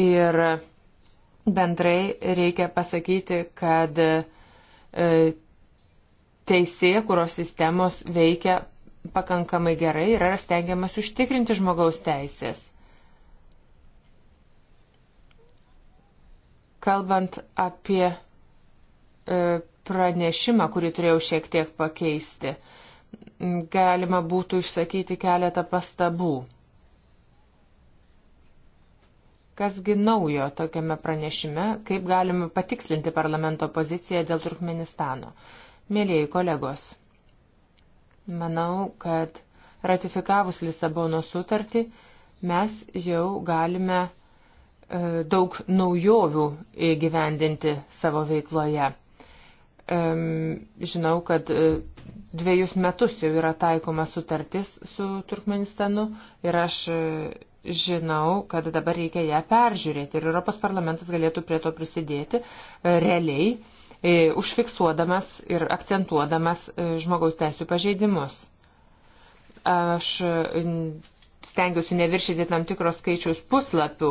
Ir bendrai reikia pasakyti, kad e, teisė, kurios sistemos veikia pakankamai gerai ir yra stengiamas užtikrinti žmogaus teisės. Kalbant apie e, pranešimą, kurį turėjau šiek tiek pakeisti, galima būtų išsakyti keletą pastabų. Kasgi naujo tokiame pranešime, kaip galime patikslinti parlamento poziciją dėl Turkmenistano. Mėlėjai kolegos, manau, kad ratifikavus Lisabono sutartį mes jau galime e, daug naujovių įgyvendinti savo veikloje. Žinau, kad e, dviejus metus jau yra taikoma sutartis su Turkmenistanu ir aš e, žinau, kad dabar reikia ją peržiūrėti ir Europos parlamentas galėtų prie to prisidėti e, realiai, e, užfiksuodamas ir akcentuodamas e, žmogaus teisų pažeidimus. Aš stengiuosi neviršyti tam tikros skaičiaus puslapių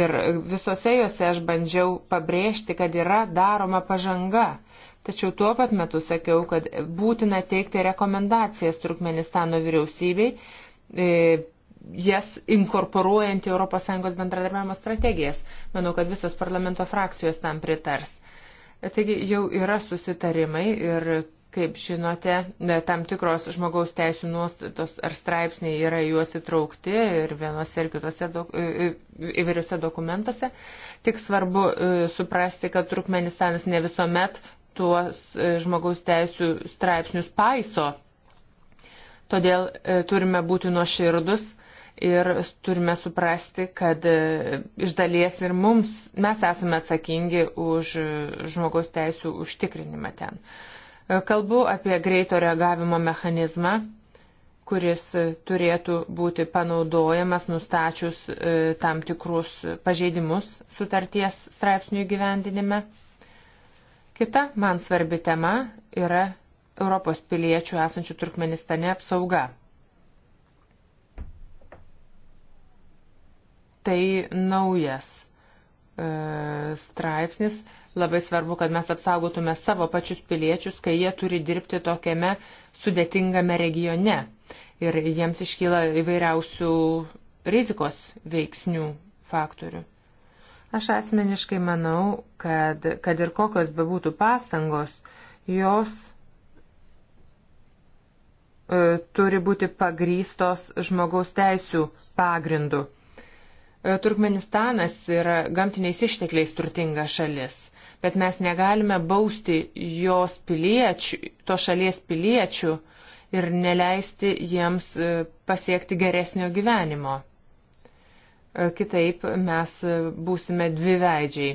ir visose juose aš bandžiau pabrėžti, kad yra daroma pažanga. Tačiau tuo pat metu sakiau, kad būtina teikti rekomendacijas Turkmenistano vyriausybei jas inkorporuojant į ES bendradarbiavimo strategijas. Manau, kad visos parlamento frakcijos tam pritars. Taigi jau yra susitarimai ir, kaip žinote, tam tikros žmogaus teisų nuostatos ar straipsniai yra juos įtraukti ir vienose ir kitose dok, įvairiose dokumentuose. Tik svarbu suprasti, kad Turkmenistanas ne visuomet tuos žmogaus teisų straipsnius paiso. Todėl turime būti nuoširdus ir turime suprasti, kad e, iš dalies ir mums, mes esame atsakingi už e, žmogaus teisų užtikrinimą ten. E, kalbu apie greito reagavimo mechanizmą, kuris turėtų būti panaudojamas nustačius tam tikrus pažeidimus sutarties straipsnių gyvendinime. Kita man svarbi tema yra Europos piliečių esančių Turkmenistane apsauga. tai naujas e, straipsnis. Labai svarbu, kad mes apsaugotume savo pačius piliečius, kai jie turi dirbti tokiame sudėtingame regione. Ir jiems iškyla įvairiausių rizikos veiksnių faktorių. Aš asmeniškai manau, kad, kad ir kokios bebūtų pastangos, jos e, turi būti pagrystos žmogaus teisų pagrindu. E, Turkmenistanas yra gamtiniais ištekliais turtinga šalis, bet mes negalime bausti jos piliečių, to šalies piliečių ir neleisti jiems e, pasiekti geresnio gyvenimo. E, kitaip mes būsime dviveidžiai.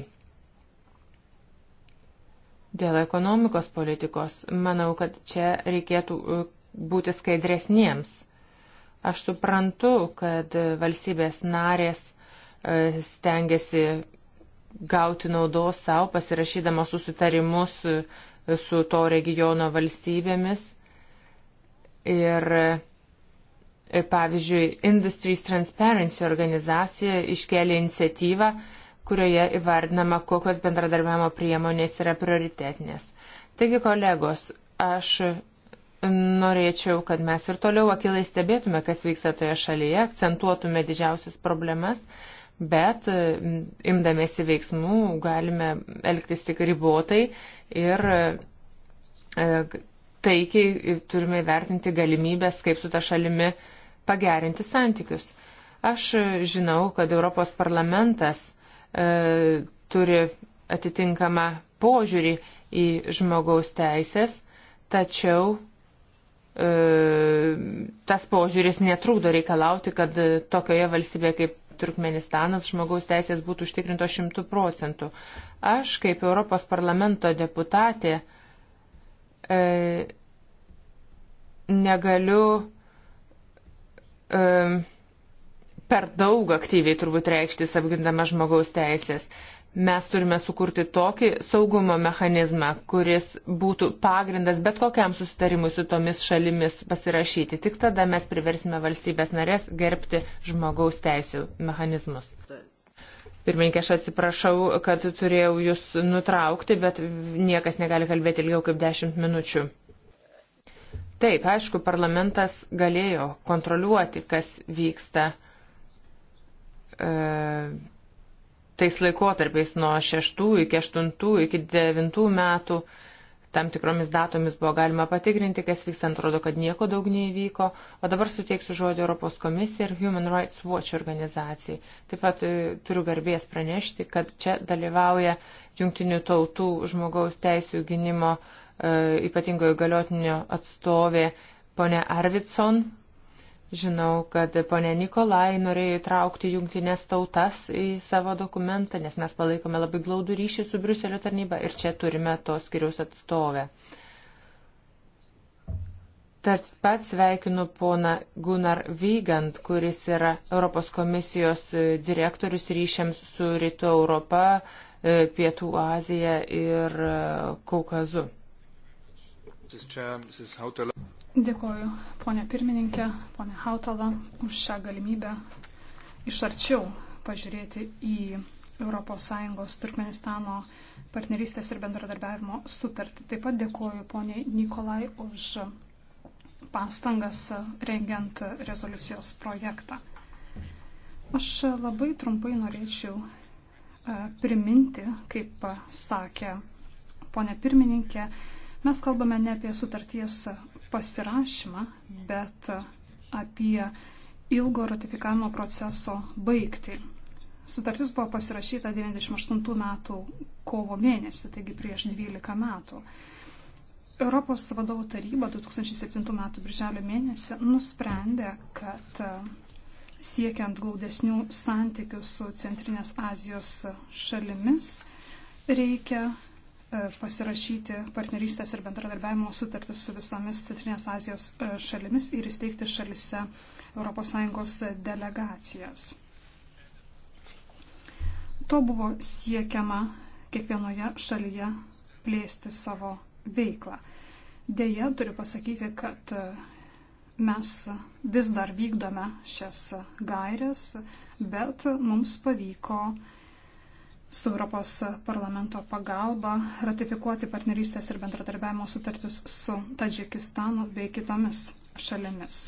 Dėl ekonomikos politikos manau, kad čia reikėtų būti skaidresniems. Aš suprantu, kad valstybės narės E, stengiasi gauti naudos savo, pasirašydama susitarimus e, su to regiono valstybėmis. Ir e, pavyzdžiui, Industries Transparency organizacija iškėlė iniciatyvą, kurioje įvardinama, kokios bendradarbiavimo priemonės yra prioritetinės. Taigi, kolegos, aš norėčiau, kad mes ir toliau akilai stebėtume, kas vyksta toje šalyje, akcentuotume didžiausias problemas bet e, imdamėsi veiksmų galime elgtis tik ribotai ir e, taikiai turime vertinti galimybės, kaip su ta šalimi pagerinti santykius. Aš žinau, kad Europos parlamentas e, turi atitinkamą požiūrį į žmogaus teisės, tačiau e, tas požiūris netrukdo reikalauti, kad tokioje valstybėje kaip Turkmenistanas žmogaus teisės būtų užtikrinto šimtų procentų. Aš kaip Europos parlamento deputatė e, negaliu e, per daug aktyviai turbūt reikštis apgindama žmogaus teisės. E, Mes turime sukurti tokį saugumo mechanizmą, kuris būtų pagrindas bet kokiam susitarimui su tomis šalimis pasirašyti. Tik tada mes priversime valstybės narės gerbti žmogaus teisų mechanizmus. Pirmininkė, aš atsiprašau, kad turėjau jūs nutraukti, bet niekas negali kalbėti ilgiau kaip 10 minučių. Taip, aišku, parlamentas galėjo kontroliuoti, kas vyksta. E, tais laikotarpiais nuo 6 iki 8 iki 9 metų tam tikromis datomis buvo galima patikrinti, kas vykstant, atrodo, kad nieko daug neįvyko. O dabar suteiksiu žodį Europos komisija ir Human Rights Watch organizacijai. Taip pat e, turiu garbės pranešti, kad čia dalyvauja Junktinių tautų žmogaus teisų gynimo e, ypatingojo galiotinio atstovė ponė Arvidson, Žinau, kad ponė Nikolai norėjo įtraukti jungtinės tautas į savo dokumentą, nes mes palaikome labai glaudų ryšį su Bruselio tarnyba ir čia turime tos skiriaus atstovę. Tad pats sveikinu pona Gunnar Vygant, kuris yra Europos komisijos e, direktorius ryšiams su Rytų Europa, e, Pietų Azija ir e, Kaukazu. Mrs. Chair, Mrs. Dėkoju, ponė pirmininkė, ponė Hautala, už šią galimybę iš arčiau pažiūrėti į ES Turkmenistano partnerystės ir bendradarbiavimo sutartį. Taip pat dėkoju poniai Nikolai už pastangas rengiant rezoliucijos projektą. Aš labai trumpai norėčiau e, priminti, kaip sakė ponė pirmininkė, mes kalbame ne apie sutarties pasirašymą, bet apie ilgo ratifikavimo proceso baigti. Sutartis buvo pasirašyta 98 metų kovo mėnesį, taigi prieš 12 metų. Europos vadovų taryba 2007 metų birželio mėnesį nusprendė, kad e, siekiant gaudesnių santykių su Centrinės Azijos šalimis reikia E, pasirašyti partnerystės ir bendradarbiavimo sutartis su visomis Centrinės Azijos e, šalimis ir įsteigti šalise ES delegacijas. To buvo siekiama kiekvienoje šalyje plėsti savo veiklą. Deja, turiu pasakyti, kad e, mes vis dar vykdome šias gairias, bet mums pavyko uh, su Europos parlamento pagalba ratifikuoti partnerystės ir bendradarbiavimo sutartis su Tadžikistanu bei kitomis šalimis.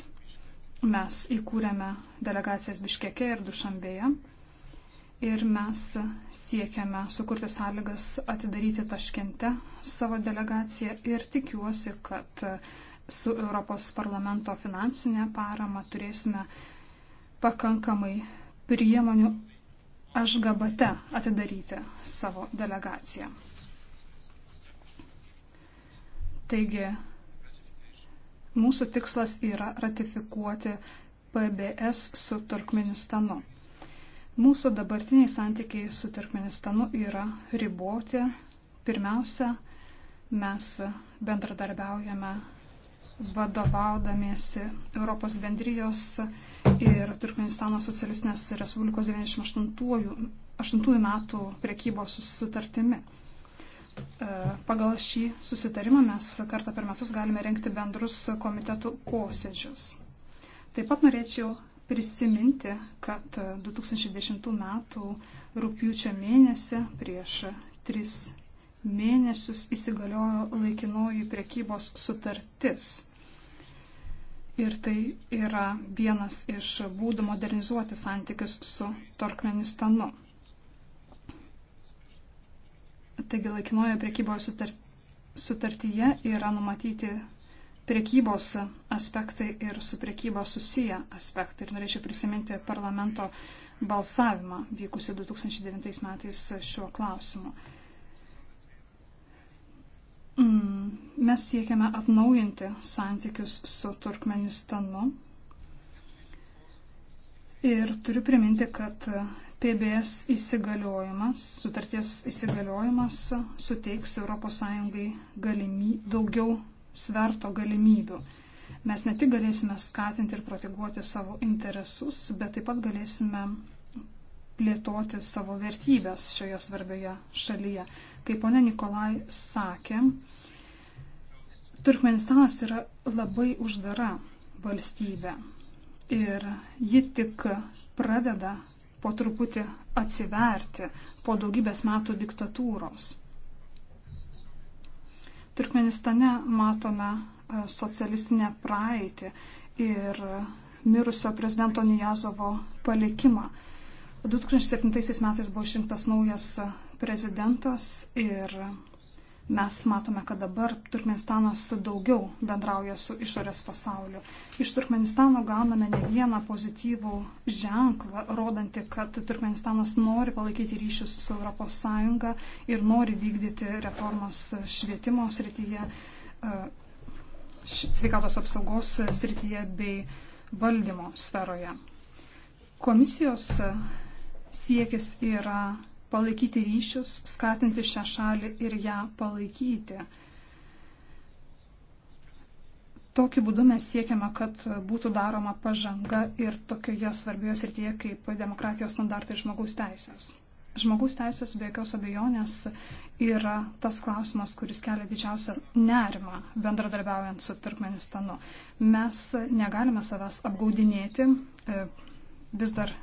Mes įkūrėme delegacijas Biškeke ir Dušambėje ir mes siekiame sukurti sąlygas atidaryti taškente savo delegaciją ir tikiuosi, kad su Europos parlamento finansinė parama turėsime pakankamai priemonių aš gabate atidaryti savo delegaciją. Taigi, mūsų tikslas yra ratifikuoti PBS su Turkmenistanu. Mūsų dabartiniai santykiai su Turkmenistanu yra riboti. Pirmiausia, mes bendradarbiaujame vadovaudamiesi Europos bendrijos ir Turkmenistano socialistinės Respublikos 98 metų priekybos sutartimi. E, pagal šį susitarimą mes kartą per metus galime renkti bendrus komitetų posėdžius. Taip pat norėčiau prisiminti, kad 2010 metų rūpjūčio mėnesį prieš tris mėnesius įsigaliojo laikinoji priekybos sutartis Ir tai yra vienas iš būdų modernizuoti santykius su Turkmenistanu. Taigi laikinoje priekybos sutartyje yra numatyti priekybos aspektai ir su priekyba susiję aspektai. Ir norėčiau prisiminti parlamento balsavimą vykusi 2009 metais šiuo klausimu. Mm, mes siekiame atnaujinti santykius su Turkmenistanu. Ir turiu priminti, kad PBS įsigaliojimas, sutarties įsigaliojimas suteiks ES galimy, daugiau sverto galimybių. Mes ne tik galėsime skatinti ir proteguoti savo interesus, bet taip pat galėsime plėtoti savo vertybės šioje svarbioje šalyje. Kaip ponė Nikolai sakė, Turkmenistanas yra labai uždara valstybė ir ji tik pradeda po truputį atsiverti po daugybės metų diktatūros. Turkmenistane matome e, socialistinę praeitį ir mirusio prezidento Nijazovo palikimą. 2007 metais buvo išrinktas naujas prezidentas ir mes matome, kad dabar Turkmenistanas daugiau bendrauja su išorės pasauliu. Iš Turkmenistano gauname ne vieną pozityvų ženklą, rodantį, kad Turkmenistanas nori palaikyti ryšius su ES ir nori vykdyti reformas švietimo srityje, e, sveikatos apsaugos srityje bei valdymo sferoje. Komisijos siekis yra palaikyti ryšius, skatinti šią šalį ir ją palaikyti. Tokiu būdu mes siekiame, kad būtų daroma pažanga ir tokioje svarbioje srityje kaip demokratijos standartai ir žmogaus teisės. Žmogaus teisės be jokios abejonės yra tas klausimas, kuris kelia didžiausią nerimą bendradarbiaujant su Turkmenistanu. Mes negalime savęs apgaudinėti, e, vis dar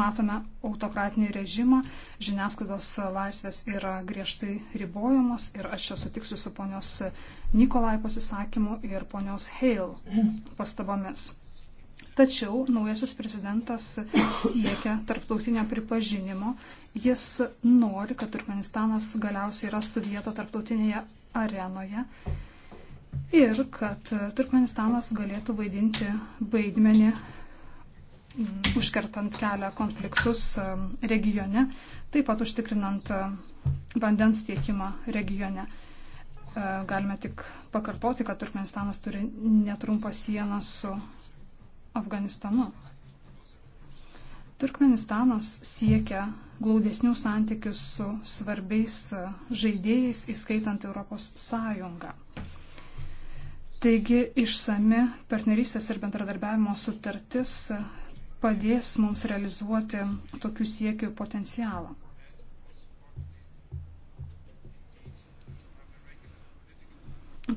matome autokratinį režimą, žiniasklaidos laisvės yra griežtai ribojamos ir aš čia sutiksiu su ponios Nikolai pasisakymu ir ponios Hale pastabomis. Tačiau naujasis prezidentas siekia tarptautinio pripažinimo. Jis nori, kad Turkmenistanas galiausiai rastų vietą tarptautinėje arenoje ir kad Turkmenistanas galėtų vaidinti vaidmenį užkertant kelią konfliktus regione, taip pat užtikrinant vandens tiekimą regione. E, galime tik pakartoti, kad Turkmenistanas turi netrumpą sieną su Afganistanu. Turkmenistanas siekia glaudesnių santykių su svarbiais e, žaidėjais, įskaitant Europos Sąjungą. Taigi išsami partnerystės ir bendradarbiavimo sutartis padės mums realizuoti tokių siekių potencialą.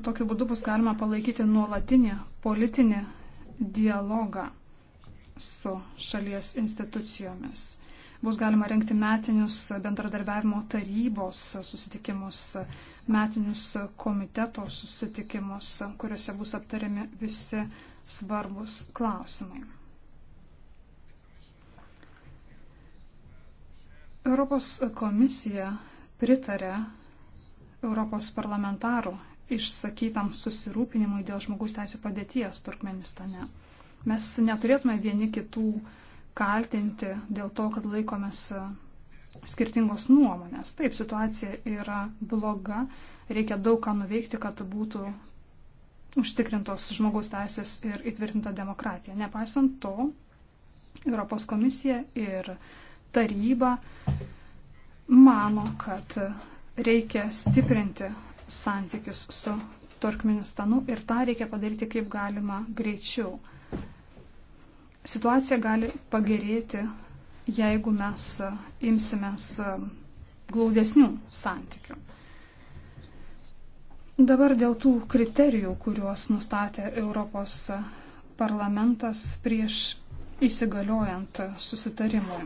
Tokiu būdu bus galima palaikyti nuolatinį politinį dialogą su šalies institucijomis. Bus galima renkti metinius bendradarbiavimo tarybos susitikimus, metinius komiteto susitikimus, kuriuose bus aptariami visi svarbus klausimai. Europos komisija pritarė Europos parlamentarų išsakytam susirūpinimui dėl žmogus teisų padėties Turkmenistane. Mes neturėtume vieni kitų kaltinti dėl to, kad laikomės skirtingos nuomonės. Taip, situacija yra bloga, reikia daug ką nuveikti, kad būtų užtikrintos žmogaus teisės ir įtvirtinta demokratija. Nepaisant to, Europos komisija ir taryba mano, kad reikia stiprinti santykius su Turkmenistanu ir tą reikia padaryti kaip galima greičiau. Situacija gali pagerėti, jeigu mes imsimės glaudesnių santykių. Dabar dėl tų kriterijų, kuriuos nustatė Europos parlamentas prieš įsigaliojant susitarimui.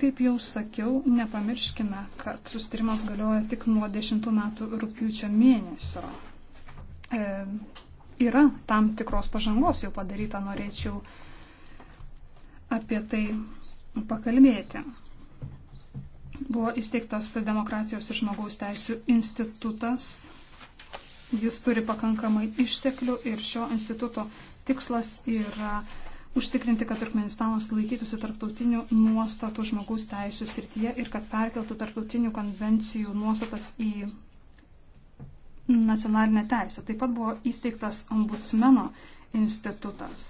Kaip jau sakiau, nepamirškime, kad sustarimas galioja tik nuo 10 metų rūpiučio mėnesio. E, yra tam tikros pažangos jau padaryta, norėčiau apie tai pakalbėti. Buvo įsteigtas Demokratijos ir žmogaus teisų institutas. Jis turi pakankamai išteklių ir šio instituto tikslas yra užtikrinti, kad Turkmenistanas laikytųsi tarptautinių nuostatų žmogaus teisų srityje ir kad perkeltų tarptautinių konvencijų nuostatas į nacionalinę teisę. Taip pat buvo įsteigtas ombudsmeno institutas.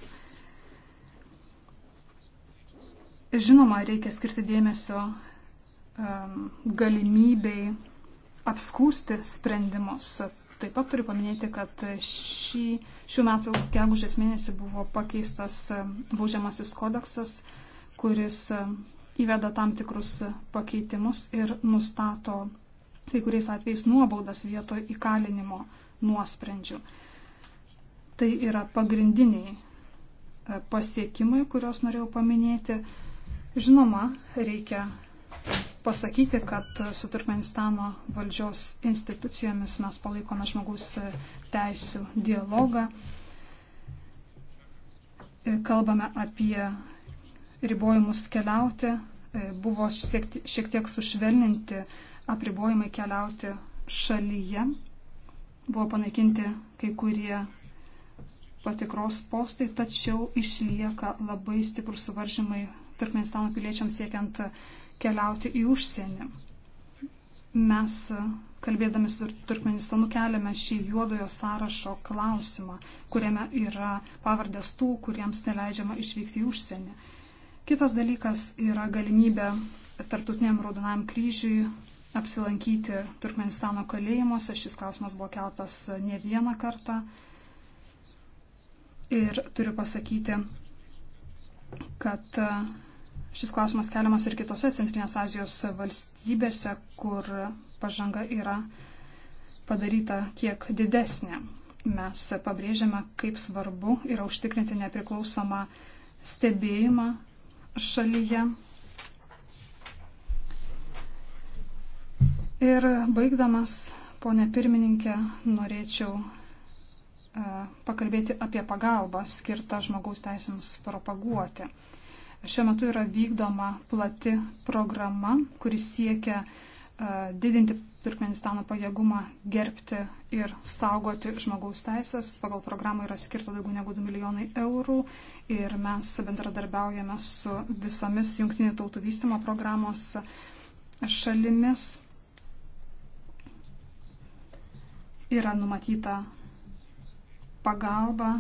Žinoma, reikia skirti dėmesio um, galimybei apskūsti sprendimus. Taip pat turiu paminėti, kad šį, šių metų gegužės mėnesį buvo pakeistas e, baudžiamasis kodeksas, kuris e, įveda tam tikrus pakeitimus ir nustato kai kuriais atvejais nuobaudas vietoj įkalinimo nuosprendžių. Tai yra pagrindiniai e, pasiekimai, kuriuos norėjau paminėti. Žinoma, reikia pasakyti, kad su Turkmenistano valdžios institucijomis mes palaikome žmogus teisų dialogą. Kalbame apie ribojimus keliauti. Buvo šiek tiek sušvelninti apribojimai keliauti šalyje. Buvo panaikinti kai kurie patikros postai, tačiau išlieka labai stiprus suvaržymai Turkmenistano piliečiams siekiant keliauti į užsienį. Mes, kalbėdami su Turkmenistanu, keliame šį juodojo sąrašo klausimą, kuriame yra pavardės tų, kuriems neleidžiama išvykti į užsienį. Kitas dalykas yra galimybė Tartutiniam Raudonam kryžiui apsilankyti Turkmenistano kalėjimuose. Šis klausimas buvo keltas e, ne vieną kartą. Ir turiu pasakyti, kad e, Šis klausimas keliamas ir kitose Centrinės Azijos valstybėse, kur pažanga yra padaryta kiek didesnė. Mes pabrėžiame, kaip svarbu yra užtikrinti nepriklausomą stebėjimą šalyje. Ir baigdamas, ponė pirmininkė, norėčiau e, pakalbėti apie pagalbą skirtą žmogaus teisėms propaguoti. Šiuo metu yra vykdoma plati programa, kuris siekia e, didinti Turkmenistano pajėgumą gerbti ir saugoti žmogaus teisės. Pagal programą yra skirta daugiau negu 2 milijonai eurų ir mes bendradarbiaujame su visomis jungtinių tautų vystimo programos šalimis. Yra numatyta pagalba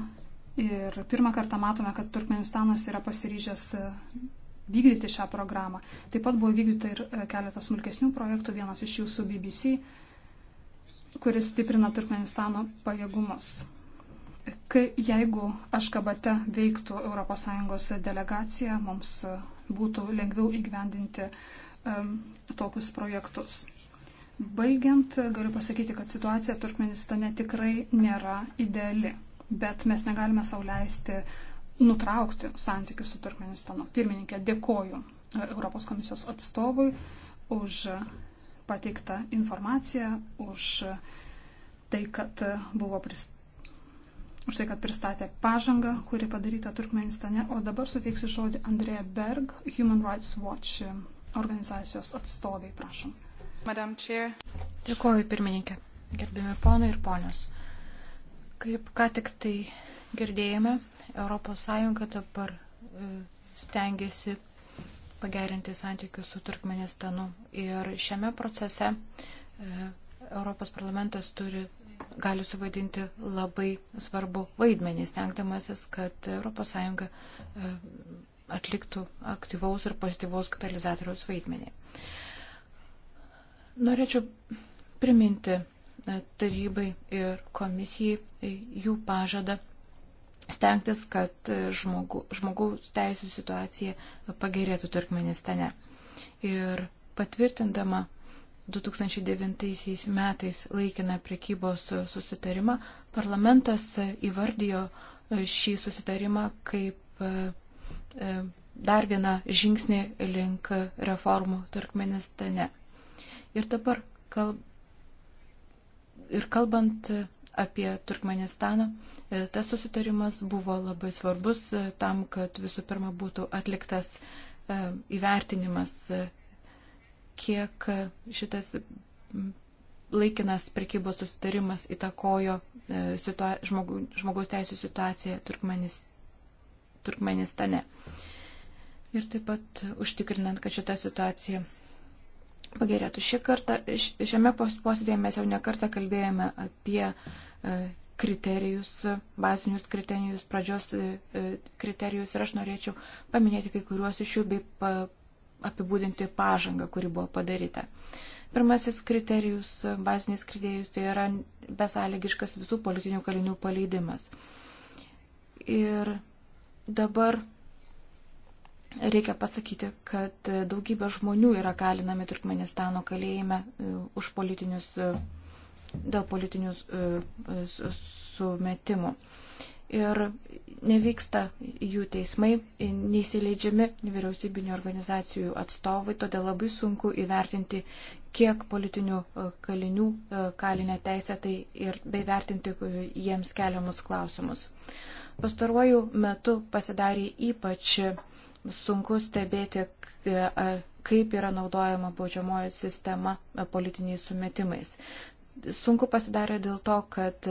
Ir pirmą kartą matome, kad Turkmenistanas yra pasiryžęs e, vykdyti šią programą. Taip pat buvo vykdyta ir e, keletas smulkesnių projektų, vienas iš jų su BBC, kuris stiprina Turkmenistano pajėgumus. Kai, jeigu Aškabate veiktų ES delegacija, mums e, būtų lengviau įgyvendinti um, tokius projektus. Baigiant, galiu pasakyti, kad situacija Turkmenistane tikrai nėra ideali bet mes negalime sauliaisti nutraukti santykių su Turkmenistanu. Pirmininkė, dėkoju Europos komisijos atstovui už pateiktą informaciją, už tai, kad buvo pristatyta. Už tai, kad pristatė pažangą, kuri padaryta Turkmenistane. O dabar suteiksiu žodį Andrėja Berg, Human Rights Watch organizacijos atstoviai, prašom. Madam Chair. Dėkuoju, pirmininkė. Gerbimi ponai ir ponios. Kaip ką tik tai girdėjome, ES dabar e, stengiasi pagerinti santykius su Turkmenistanu. Ir šiame procese e, Europos parlamentas turi, gali suvaidinti labai svarbu vaidmenį, stengdamasis, kad ES e, atliktų aktyvaus ir pozityvaus katalizatoriaus vaidmenį. Norėčiau priminti E, tarybai ir komisijai e, jų pažadą stengtis, kad e, žmogu, žmogaus teisų situacija pagerėtų Turkmenistane. Ir patvirtindama 2009 metais laikiną prekybos susitarimą, parlamentas įvardijo šį susitarimą kaip dar vieną žingsnį link reformų Turkmenistane. Ir dabar kalb, Ir kalbant apie Turkmenistaną, e, tas susitarimas buvo labai svarbus e, tam, kad visų pirma būtų atliktas e, įvertinimas, kiek šitas laikinas prekybos susitarimas įtakojo situa žmogu, žmogaus teisų situaciją Turkmenis, Turkmenistane. Ir taip pat užtikrinant, kad šita situacija pagerėtų. Šį kartą, šiame posėdėje mes jau nekartą kalbėjome apie e, kriterijus, bazinius kriterijus, pradžios e, e, kriterijus ir aš norėčiau paminėti kai kuriuos iš jų bei pa, apibūdinti pažangą, kuri buvo padaryta. Pirmasis kriterijus, bazinis kriterijus, tai yra besąlygiškas visų politinių kalinių paleidimas. Ir dabar Reikia pasakyti, kad daugybė žmonių yra kalinami Turkmenistano kalėjime e, už politinius, e, dėl politinių e, sumetimų. Ir nevyksta jų teismai, neįsileidžiami vyriausybinio organizacijų atstovai, todėl labai sunku įvertinti, kiek politinių kalinių kalinė teisė tai ir beivertinti jiems keliamus klausimus. Pastaruoju metu pasidarė ypač sunku stebėti, kaip yra naudojama baudžiamoji sistema politiniais sumetimais. Sunku pasidarė dėl to, kad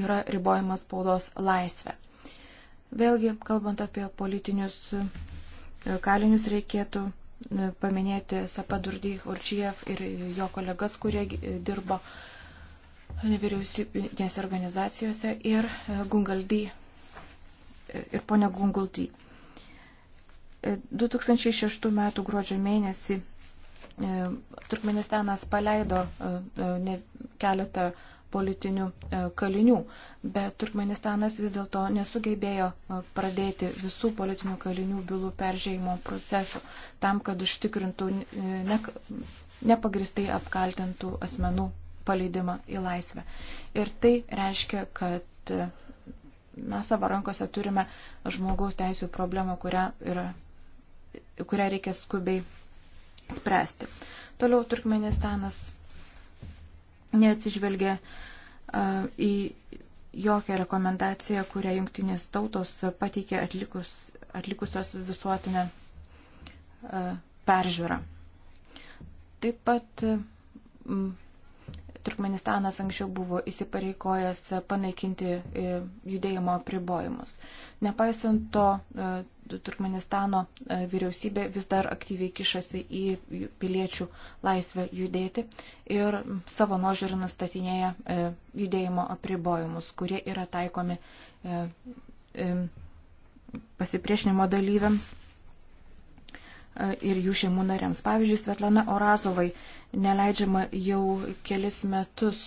yra ribojamas spaudos laisvė. Vėlgi, kalbant apie politinius kalinius, reikėtų paminėti Sapadurdy Určiev ir jo kolegas, kurie dirbo nevyriausybinėse organizacijose ir Gungaldį ir ponia Gungaldį. 2006 m. gruodžio mėnesį e, Turkmenistanas paleido e, e, keletą politinių kalinių, bet Turkmenistanas vis dėlto nesugebėjo pradėti visų politinių kalinių bylų peržėjimo procesų tam, kad užtikrintų ne, nepagristai apkaltintų asmenų paleidimą į laisvę. Ir tai reiškia, kad mes savo rankose turime žmogaus teisų problemą, kurią yra kurią reikia skubiai spręsti. Toliau Turkmenistanas neatsižvelgia į jokią rekomendaciją, kurią jungtinės tautos pateikė atlikus, atlikusios visuotinę peržiūrą. Taip pat Turkmenistanas anksčiau buvo įsipareikojęs panaikinti e, judėjimo apribojimus. Nepaisant to, e, Turkmenistano e, vyriausybė vis dar aktyviai kišasi į piliečių laisvę judėti ir savo nuožiūrį nustatinėja judėjimo apribojimus, kurie yra taikomi pasipriešinimo dalyviams ir jų šeimų nariams. Pavyzdžiui, Svetlana Orazovai neleidžiama jau kelis metus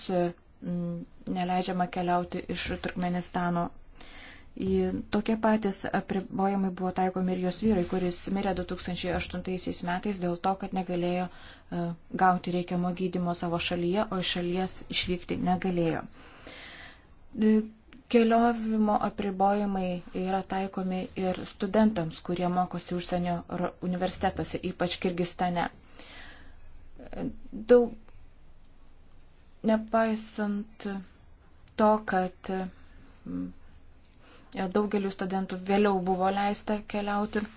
neleidžiama keliauti iš Turkmenistano. Tokie patys apribojimai buvo taikomi ir jos vyrai, kuris mirė 2008 metais dėl to, kad negalėjo e, gauti reikiamo gydimo savo šalyje, o iš šalies išvykti negalėjo. E, Keliovimo apribojimai yra taikomi ir studentams, kurie mokosi užsienio universitetuose, ypač Kirgistane. Daug nepaisant to, kad mm, daugeliu studentų vėliau buvo leista keliauti, e,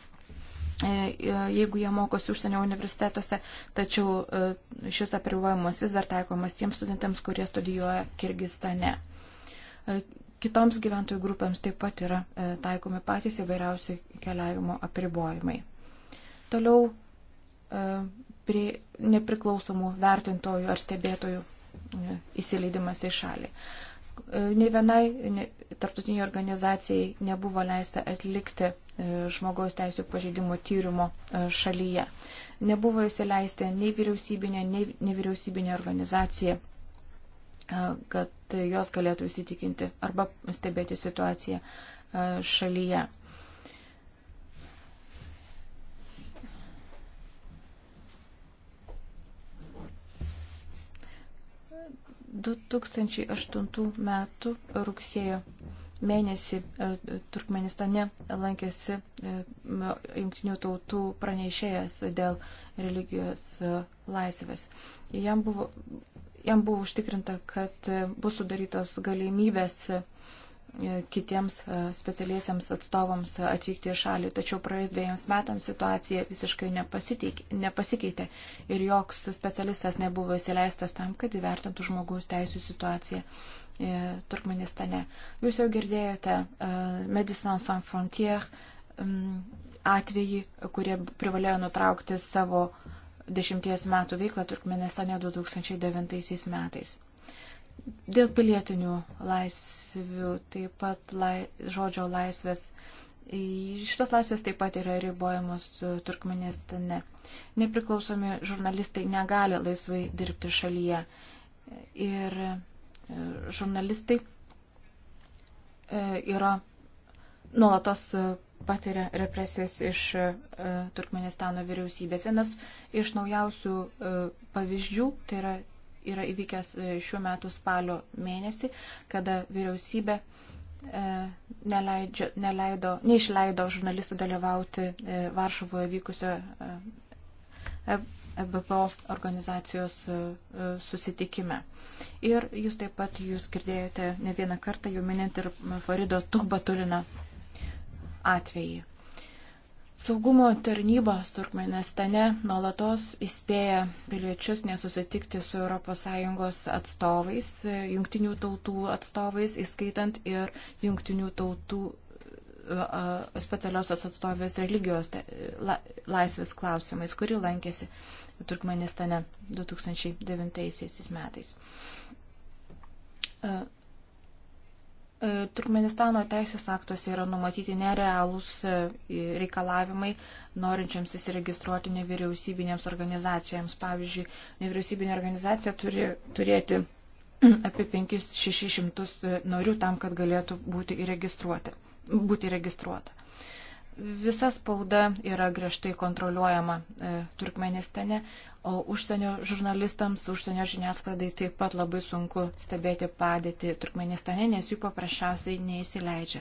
e, jeigu jie mokosi užsienio universitetuose, tačiau e, šis apribojimas vis dar taikomas tiems studentams, kurie studijuoja Kirgistane Kitoms gyventojų grupėms taip pat yra e, taikomi patys įvairiausi keliavimo apribojimai. Toliau e, prie nepriklausomų vertintojų ar stebėtojų e, įsileidimas į šalį. Ne vienai ne, tarptautiniai organizacijai nebuvo leista atlikti žmogaus teisų pažeidimo tyrimo šalyje. Nebuvo įsileisti nei vyriausybinė, nei nevyriausybinė organizacija kad jos galėtų įsitikinti arba stebėti situaciją šalyje. Du 2008 metų rugsėjo mėnesį Turkmenistane lankėsi jungtinių tautų pranešėjas dėl religijos laisvės. Jam buvo jam buvo užtikrinta, kad bus sudarytos galimybės e, kitiems e, specialiesiams atstovams atvykti į šalį. Tačiau praėjus dviejams metams situacija visiškai nepasikeitė ir joks specialistas nebuvo įsileistas tam, kad įvertintų žmogaus teisų situaciją e, Turkmenistane. Jūs jau girdėjote Medicines Sans Frontier atvejį, kurie privalėjo nutraukti savo uh, dešimties metų veiklą Turkmenistane 2009 metais. Dėl pilietinių laisvių, taip pat lai, žodžio laisvės. Šitos laisvės taip pat yra ribojamos Turkmenistane. Nepriklausomi žurnalistai negali laisvai dirbti šalyje. Ir e, žurnalistai e, yra nuolatos e, patiria represijas iš e, Turkmenistano vyriausybės. Vienas iš naujausių e, pavyzdžių tai yra, yra įvykęs e, šiuo metu spalio mėnesį, kada vyriausybė neleidžio, neleido, neišleido žurnalistų dalyvauti Varšuvoje vykusio EBPO organizacijos susitikime. Ir jūs taip pat, jūs girdėjote ne vieną kartą, jau minint ir Farido Tuhbatulina atvejį. Saugumo tarnybos Turkmenistane nuolatos įspėja piliečius nesusitikti su ES atstovais, jungtinių tautų atstovais, įskaitant ir jungtinių tautų specialiosios atstovės religijos laisvės klausimais, kuri lankėsi Turkmenistane 2009 metais. E, Turkmenistano teisės aktuose yra numatyti nerealūs e, reikalavimai norinčiams įsiregistruoti nevyriausybinėms organizacijams. Pavyzdžiui, nevyriausybinė organizacija turi turėti apie 5-600 e, norių tam, kad galėtų būti, įregistruoti, būti įregistruota. Visa spauda yra griežtai kontroliuojama e, Turkmenistane, o užsienio žurnalistams, užsienio žiniasklaidai taip pat labai sunku stebėti padėtį Turkmenistane, nes jų paprasčiausiai neįsileidžia.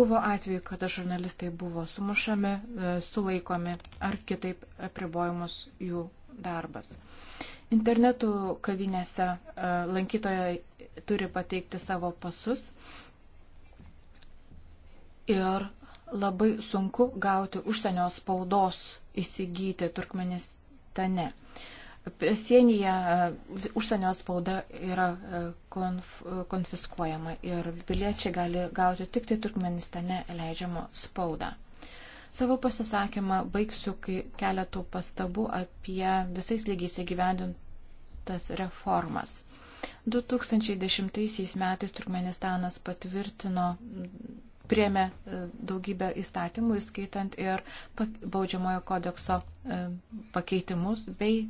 Buvo atveju, kada žurnalistai buvo sumušami, e, sulaikomi ar kitaip apribojimus jų darbas. Internetų kavinėse e, lankytojai turi pateikti savo pasus ir labai sunku gauti užsienio spaudos įsigyti Turkmenistane. Pasienyje e, užsienio spauda yra e, konf, e, konfiskuojama ir piliečiai gali gauti tik tai Turkmenistane leidžiamą spaudą. Savo pasisakymą baigsiu keletų pastabų apie visais lygiais įgyvendintas reformas. 2010 metais Turkmenistanas patvirtino priemė e, daugybę įstatymų, įskaitant ir baudžiamojo kodekso e, pakeitimus bei e,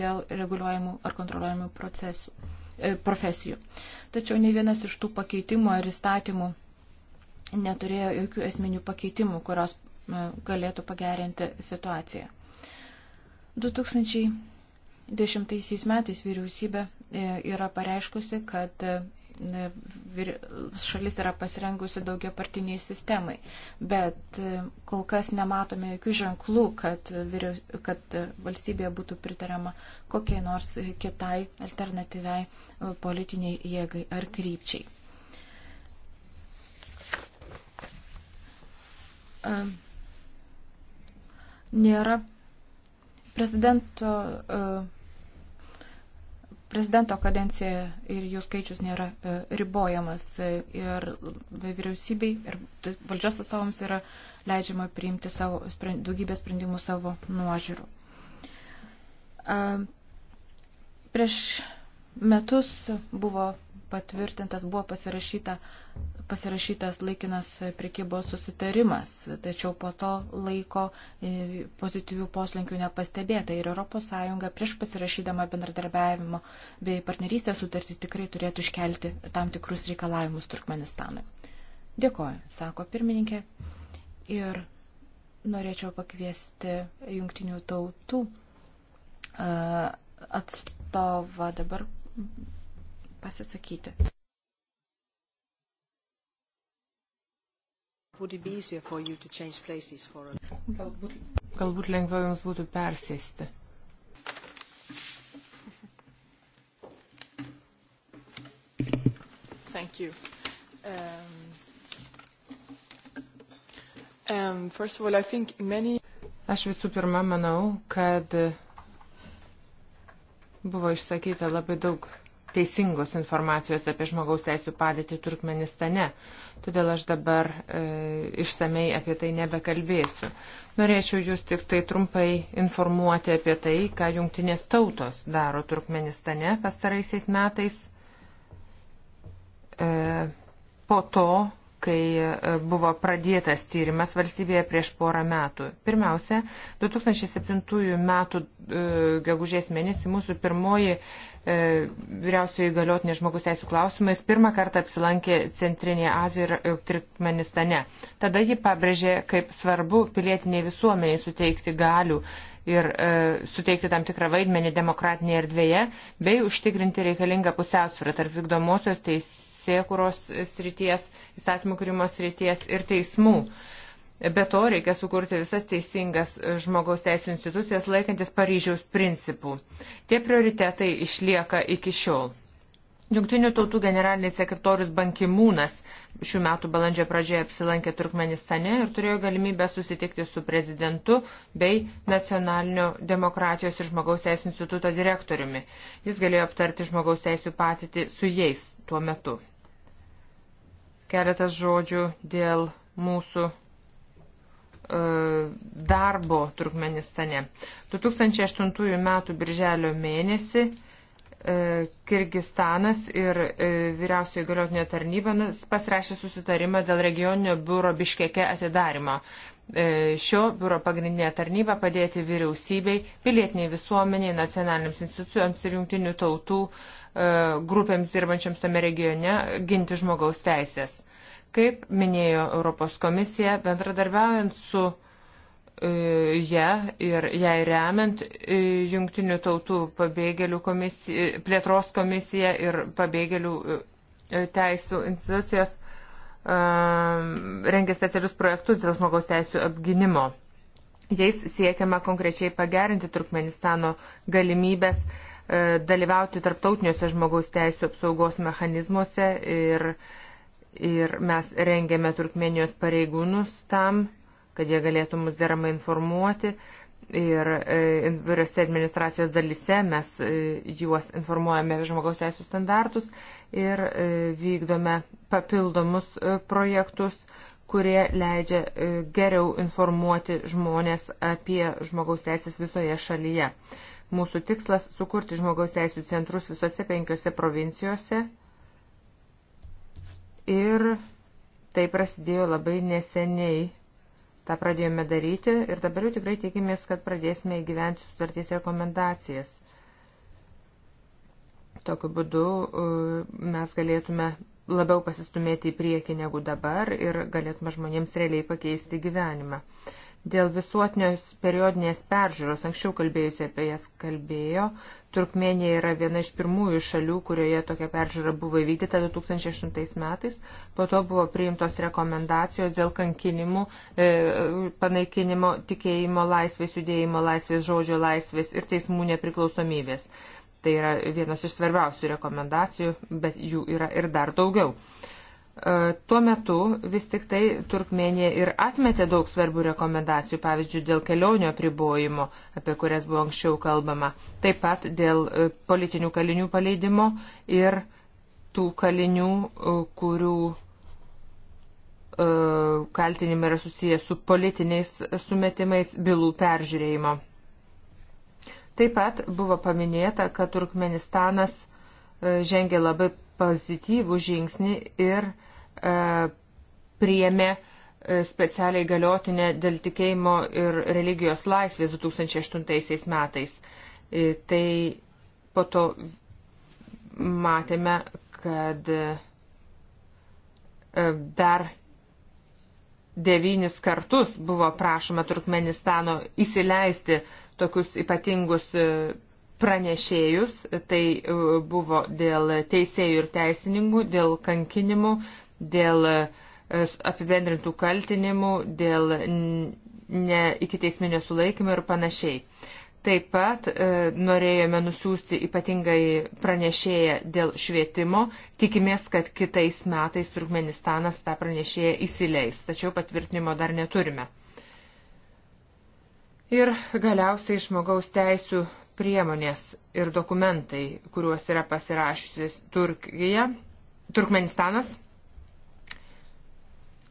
dėl reguliuojamų ar kontroliuojamų procesų, profesijų. Tačiau nei vienas iš tų pakeitimų ar įstatymų neturėjo jokių esminių pakeitimų, kurios galėtų pagerinti situaciją. 2010 metais vyriausybė yra pareiškusi, kad šalis yra pasirengusi daugia partiniai sistemai, bet e, kol kas nematome jokių ženklų, kad, vyriaus, kad valstybėje būtų pritariama kokiai nors kitai alternatyviai e, politiniai jėgai ar krypčiai. E, nėra prezidento uh, prezidento kadencija ir jų skaičius nėra e, ribojamas e, ir vyriausybei ir valdžios atstovams yra leidžiama priimti savo, daugybę sprendimų savo nuožiūrų. Prieš metus buvo patvirtintas buvo pasirašyta, pasirašytas laikinas prekybos susitarimas, tačiau po to laiko e, pozityvių poslinkių nepastebėta ir ES prieš pasirašydama bendradarbiavimo bei partnerystės sutartį tikrai turėtų iškelti tam tikrus reikalavimus Turkmenistanui. Dėkoju, sako pirmininkė. Ir norėčiau pakviesti jungtinių tautų e, atstovą dabar pasisakyti. Galbūt, galbūt lengviau jums būtų persėsti. Thank you. Um, um, first of all, I think many... Aš visų pirma manau, kad buvo išsakyta labai daug teisingos informacijos apie žmogaus teisų padėtį Turkmenistane. Todėl aš dabar e, išsamei apie tai nebekalbėsiu. Norėčiau jūs tik tai trumpai informuoti apie tai, ką jungtinės tautos daro Turkmenistane pastaraisiais metais. E, po to, kai e, buvo pradėtas tyrimas valstybėje prieš porą metų. Pirmiausia, 2007 metų e, gegužės mėnesį mūsų pirmoji e, vyriausioji galiotinė žmogus teisų klausimais pirmą kartą apsilankė Centrinėje Azijoje ir Turkmenistane. Tada ji pabrėžė, kaip svarbu pilietiniai visuomeniai suteikti galių ir e, suteikti tam tikrą vaidmenį demokratinėje erdvėje, bei užtikrinti reikalingą pusiausvyrą tarp vykdomosios teisėkuros srities įstatymų kūrimos ryties ir teismų. Be to reikia sukurti visas teisingas žmogaus teisų institucijas laikantis Paryžiaus principų. Tie prioritetai išlieka iki šiol. Junktinių tautų generalinis sekretorius Bankimūnas šių metų balandžio pradžioje apsilankė Turkmenistane ir turėjo galimybę susitikti su prezidentu bei nacionalinio demokratijos ir žmogaus teisų instituto direktoriumi. Jis galėjo aptarti žmogaus teisų patirtį su jais tuo metu. Keletas žodžių dėl mūsų e, darbo Turkmenistane. 2008 m. birželio mėnesį e, Kirgistanas ir e, vyriausiojo galiotinio tarnyba pasirašė susitarimą dėl regioninio biuro Biškeke atidarimo. E, šio biuro pagrindinė tarnyba padėti vyriausybei, pilietiniai visuomeniai, nacionaliniams institucijoms ir jungtinių tautų e, grupėms dirbančiams tame regione ginti žmogaus teisės. Kaip minėjo Europos komisija, bendradarbiaujant su ją e, ja, ir jai remiant jungtinių tautų pabėgėlių komisija, plėtros komisija ir pabėgėlių teisų institucijos Um, rengia specialius projektus dėl žmogaus teisų apginimo. Jais siekiama konkrečiai pagerinti Turkmenistano galimybės e, dalyvauti tarptautiniuose žmogaus teisų apsaugos mechanizmuose ir, ir mes rengėme Turkmenijos pareigūnus tam, kad jie galėtų mus deramai informuoti. Uh, ir e, įvairiose administracijos dalise mes e, juos informuojame apie žmogaus teisų standartus ir e, vykdome papildomus projektus, kurie leidžia geriau informuoti žmonės apie žmogaus teisės visoje šalyje. Mūsų tikslas - sukurti žmogaus teisų centrus visose penkiose provincijose. Ir tai prasidėjo labai neseniai Ta pradėjome daryti ir dabar jau tikrai tikimės, kad pradėsime įgyventi sutartys rekomendacijas. Tokiu būdu e, mes galėtume labiau pasistumėti į priekį negu dabar ir galėtume žmonėms realiai pakeisti gyvenimą. Dėl visuotinės periodinės peržiūros, anksčiau kalbėjusi apie jas kalbėjo, Turkmenija yra viena iš pirmųjų šalių, kurioje tokia peržiūra buvo įvykdyta 2008 metais. Po to buvo priimtos rekomendacijos dėl kankinimų, e, panaikinimo tikėjimo laisvės, judėjimo laisvės, žodžio laisvės ir teismų nepriklausomybės. Tai yra vienos iš svarbiausių rekomendacijų, bet jų yra ir dar daugiau. E, E, tuo metu vis tik tai Turkmenija ir atmetė daug svarbių rekomendacijų, pavyzdžiui, dėl kelionio apribojimo, apie kurias buvo anksčiau kalbama, taip pat dėl e, politinių kalinių paleidimo ir tų kalinių, e, kurių kaltinimai yra susijęs su politiniais sumetimais bylų peržiūrėjimo. Taip pat buvo paminėta, kad Turkmenistanas žengė labai pozityvų žingsnį ir uh, E, priėmė e, specialiai galiotinę dėl tikėjimo ir religijos laisvės 2008 metais. E, tai po to matėme, kad dar devynis kartus buvo prašoma Turkmenistano įsileisti tokius ypatingus pranešėjus. Tai buvo dėl teisėjų ir teisininkų, dėl kankinimų, dėl e, apibendrintų kaltinimų, dėl ne, iki teisminio sulaikymo ir panašiai. Taip pat e, norėjome nusiųsti ypatingai pranešėją dėl švietimo. Tikimės, kad kitais metais Turkmenistanas tą pranešėją įsileis, tačiau patvirtinimo dar neturime. Ir galiausiai žmogaus teisų priemonės ir dokumentai, kuriuos yra pasirašusi Turkija, Turkmenistanas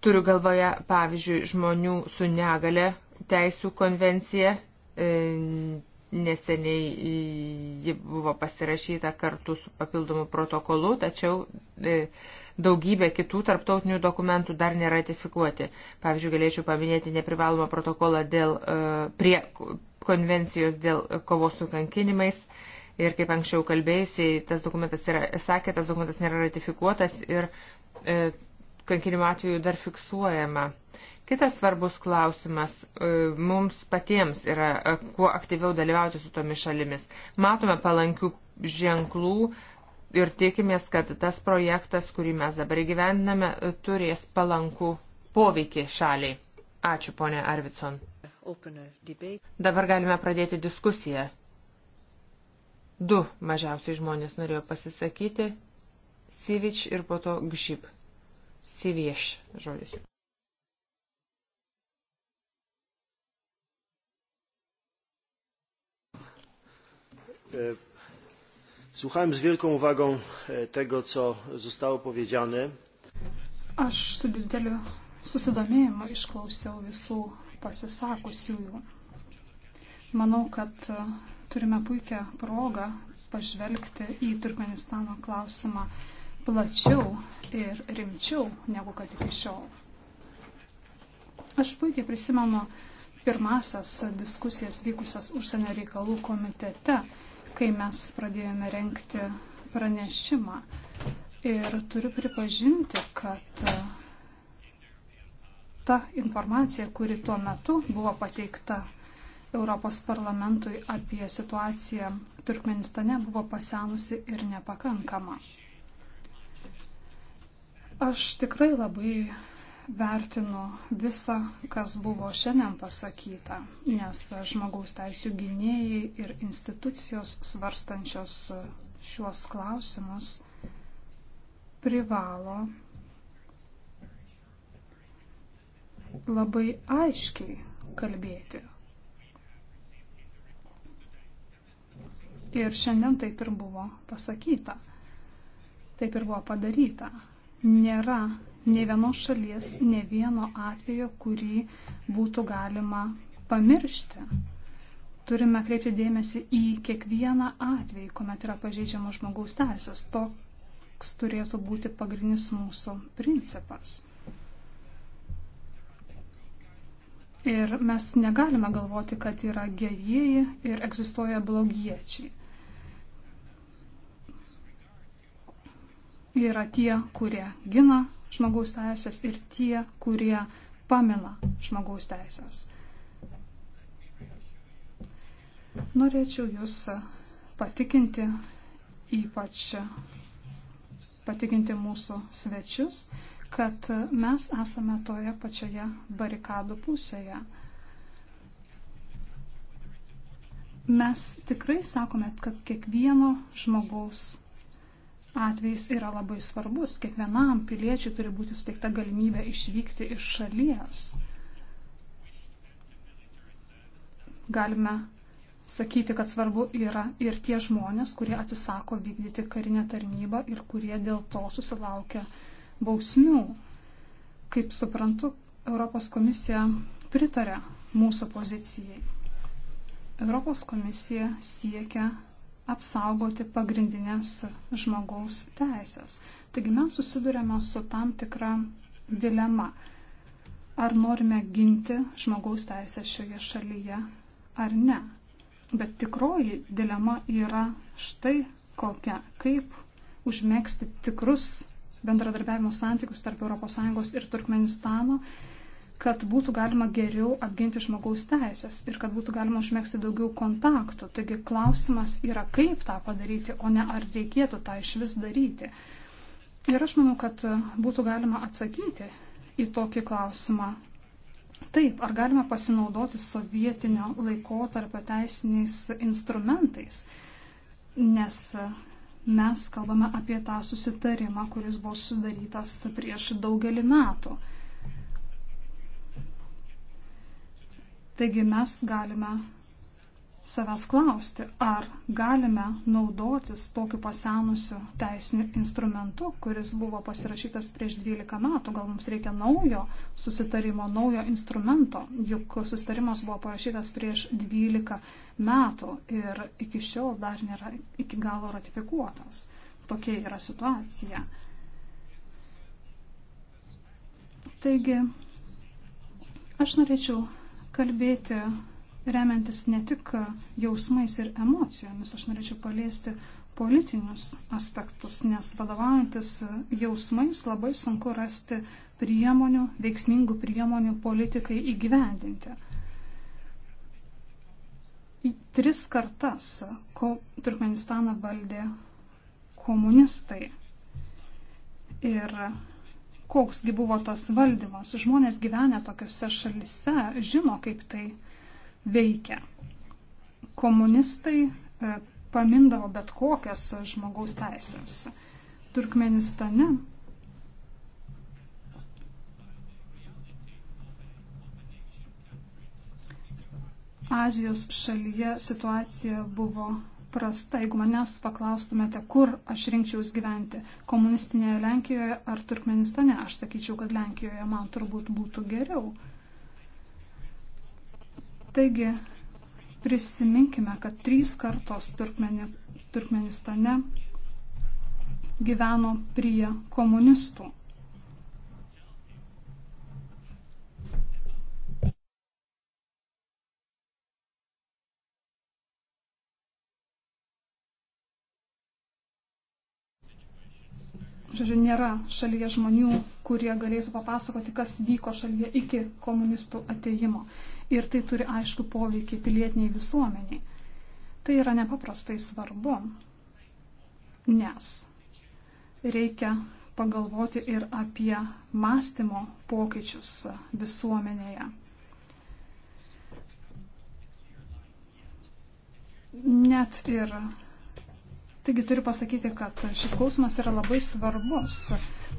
Turiu galvoje, pavyzdžiui, žmonių su negale teisų konvencija. E, neseniai ji buvo pasirašyta kartu su papildomu protokolu, tačiau e, daugybė kitų tarptautinių dokumentų dar nėra ratifikuoti. Pavyzdžiui, galėčiau paminėti neprivalomą protokolą dėl, e, prie konvencijos dėl kovos su kankinimais. Ir kaip anksčiau kalbėjusiai, tas dokumentas yra, sakė, tas dokumentas nėra ratifikuotas ir e, kankinimo atveju dar fiksuojama. Kitas svarbus klausimas e, mums patiems yra, e, kuo aktyviau dalyvauti su tomis šalimis. Matome palankių ženklų ir tikimės, kad tas projektas, kurį mes dabar įgyvendiname, e, turės palankų poveikį šaliai. Ačiū, ponė Arvidson. Dabar galime pradėti diskusiją. Du mažiausiai žmonės norėjo pasisakyti - Sivič ir po to Gšyp sivieš žodis. E, słuchałem z wielką uwagą e, tego, co zostało powiedziane. Aš su dideliu susidomėjimu išklausiau visų pasisakusiųjų. Manau, kad e, turime puikią progą pažvelgti į Turkmenistano klausimą plačiau ir rimčiau negu kad iki šiol. Aš puikiai prisimenu pirmasias diskusijas vykusias užsienio reikalų komitete, kai mes pradėjome renkti pranešimą. Ir turiu pripažinti, kad ta informacija, kuri tuo metu buvo pateikta Europos parlamentui apie situaciją Turkmenistane, buvo pasenusi ir nepakankama. Aš tikrai labai vertinu visą, kas buvo šiandien pasakyta, nes žmogaus teisų gynėjai ir institucijos svarstančios šiuos klausimus privalo labai aiškiai kalbėti. Ir šiandien taip ir buvo pasakyta, taip ir buvo padaryta nėra ne vienos šalies, ne vieno atvejo, kurį būtų galima pamiršti. Turime kreipti dėmesį į kiekvieną atvejį, kuomet yra pažeidžiama žmogaus teisės. Toks turėtų būti pagrindinis mūsų principas. Ir mes negalime galvoti, kad yra gerieji ir egzistuoja blogiečiai. yra tie, kurie gina žmogaus teisės ir tie, kurie pamina žmogaus teisės. Norėčiau Jūs patikinti, ypač patikinti mūsų svečius, kad mes esame toje pačioje barikadų pusėje. Mes tikrai sakome, kad kiekvieno žmogaus atvejais yra labai svarbus. Kiekvienam piliečiui turi būti suteikta galimybė išvykti iš šalies. Galime sakyti, kad svarbu yra ir tie žmonės, kurie atsisako vykdyti karinę tarnybą ir kurie dėl to susilaukia bausmių. Kaip suprantu, Europos komisija pritarė mūsų pozicijai. Europos komisija siekia apsaugoti pagrindinės žmogaus teisės. Taigi mes susidurėme su tam tikra dilema. Ar norime ginti žmogaus teisę šioje šalyje ar ne. Bet tikroji dilema yra štai kokia. Kaip užmėgsti tikrus bendradarbiavimo santykius tarp ES ir Turkmenistano kad būtų galima geriau apginti žmogaus teisės ir kad būtų galima užmėgsti daugiau kontaktų. Taigi klausimas yra, kaip tą padaryti, o ne ar reikėtų tą iš vis daryti. Ir aš manau, kad būtų galima atsakyti į tokį klausimą. Taip, ar galima pasinaudoti sovietinio laikotarpio teisiniais instrumentais, nes mes kalbame apie tą susitarimą, kuris buvo sudarytas prieš daugelį metų. Taigi mes galime savęs klausti, ar galime naudotis tokiu pasenusiu teisiniu instrumentu, kuris buvo pasirašytas prieš 12 metų. Gal mums reikia naujo susitarimo, naujo instrumento, juk susitarimas buvo parašytas prieš 12 metų ir iki šiol dar nėra iki galo ratifikuotas. Tokia yra situacija. Taigi, aš norėčiau kalbėti remiantis ne tik jausmais ir emocijomis. Aš norėčiau paliesti politinius aspektus, nes vadovaujantis jausmais labai sunku rasti priemonių, veiksmingų priemonių politikai įgyvendinti. Tris kartas ko Turkmenistaną valdė komunistai. Ir koksgi buvo tas valdymas. Žmonės gyvenę tokiuose šalise žino, kaip tai veikia. Komunistai e, pamindavo bet kokias žmogaus teisės. Turkmenistane Azijos šalyje situacija buvo prasta. Jeigu manęs paklaustumėte, kur aš rinkčiaus gyventi - komunistinėje Lenkijoje ar Turkmenistane, aš sakyčiau, kad Lenkijoje man turbūt būtų geriau. Taigi, prisiminkime, kad trys kartos Turkmeni, Turkmenistane gyveno prie komunistų. Žodžiu, nėra šalyje žmonių, kurie galėtų papasakoti, kas vyko šalyje iki komunistų ateimo. Ir tai turi aišku poveikį pilietiniai visuomeniai. Tai yra nepaprastai svarbu, nes reikia pagalvoti ir apie mąstymo pokyčius visuomenėje. Net ir Taigi turiu pasakyti, kad šis klausimas yra labai svarbus,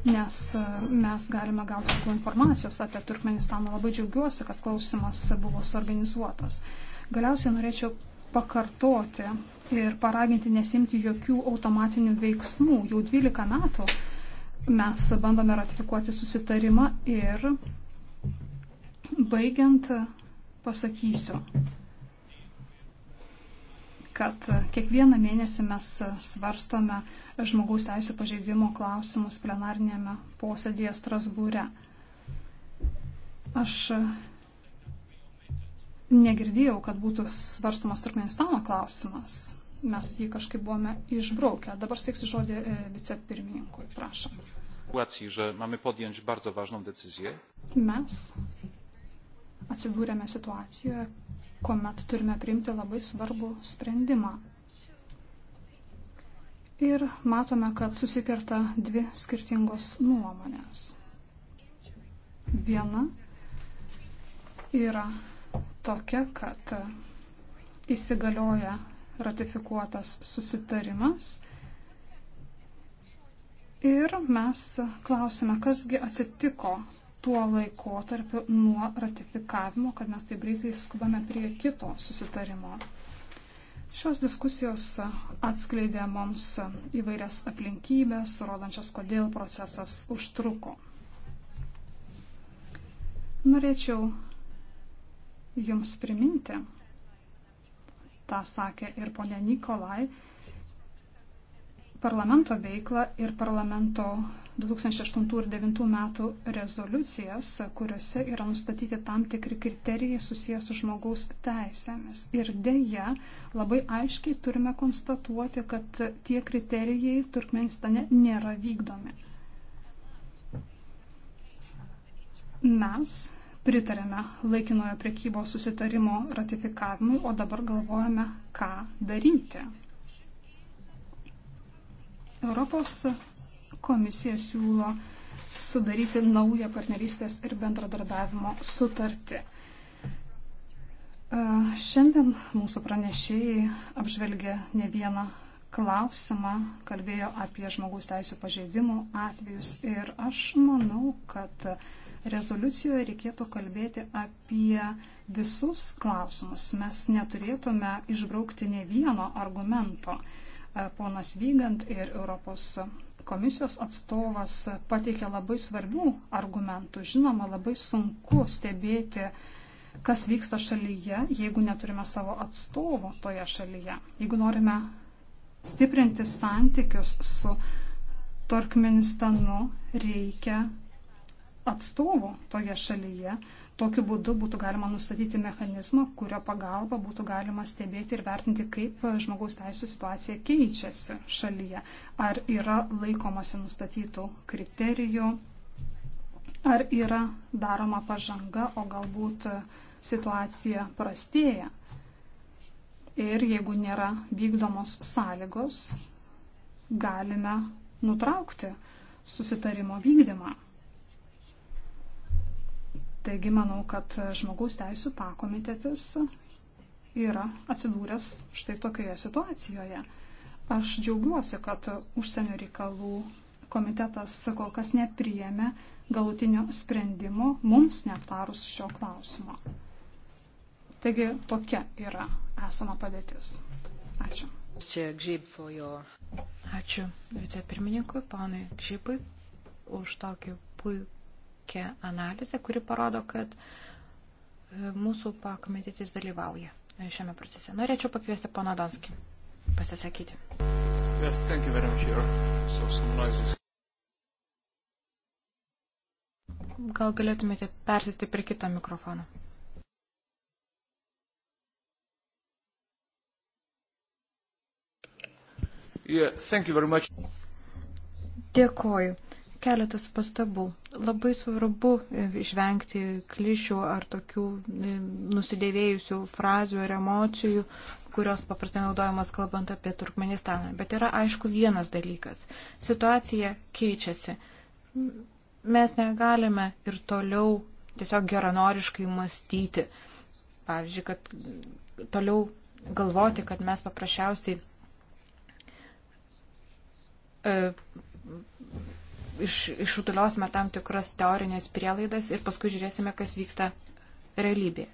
nes e, mes galime gauti daugiau informacijos apie Turkmenistaną. Labai džiaugiuosi, kad klausimas buvo suorganizuotas. Galiausiai norėčiau pakartoti ir paraginti nesimti jokių automatinių veiksmų. Jau 12 metų mes bandome ratifikuoti susitarimą ir baigiant pasakysiu, kad kiekvieną mėnesį mes svarstome žmogaus teisų pažeidimo klausimus plenarnėme posėdėje Strasbūre. Aš negirdėjau, kad būtų svarstomas Turkmenistano klausimas. Mes jį kažkaip buvome išbraukę. Dabar steiksiu žodį e, vicepirmininkui, prašom. Mes atsidūrėme situacijoje, kuomet turime priimti labai svarbų sprendimą. Ir matome, kad susikerta dvi skirtingos nuomonės. Viena yra tokia, kad įsigalioja ratifikuotas susitarimas. Ir mes klausime, kasgi atsitiko tuo laikotarpiu nuo ratifikavimo, kad mes taip greitai skubame prie kito susitarimo. Šios diskusijos atskleidė mums įvairias aplinkybės, rodančias, kodėl procesas užtruko. Norėčiau Jums priminti, tą sakė ir ponia Nikolai, parlamento veiklą ir parlamento 2008 ir 2009 metų rezoliucijas, kuriuose yra nustatyti tam tikri kriterijai susijęs su žmogaus teisėmis. Ir dėja, labai aiškiai turime konstatuoti, kad tie kriterijai Turkmenistane nėra vykdomi. Mes pritarėme laikinojo priekybos susitarimo ratifikavimui, o dabar galvojame, ką daryti. Europos komisija siūlo sudaryti naują partnerystės ir bendradarbiavimo sutartį. E, šiandien mūsų pranešėjai apžvelgė ne vieną klausimą, kalbėjo apie žmogaus teisų pažeidimų atvejus ir aš manau, kad rezoliucijoje reikėtų kalbėti apie visus klausimus. Mes neturėtume išbraukti ne vieno argumento. E, ponas Vygant ir Europos komisijos atstovas pateikė labai svarbių argumentų. Žinoma, labai sunku stebėti, kas vyksta šalyje, jeigu neturime savo atstovo toje šalyje. Jeigu norime stiprinti santykius su Turkmenistanu, reikia atstovų toje šalyje. Tokiu būdu būtų galima nustatyti mechanizmą, kurio pagalba būtų galima stebėti ir vertinti, kaip žmogaus teisų situacija keičiasi šalyje. Ar yra laikomasi nustatytų kriterijų, ar yra daroma pažanga, o galbūt situacija prastėja. Ir jeigu nėra vykdomos sąlygos, galime nutraukti susitarimo vykdymą. Taigi manau, kad žmogaus teisų pakomitetis yra atsidūręs štai tokioje situacijoje. Aš džiaugiuosi, kad užsienio reikalų komitetas kol kas nepriėmė galutinio sprendimo mums neaptarus šio klausimo. Taigi tokia yra esama padėtis. Ačiū. Ačiū vicepirmininkui, panui Gžipui, už tokį puikų tokią analizę, kuri parodo, kad e, mūsų pakomitetis dalyvauja šiame procese. Norėčiau pakviesti poną Donskį pasisakyti. Yes, thank you very much, Euro. So some noises. Gal galėtumėte persisti prie kito mikrofono. Yeah, thank you very much. Dėkoju. Keletas pastabų. Labai svarbu e, išvengti klišių ar tokių e, nusidėvėjusių frazių ar emocijų, kurios paprastai naudojamos kalbant apie Turkmenistaną. Bet yra aišku vienas dalykas. Situacija keičiasi. Mes negalime ir toliau tiesiog geranoriškai mąstyti. Pavyzdžiui, kad toliau galvoti, kad mes paprasčiausiai e, iš, išutuliosime tam tikras teorinės prielaidas ir paskui žiūrėsime, kas vyksta realybėje.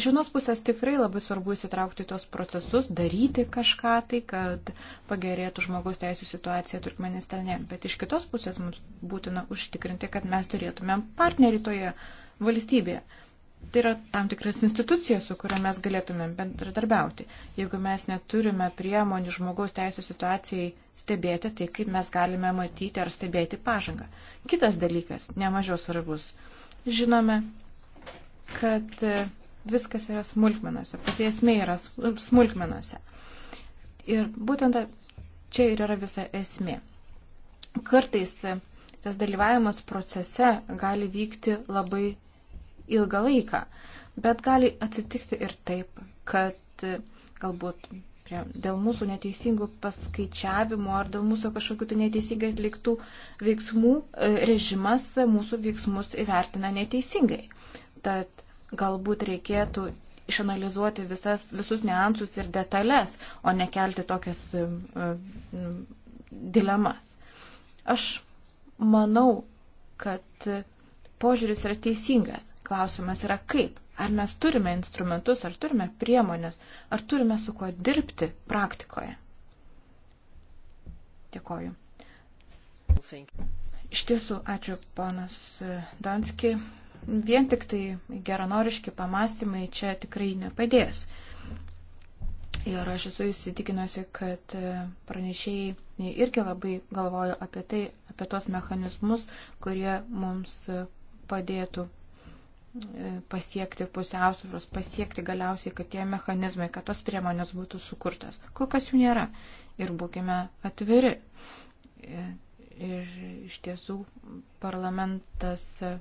Iš vienos pusės tikrai labai svarbu įsitraukti tuos procesus, daryti kažką tai, kad pagerėtų žmogaus teisų situacija Turkmenistane. Bet iš kitos pusės mums būtina užtikrinti, kad mes turėtumėm partnerį toje valstybėje tai yra tam tikras institucijas, su kuria mes galėtumėm bendradarbiauti. Jeigu mes neturime priemonių žmogaus teisų situacijai stebėti, tai kaip mes galime matyti ar stebėti pažangą. Kitas dalykas, nemažiau svarbus. Žinome, kad viskas yra smulkmenuose, pati esmė yra smulkmenuose. Ir būtent čia ir yra visa esmė. Kartais tas dalyvavimas procese gali vykti labai ilgą laiką. Bet gali atsitikti ir taip, kad e, galbūt prie, dėl mūsų neteisingų paskaičiavimų ar dėl mūsų kažkokių tai neteisingai atliktų veiksmų e, režimas mūsų veiksmus įvertina neteisingai. Tad galbūt reikėtų išanalizuoti visas, visus niansus ir detalės, o nekelti tokias e, dilemas. Aš manau, kad požiūris yra teisingas Klausimas yra kaip. Ar mes turime instrumentus, ar turime priemonės, ar turime su kuo dirbti praktikoje. Dėkoju. Iš tiesų, ačiū ponas Donski. Vien tik tai geranoriški pamastymai čia tikrai nepadės. Ir aš esu įsitikinusi, kad pranešėjai irgi labai galvoju apie tai, apie tos mechanizmus, kurie mums padėtų E, pasiekti pusiausvėros, pasiekti galiausiai, kad tie mechanizmai, kad tos priemonės būtų sukurtas. Kol kas jų nėra. Ir būkime atviri. E, ir iš tiesų parlamentas e,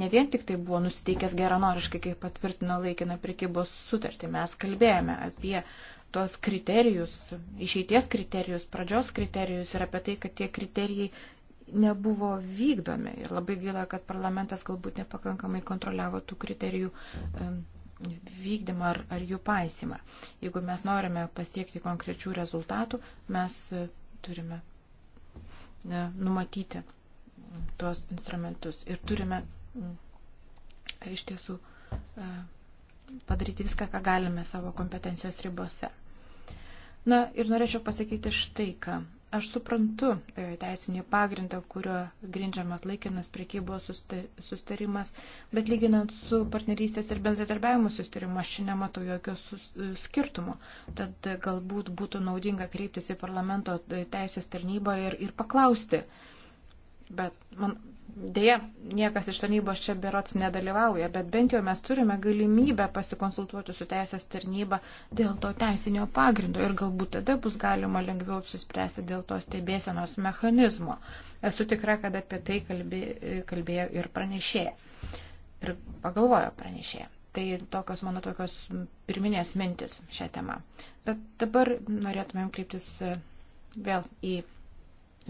ne vien tik tai buvo nusiteikęs geranoriškai, kai patvirtino laikiną prekybos sutartį. Mes kalbėjome apie tuos kriterijus, išeities kriterijus, pradžios kriterijus ir apie tai, kad tie kriterijai nebuvo vykdomi. Ir labai gaila, kad parlamentas galbūt nepakankamai kontroliavo tų kriterijų vykdymą ar, ar jų paisimą. Jeigu mes norime pasiekti konkrečių rezultatų, mes e, turime e, numatyti tuos instrumentus ir turime iš tiesų e, padaryti viską, ką galime savo kompetencijos ribose. Na ir norėčiau pasakyti štai, ką Aš suprantu e, teisinį pagrindą, kurio grindžiamas laikinas priekybos sustarimas, bet lyginant su partnerystės ir bendradarbiavimo sustarimu, aš čia nematau jokio skirtumo. Tad galbūt būtų naudinga kreiptis į parlamento e, teisės tarnybą ir, ir paklausti. Bet man Deja, niekas iš tarnybos čia berots nedalyvauja, bet bent jau mes turime galimybę pasikonsultuoti su teisės tarnyba dėl to teisinio pagrindo ir galbūt tada bus galima lengviau apsispręsti dėl to stebėsenos mechanizmo. Esu tikra, kad apie tai kalbė, kalbėjo ir pranešėja. Ir pagalvojo pranešėja. Tai tokios mano tokios pirminės mintis šią temą. Bet dabar norėtumėm kreiptis vėl į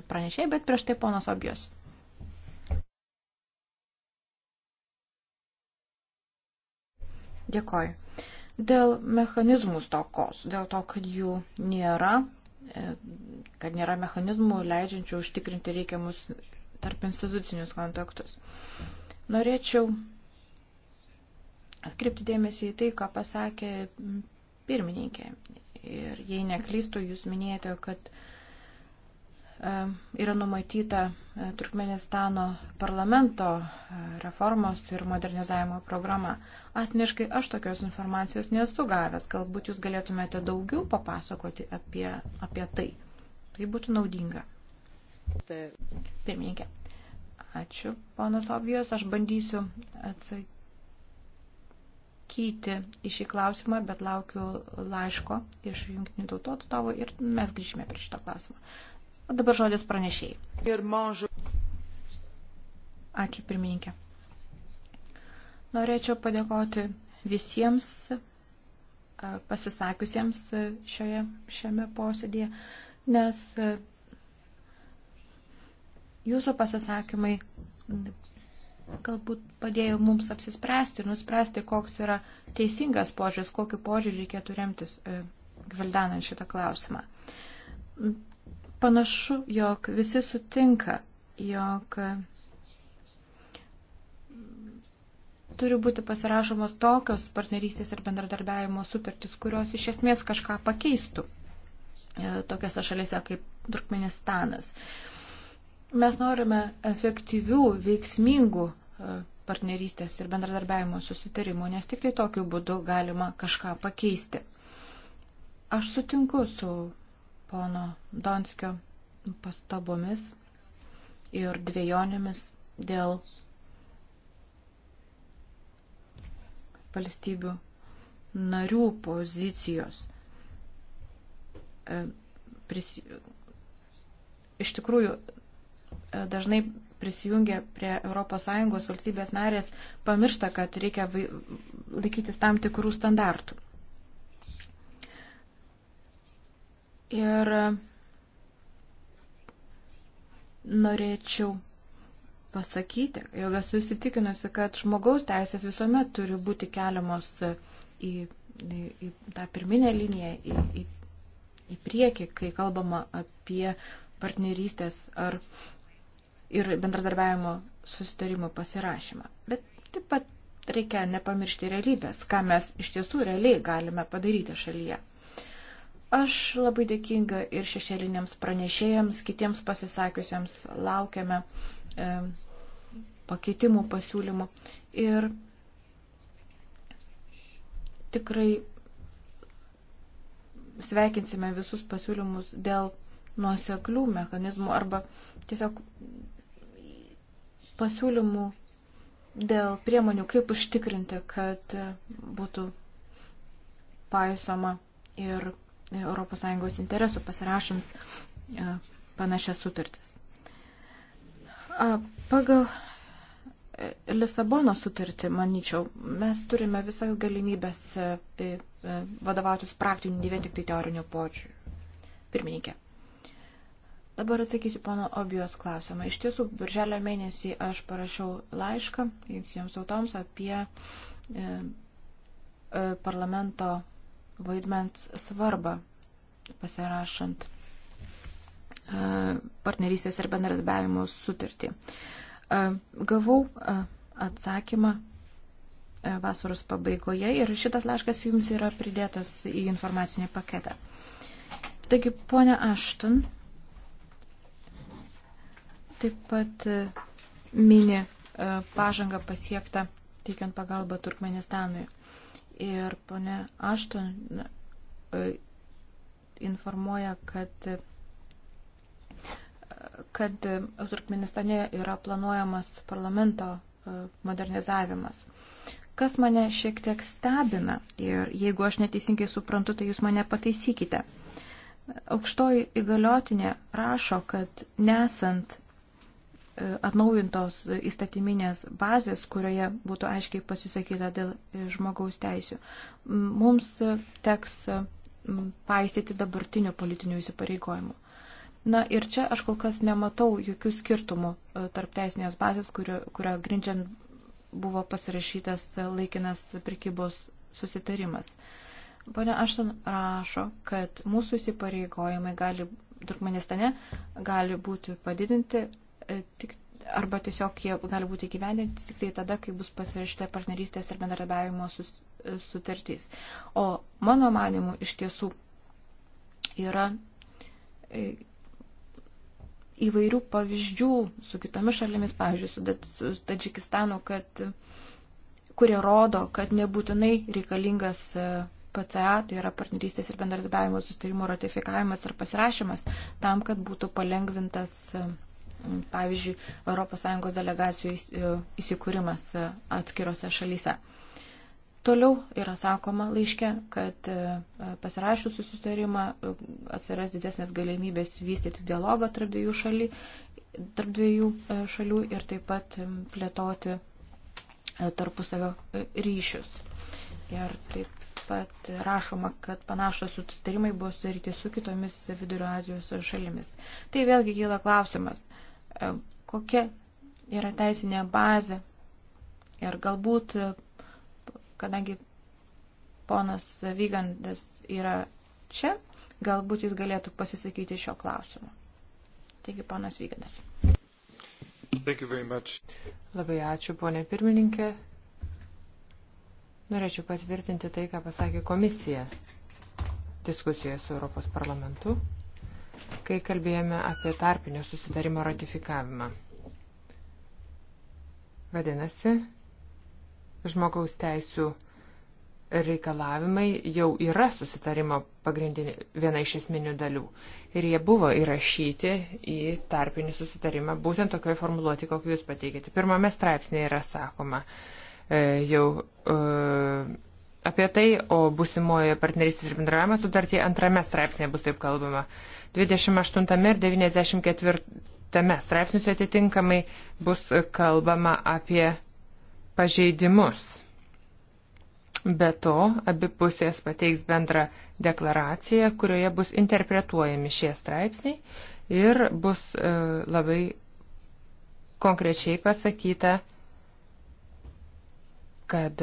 pranešėją, bet prieš tai ponas Obijos. Dėkoju. Dėl mechanizmų stokos, dėl to, kad jų nėra, e, kad nėra mechanizmų leidžiančių užtikrinti reikiamus tarp institucinius kontaktus. Norėčiau atkreipti dėmesį į tai, ką pasakė pirmininkė. Ir jei neklystų, jūs minėjote, kad uh, E, yra numatyta e, Turkmenistano parlamento e, reformos ir modernizavimo programa. Asmeniškai aš tokios informacijos nesu gavęs. Galbūt jūs galėtumėte daugiau papasakoti apie, apie tai. Tai būtų naudinga. Pirmininkė. Ačiū, ponas Obijos. Aš bandysiu atsakyti į šį klausimą, bet laukiu laiško iš jungtinių tautų atstovų ir mes grįžime prie šito klausimo. O dabar žodis pranešėjai. Ačiū pirmininkė. Norėčiau padėkoti visiems e, pasisakiusiems e, šioje, šiame posėdėje, nes e, jūsų pasisakymai galbūt padėjo mums apsispręsti ir nuspręsti, koks yra teisingas požiūris, kokiu požiūriu reikėtų remtis gvildanant šitą klausimą. Panašu, jog visi sutinka, jog turi būti pasirašomos tokios partnerystės ir bendradarbiavimo sutartys, kurios iš esmės kažką pakeistų e, tokiose šalise kaip Turkmenistanas. Mes norime efektyvių, veiksmingų e, partnerystės ir bendradarbiavimo susitarimų, nes tik tai tokiu būdu galima kažką pakeisti. Aš sutinku su pono Donskio pastabomis ir dviejonėmis dėl valstybių narių pozicijos. E, pris... Iš tikrųjų, e, dažnai prisijungia prie ES valstybės narės, pamiršta, kad reikia laikytis tam tikrų standartų. Ir norėčiau pasakyti, jog esu įsitikinusi, kad žmogaus teisės visuomet turi būti keliamos į, į, į tą pirminę liniją, į, į, į priekį, kai kalbama apie partnerystės ar ir bendradarbiavimo susitarimų pasirašymą. Bet taip pat reikia nepamiršti realybės, ką mes iš tiesų realiai galime padaryti šalyje. Aš labai dėkinga ir šešėliniams pranešėjams, kitiems pasisakiusiems laukiame e, pakeitimų pasiūlymų. Ir tikrai sveikinsime visus pasiūlymus dėl nuoseklių mechanizmų arba tiesiog pasiūlymų dėl priemonių, kaip užtikrinti, kad būtų paisoma ir ES interesų pasirašant e, panašias sutartis. Pagal e, Lisabono sutartį, manyčiau, mes turime visas galimybės e, vadovautis praktiniu, ne vien tik tai teoriniu počiu. Pirmininkė. Dabar atsakysiu pono Obijos klausimą. Iš tiesų, birželio mėnesį aš parašiau laišką jungtinėms tautoms apie e, e, parlamento vaidmens svarbą pasirašant e, partnerystės ir bendradarbiavimo sutartį. E, gavau e, atsakymą vasaros pabaigoje ir šitas laiškas jums yra pridėtas į informacinį paketą. Taigi, ponia Ašton taip pat mini pažangą pasiektą teikiant pagalbą Turkmenistanui. Ir ponė Ašton e, informuoja, kad e, kad Turkmenistane yra planuojamas parlamento e, modernizavimas. Kas mane šiek tiek stebina ir jeigu aš neteisingai suprantu, tai jūs mane pataisykite. Aukštoji įgaliotinė rašo, kad nesant atnaujintos įstatyminės bazės, kurioje būtų aiškiai pasisakyta dėl žmogaus teisių. Mums teks paisyti dabartinių politinių įsipareigojimų. Na ir čia aš kol kas nematau jokių skirtumų e, tarp teisinės bazės, kurio, kurio grindžiant buvo pasirašytas laikinas prekybos susitarimas. Pone Ašton rašo, kad mūsų įsipareigojimai gali Turkmenistane gali būti padidinti E, tik, arba tiesiog jie gali būti gyvendinti tik tai tada, kai bus pasirašyta partnerystės ir bendradarbiavimo e, sutartys. O mano manimu iš tiesų yra e, įvairių pavyzdžių su kitomis šalimis, pavyzdžiui, su Tadžikistanu, kad, kurie rodo, kad nebūtinai reikalingas PCA, tai yra partnerystės ir bendradarbiavimo sustarimo ratifikavimas ar pasirašymas, tam, kad būtų palengvintas pavyzdžiui, ES delegacijų e, įsikūrimas e, atskirose šalyse. Toliau yra sakoma laiške, kad e, pasirašius susitarimą atsiras didesnės galimybės vystyti dialogą tarp dviejų, šaly, tarp dviejų šalių ir taip pat plėtoti tarpusavio ryšius. Ir taip pat rašoma, kad panašus sutarimai buvo sudaryti su kitomis Vidurio Azijos šalimis. Tai vėlgi kyla klausimas, E, kokia yra teisinė bazė. Ir galbūt, e, kadangi ponas Vygandas yra čia, galbūt jis galėtų pasisakyti šio klausimu. Taigi, ponas Vygandas. Labai ačiū, ponė pirmininkė. Norėčiau patvirtinti tai, ką pasakė komisija diskusijoje su Europos parlamentu kai kalbėjome apie tarpinio susitarimo ratifikavimą. Vadinasi, žmogaus teisų reikalavimai jau yra susitarimo pagrindinė viena iš esminių dalių. Ir jie buvo įrašyti į tarpinį susitarimą, būtent tokioje formuluoti, kokį jūs pateikėte. Pirmame straipsnėje yra sakoma, e, jau e, apie tai, o busimojoje partnerystės ir bendravimo sutartyje antrame straipsnėje bus taip kalbama. 28 ir 94 straipsniuose atitinkamai bus kalbama apie pažeidimus. Be to, abi pusės pateiks bendrą deklaraciją, kurioje bus interpretuojami šie straipsniai ir bus e, labai konkrečiai pasakyta, kad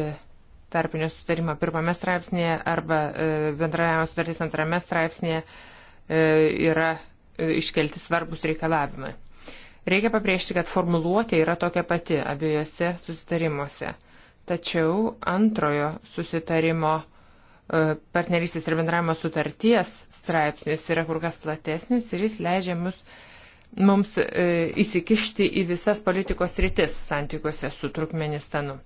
tarpinio sutarimo pirmame straipsnėje arba e, bendravimo sutartys antrame straipsnėje e, yra e, iškelti svarbus reikalavimai. Reikia pabrėžti, kad formuluotė yra tokia pati abiejose susitarimuose. Tačiau antrojo susitarimo partnerystės ir bendravimo sutarties straipsnis yra kur kas platesnis ir jis leidžia mus mums e, įsikišti į visas politikos rytis santykiuose su Turkmenistanu.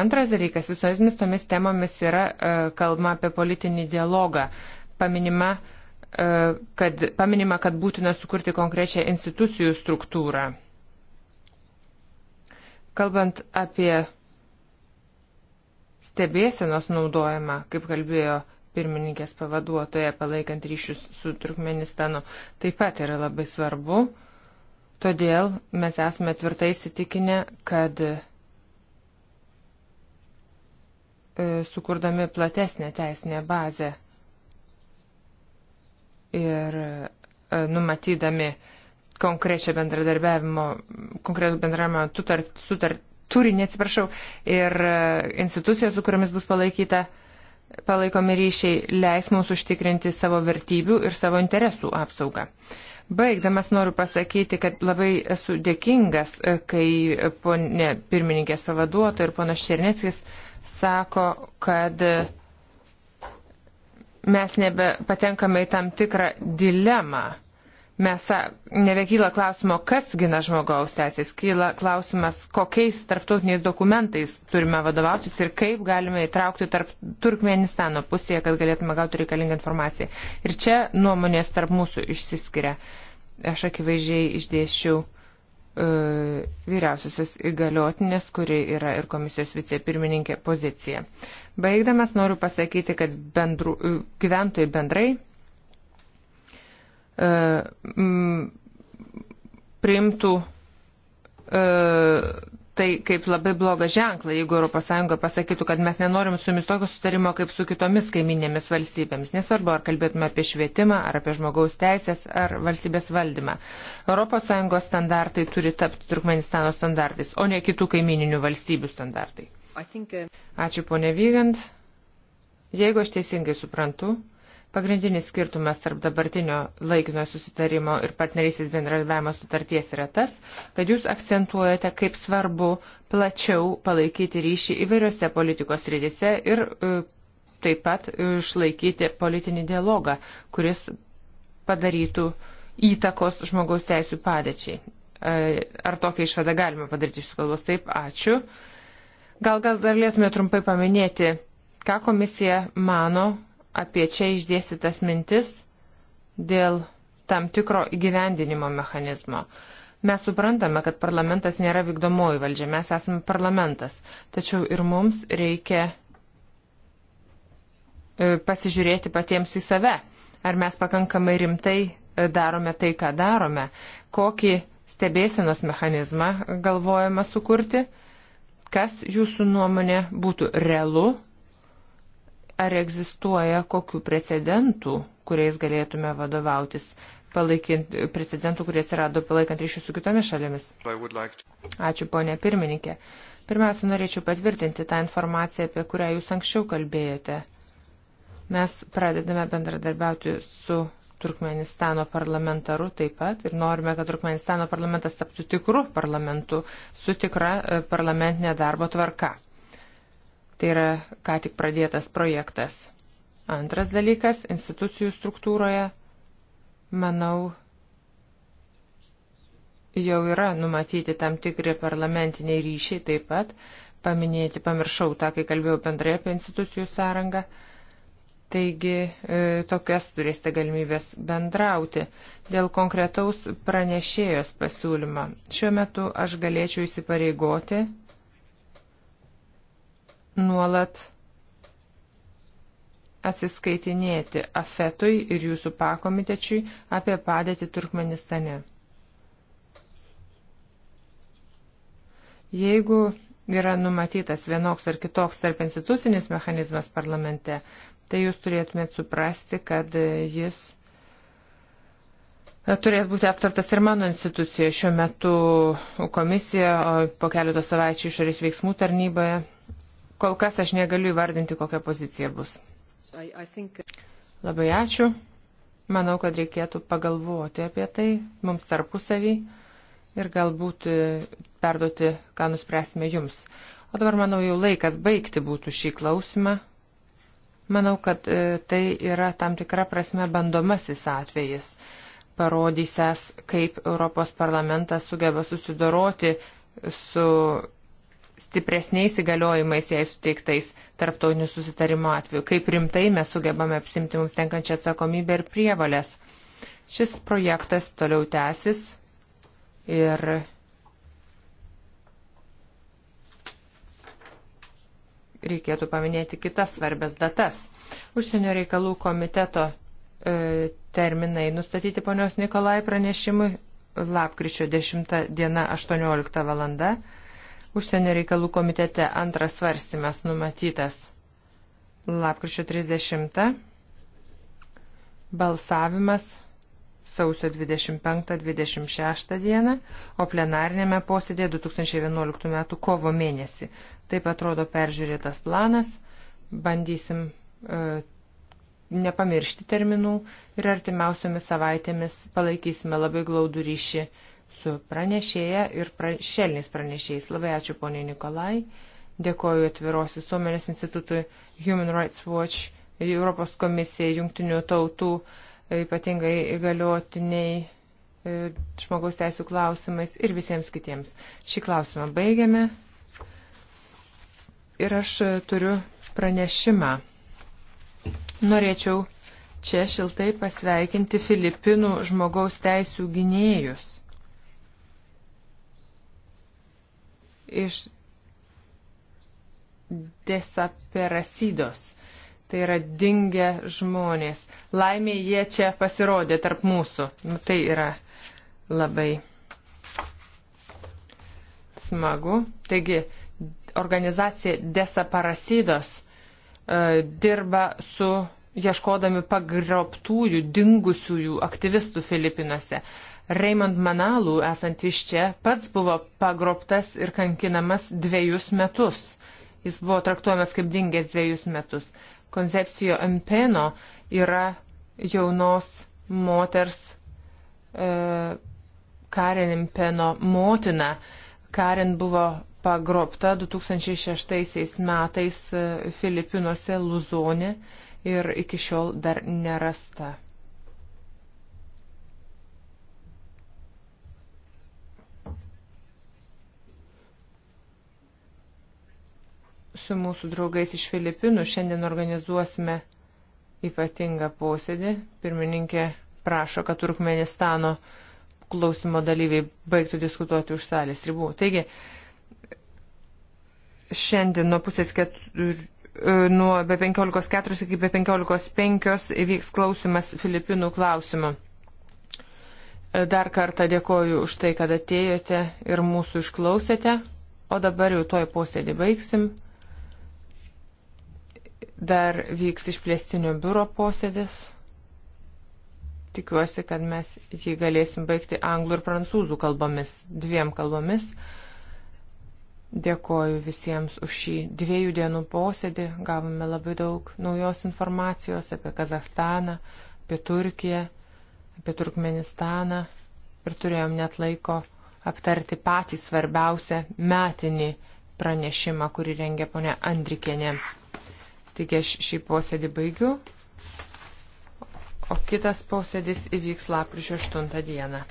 Antras dalykas, visomis tomis temomis yra e, kalba apie politinį dialogą. Paminima e, kad, paminima, kad būtina sukurti konkrečią institucijų struktūrą. Kalbant apie stebėsenos naudojimą, kaip kalbėjo pirmininkės pavaduotoje, palaikant ryšius su Turkmenistanu, taip pat yra labai svarbu. Uh, Todėl mes esame tvirtai įsitikinę, kad e, sukurdami platesnę teisinę bazę ir e, numatydami konkrečią bendradarbiavimo, konkretų bendradarbiavimo sutart, sutart, turinį, atsiprašau, ir e, institucijos, su kuriamis bus palaikyta, palaikomi ryšiai, leis mums užtikrinti savo vertybių ir savo interesų apsaugą. Uh, Baigdamas noriu pasakyti, kad labai esu dėkingas, e, kai ponė pirmininkės pavaduotoja ir ponas Černeckis sako, kad e, mes nebepatenkame į tam tikrą dilemą mes nebekyla klausimo, kas gina žmogaus teisės, kyla klausimas, kokiais tarptautiniais dokumentais turime vadovautis ir kaip galime įtraukti tarp Turkmenistano pusėje, kad galėtume gauti reikalingą informaciją. Ir čia nuomonės tarp mūsų išsiskiria. Aš akivaizdžiai išdėšiau e, vyriausiosios įgaliotinės, kuri yra ir komisijos vicepirmininkė pozicija. Baigdamas noriu pasakyti, kad bendru, e, gyventojai bendrai E, priimtų e, tai kaip labai blogą ženklą, jeigu ES pasakytų, kad mes nenorim su jumis tokio sutarimo kaip su kitomis kaiminėmis valstybėmis. Nesvarbu, ar kalbėtume apie švietimą, ar apie žmogaus teisės, ar valstybės valdymą. ES standartai turi tapti Turkmenistano standartais, o ne kitų kaimininių valstybių standartai. Uh, Ačiū, ponė Vygant. Jeigu aš teisingai suprantu, Pagrindinis skirtumas tarp dabartinio laikino susitarimo ir partnerysės bendradarbiavimo sutarties yra tas, kad jūs akcentuojate, kaip svarbu plačiau palaikyti ryšį įvairiose politikos rytise ir e, taip pat išlaikyti politinį dialogą, kuris padarytų įtakos žmogaus teisų padėčiai. E, ar tokią išvadą galima padaryti iš kalbos? Taip, ačiū. Gal gal dar lėtume trumpai paminėti, ką komisija mano apie čia išdėstytas mintis dėl tam tikro įgyvendinimo mechanizmo. Mes suprantame, kad parlamentas nėra vykdomoji valdžia, mes esame parlamentas, tačiau ir mums reikia e, pasižiūrėti patiems į save, ar mes pakankamai rimtai e, darome tai, ką darome, kokį stebėsenos mechanizmą galvojama sukurti, kas jūsų nuomonė būtų realu Ar egzistuoja kokių precedentų, kuriais galėtume vadovautis, precedentų, kurie atsirado palaikant ryšius su kitomis šalimis? Ačiū, ponė pirmininkė. Pirmiausia, norėčiau patvirtinti tą informaciją, apie kurią jūs anksčiau kalbėjote. Mes pradedame bendradarbiauti su Turkmenistano parlamentaru taip pat ir norime, kad Turkmenistano parlamentas taptų tikrų parlamentų su tikra e, parlamentinė darbo tvarka. Tai yra ką tik pradėtas projektas. Antras dalykas - institucijų struktūroje, manau, jau yra numatyti tam tikri parlamentiniai ryšiai taip pat. Paminėti pamiršau tą, kai kalbėjau bendrai apie institucijų sąrangą. Taigi e, tokias turėsite galimybės bendrauti dėl konkretaus pranešėjos pasiūlymą. Šiuo metu aš galėčiau įsipareigoti nuolat atsiskaitinėti Afetui ir jūsų pakomitečiui apie padėtį Turkmenistane. Jeigu yra numatytas vienoks ar kitoks tarp institucinis mechanizmas parlamente, tai jūs turėtumėt suprasti, kad jis turės būti aptartas ir mano institucija. Šiuo metu komisija, o po keletos savaičių išorės veiksmų tarnyboje Kol kas aš negaliu įvardinti, kokia pozicija bus. Labai ačiū. Manau, kad reikėtų pagalvoti apie tai mums tarpusavį ir galbūt e, perduoti, ką nuspręsime jums. O dabar, manau, jau laikas baigti būtų šį klausimą. Manau, kad e, tai yra tam tikra prasme bandomasis atvejis, parodysęs, kaip Europos parlamentas sugeba susidoroti su stipresniais įgaliojimais jai suteiktais tarptautinių susitarimo atveju, kaip rimtai mes sugebame apsimti mums tenkančią atsakomybę ir prievalės. Šis projektas toliau tęsis ir reikėtų paminėti kitas svarbės datas. Užsienio reikalų komiteto e, terminai nustatyti ponios Nikolai pranešimui lapkričio 10 diena 18 valanda. Užsienio reikalų komitete antras svarstymas numatytas lapkričio 30. Balsavimas sausio 25-26 dieną, o plenarinėme posėdėje 2011 m. kovo mėnesį. Taip atrodo peržiūrėtas planas, bandysim e, nepamiršti terminų ir artimiausiomis savaitėmis palaikysime labai glaudų ryšį su pranešėja ir pra, šelniais pranešėjais. Labai ačiū poniai Nikolai, dėkoju atviros visuomenės institutui Human Rights Watch, Europos komisijai, jungtinių tautų, e, ypatingai įgaliotiniai e, žmogaus teisų klausimais ir visiems kitiems. Šį klausimą baigiame. Ir aš turiu pranešimą. Norėčiau čia šiltai pasveikinti Filipinų žmogaus teisų gynėjus. iš desaperasidos. Tai yra dingę žmonės. Laimė jie čia pasirodė tarp mūsų. Nu, tai yra labai smagu. Taigi, organizacija Desaparasidos e, dirba su ieškodami pagrobtųjų, dingusiųjų aktyvistų Filipinuose. Raymond Manalų, esant iš čia, pats buvo pagrobtas ir kankinamas dviejus metus. Jis buvo traktuojamas kaip dingęs dviejus metus. Koncepcijo Empeno yra jaunos moters e, Karen Empeno motina. Karen buvo pagrobta 2006 metais e, Filipinuose Luzonė ir iki šiol dar nerasta. su mūsų draugais iš Filipinų šiandien organizuosime ypatingą posėdį. Pirmininkė prašo, kad Turkmenistano klausimo dalyviai baigtų diskutuoti už salės ribų. Taigi, šiandien nuo pusės keturių. E, nuo be 15.4 iki be 15.5 įvyks klausimas Filipinų klausimą. E, dar kartą dėkoju už tai, kad atėjote ir mūsų išklausėte, o dabar jau toj posėdį baigsim. Dar vyks išplėstinio biuro posėdis. Tikiuosi, kad mes jį galėsim baigti anglų ir prancūzų kalbomis, dviem kalbomis. Dėkoju visiems už šį dviejų dienų posėdį. Gavome labai daug naujos informacijos apie Kazahstaną, apie Turkiją, apie Turkmenistaną ir turėjom net laiko aptarti patį svarbiausią metinį pranešimą, kurį rengė ponia Andrikienė. Taigi aš šį posėdį baigiu, o kitas posėdis įvyks lapkričio 8 dieną.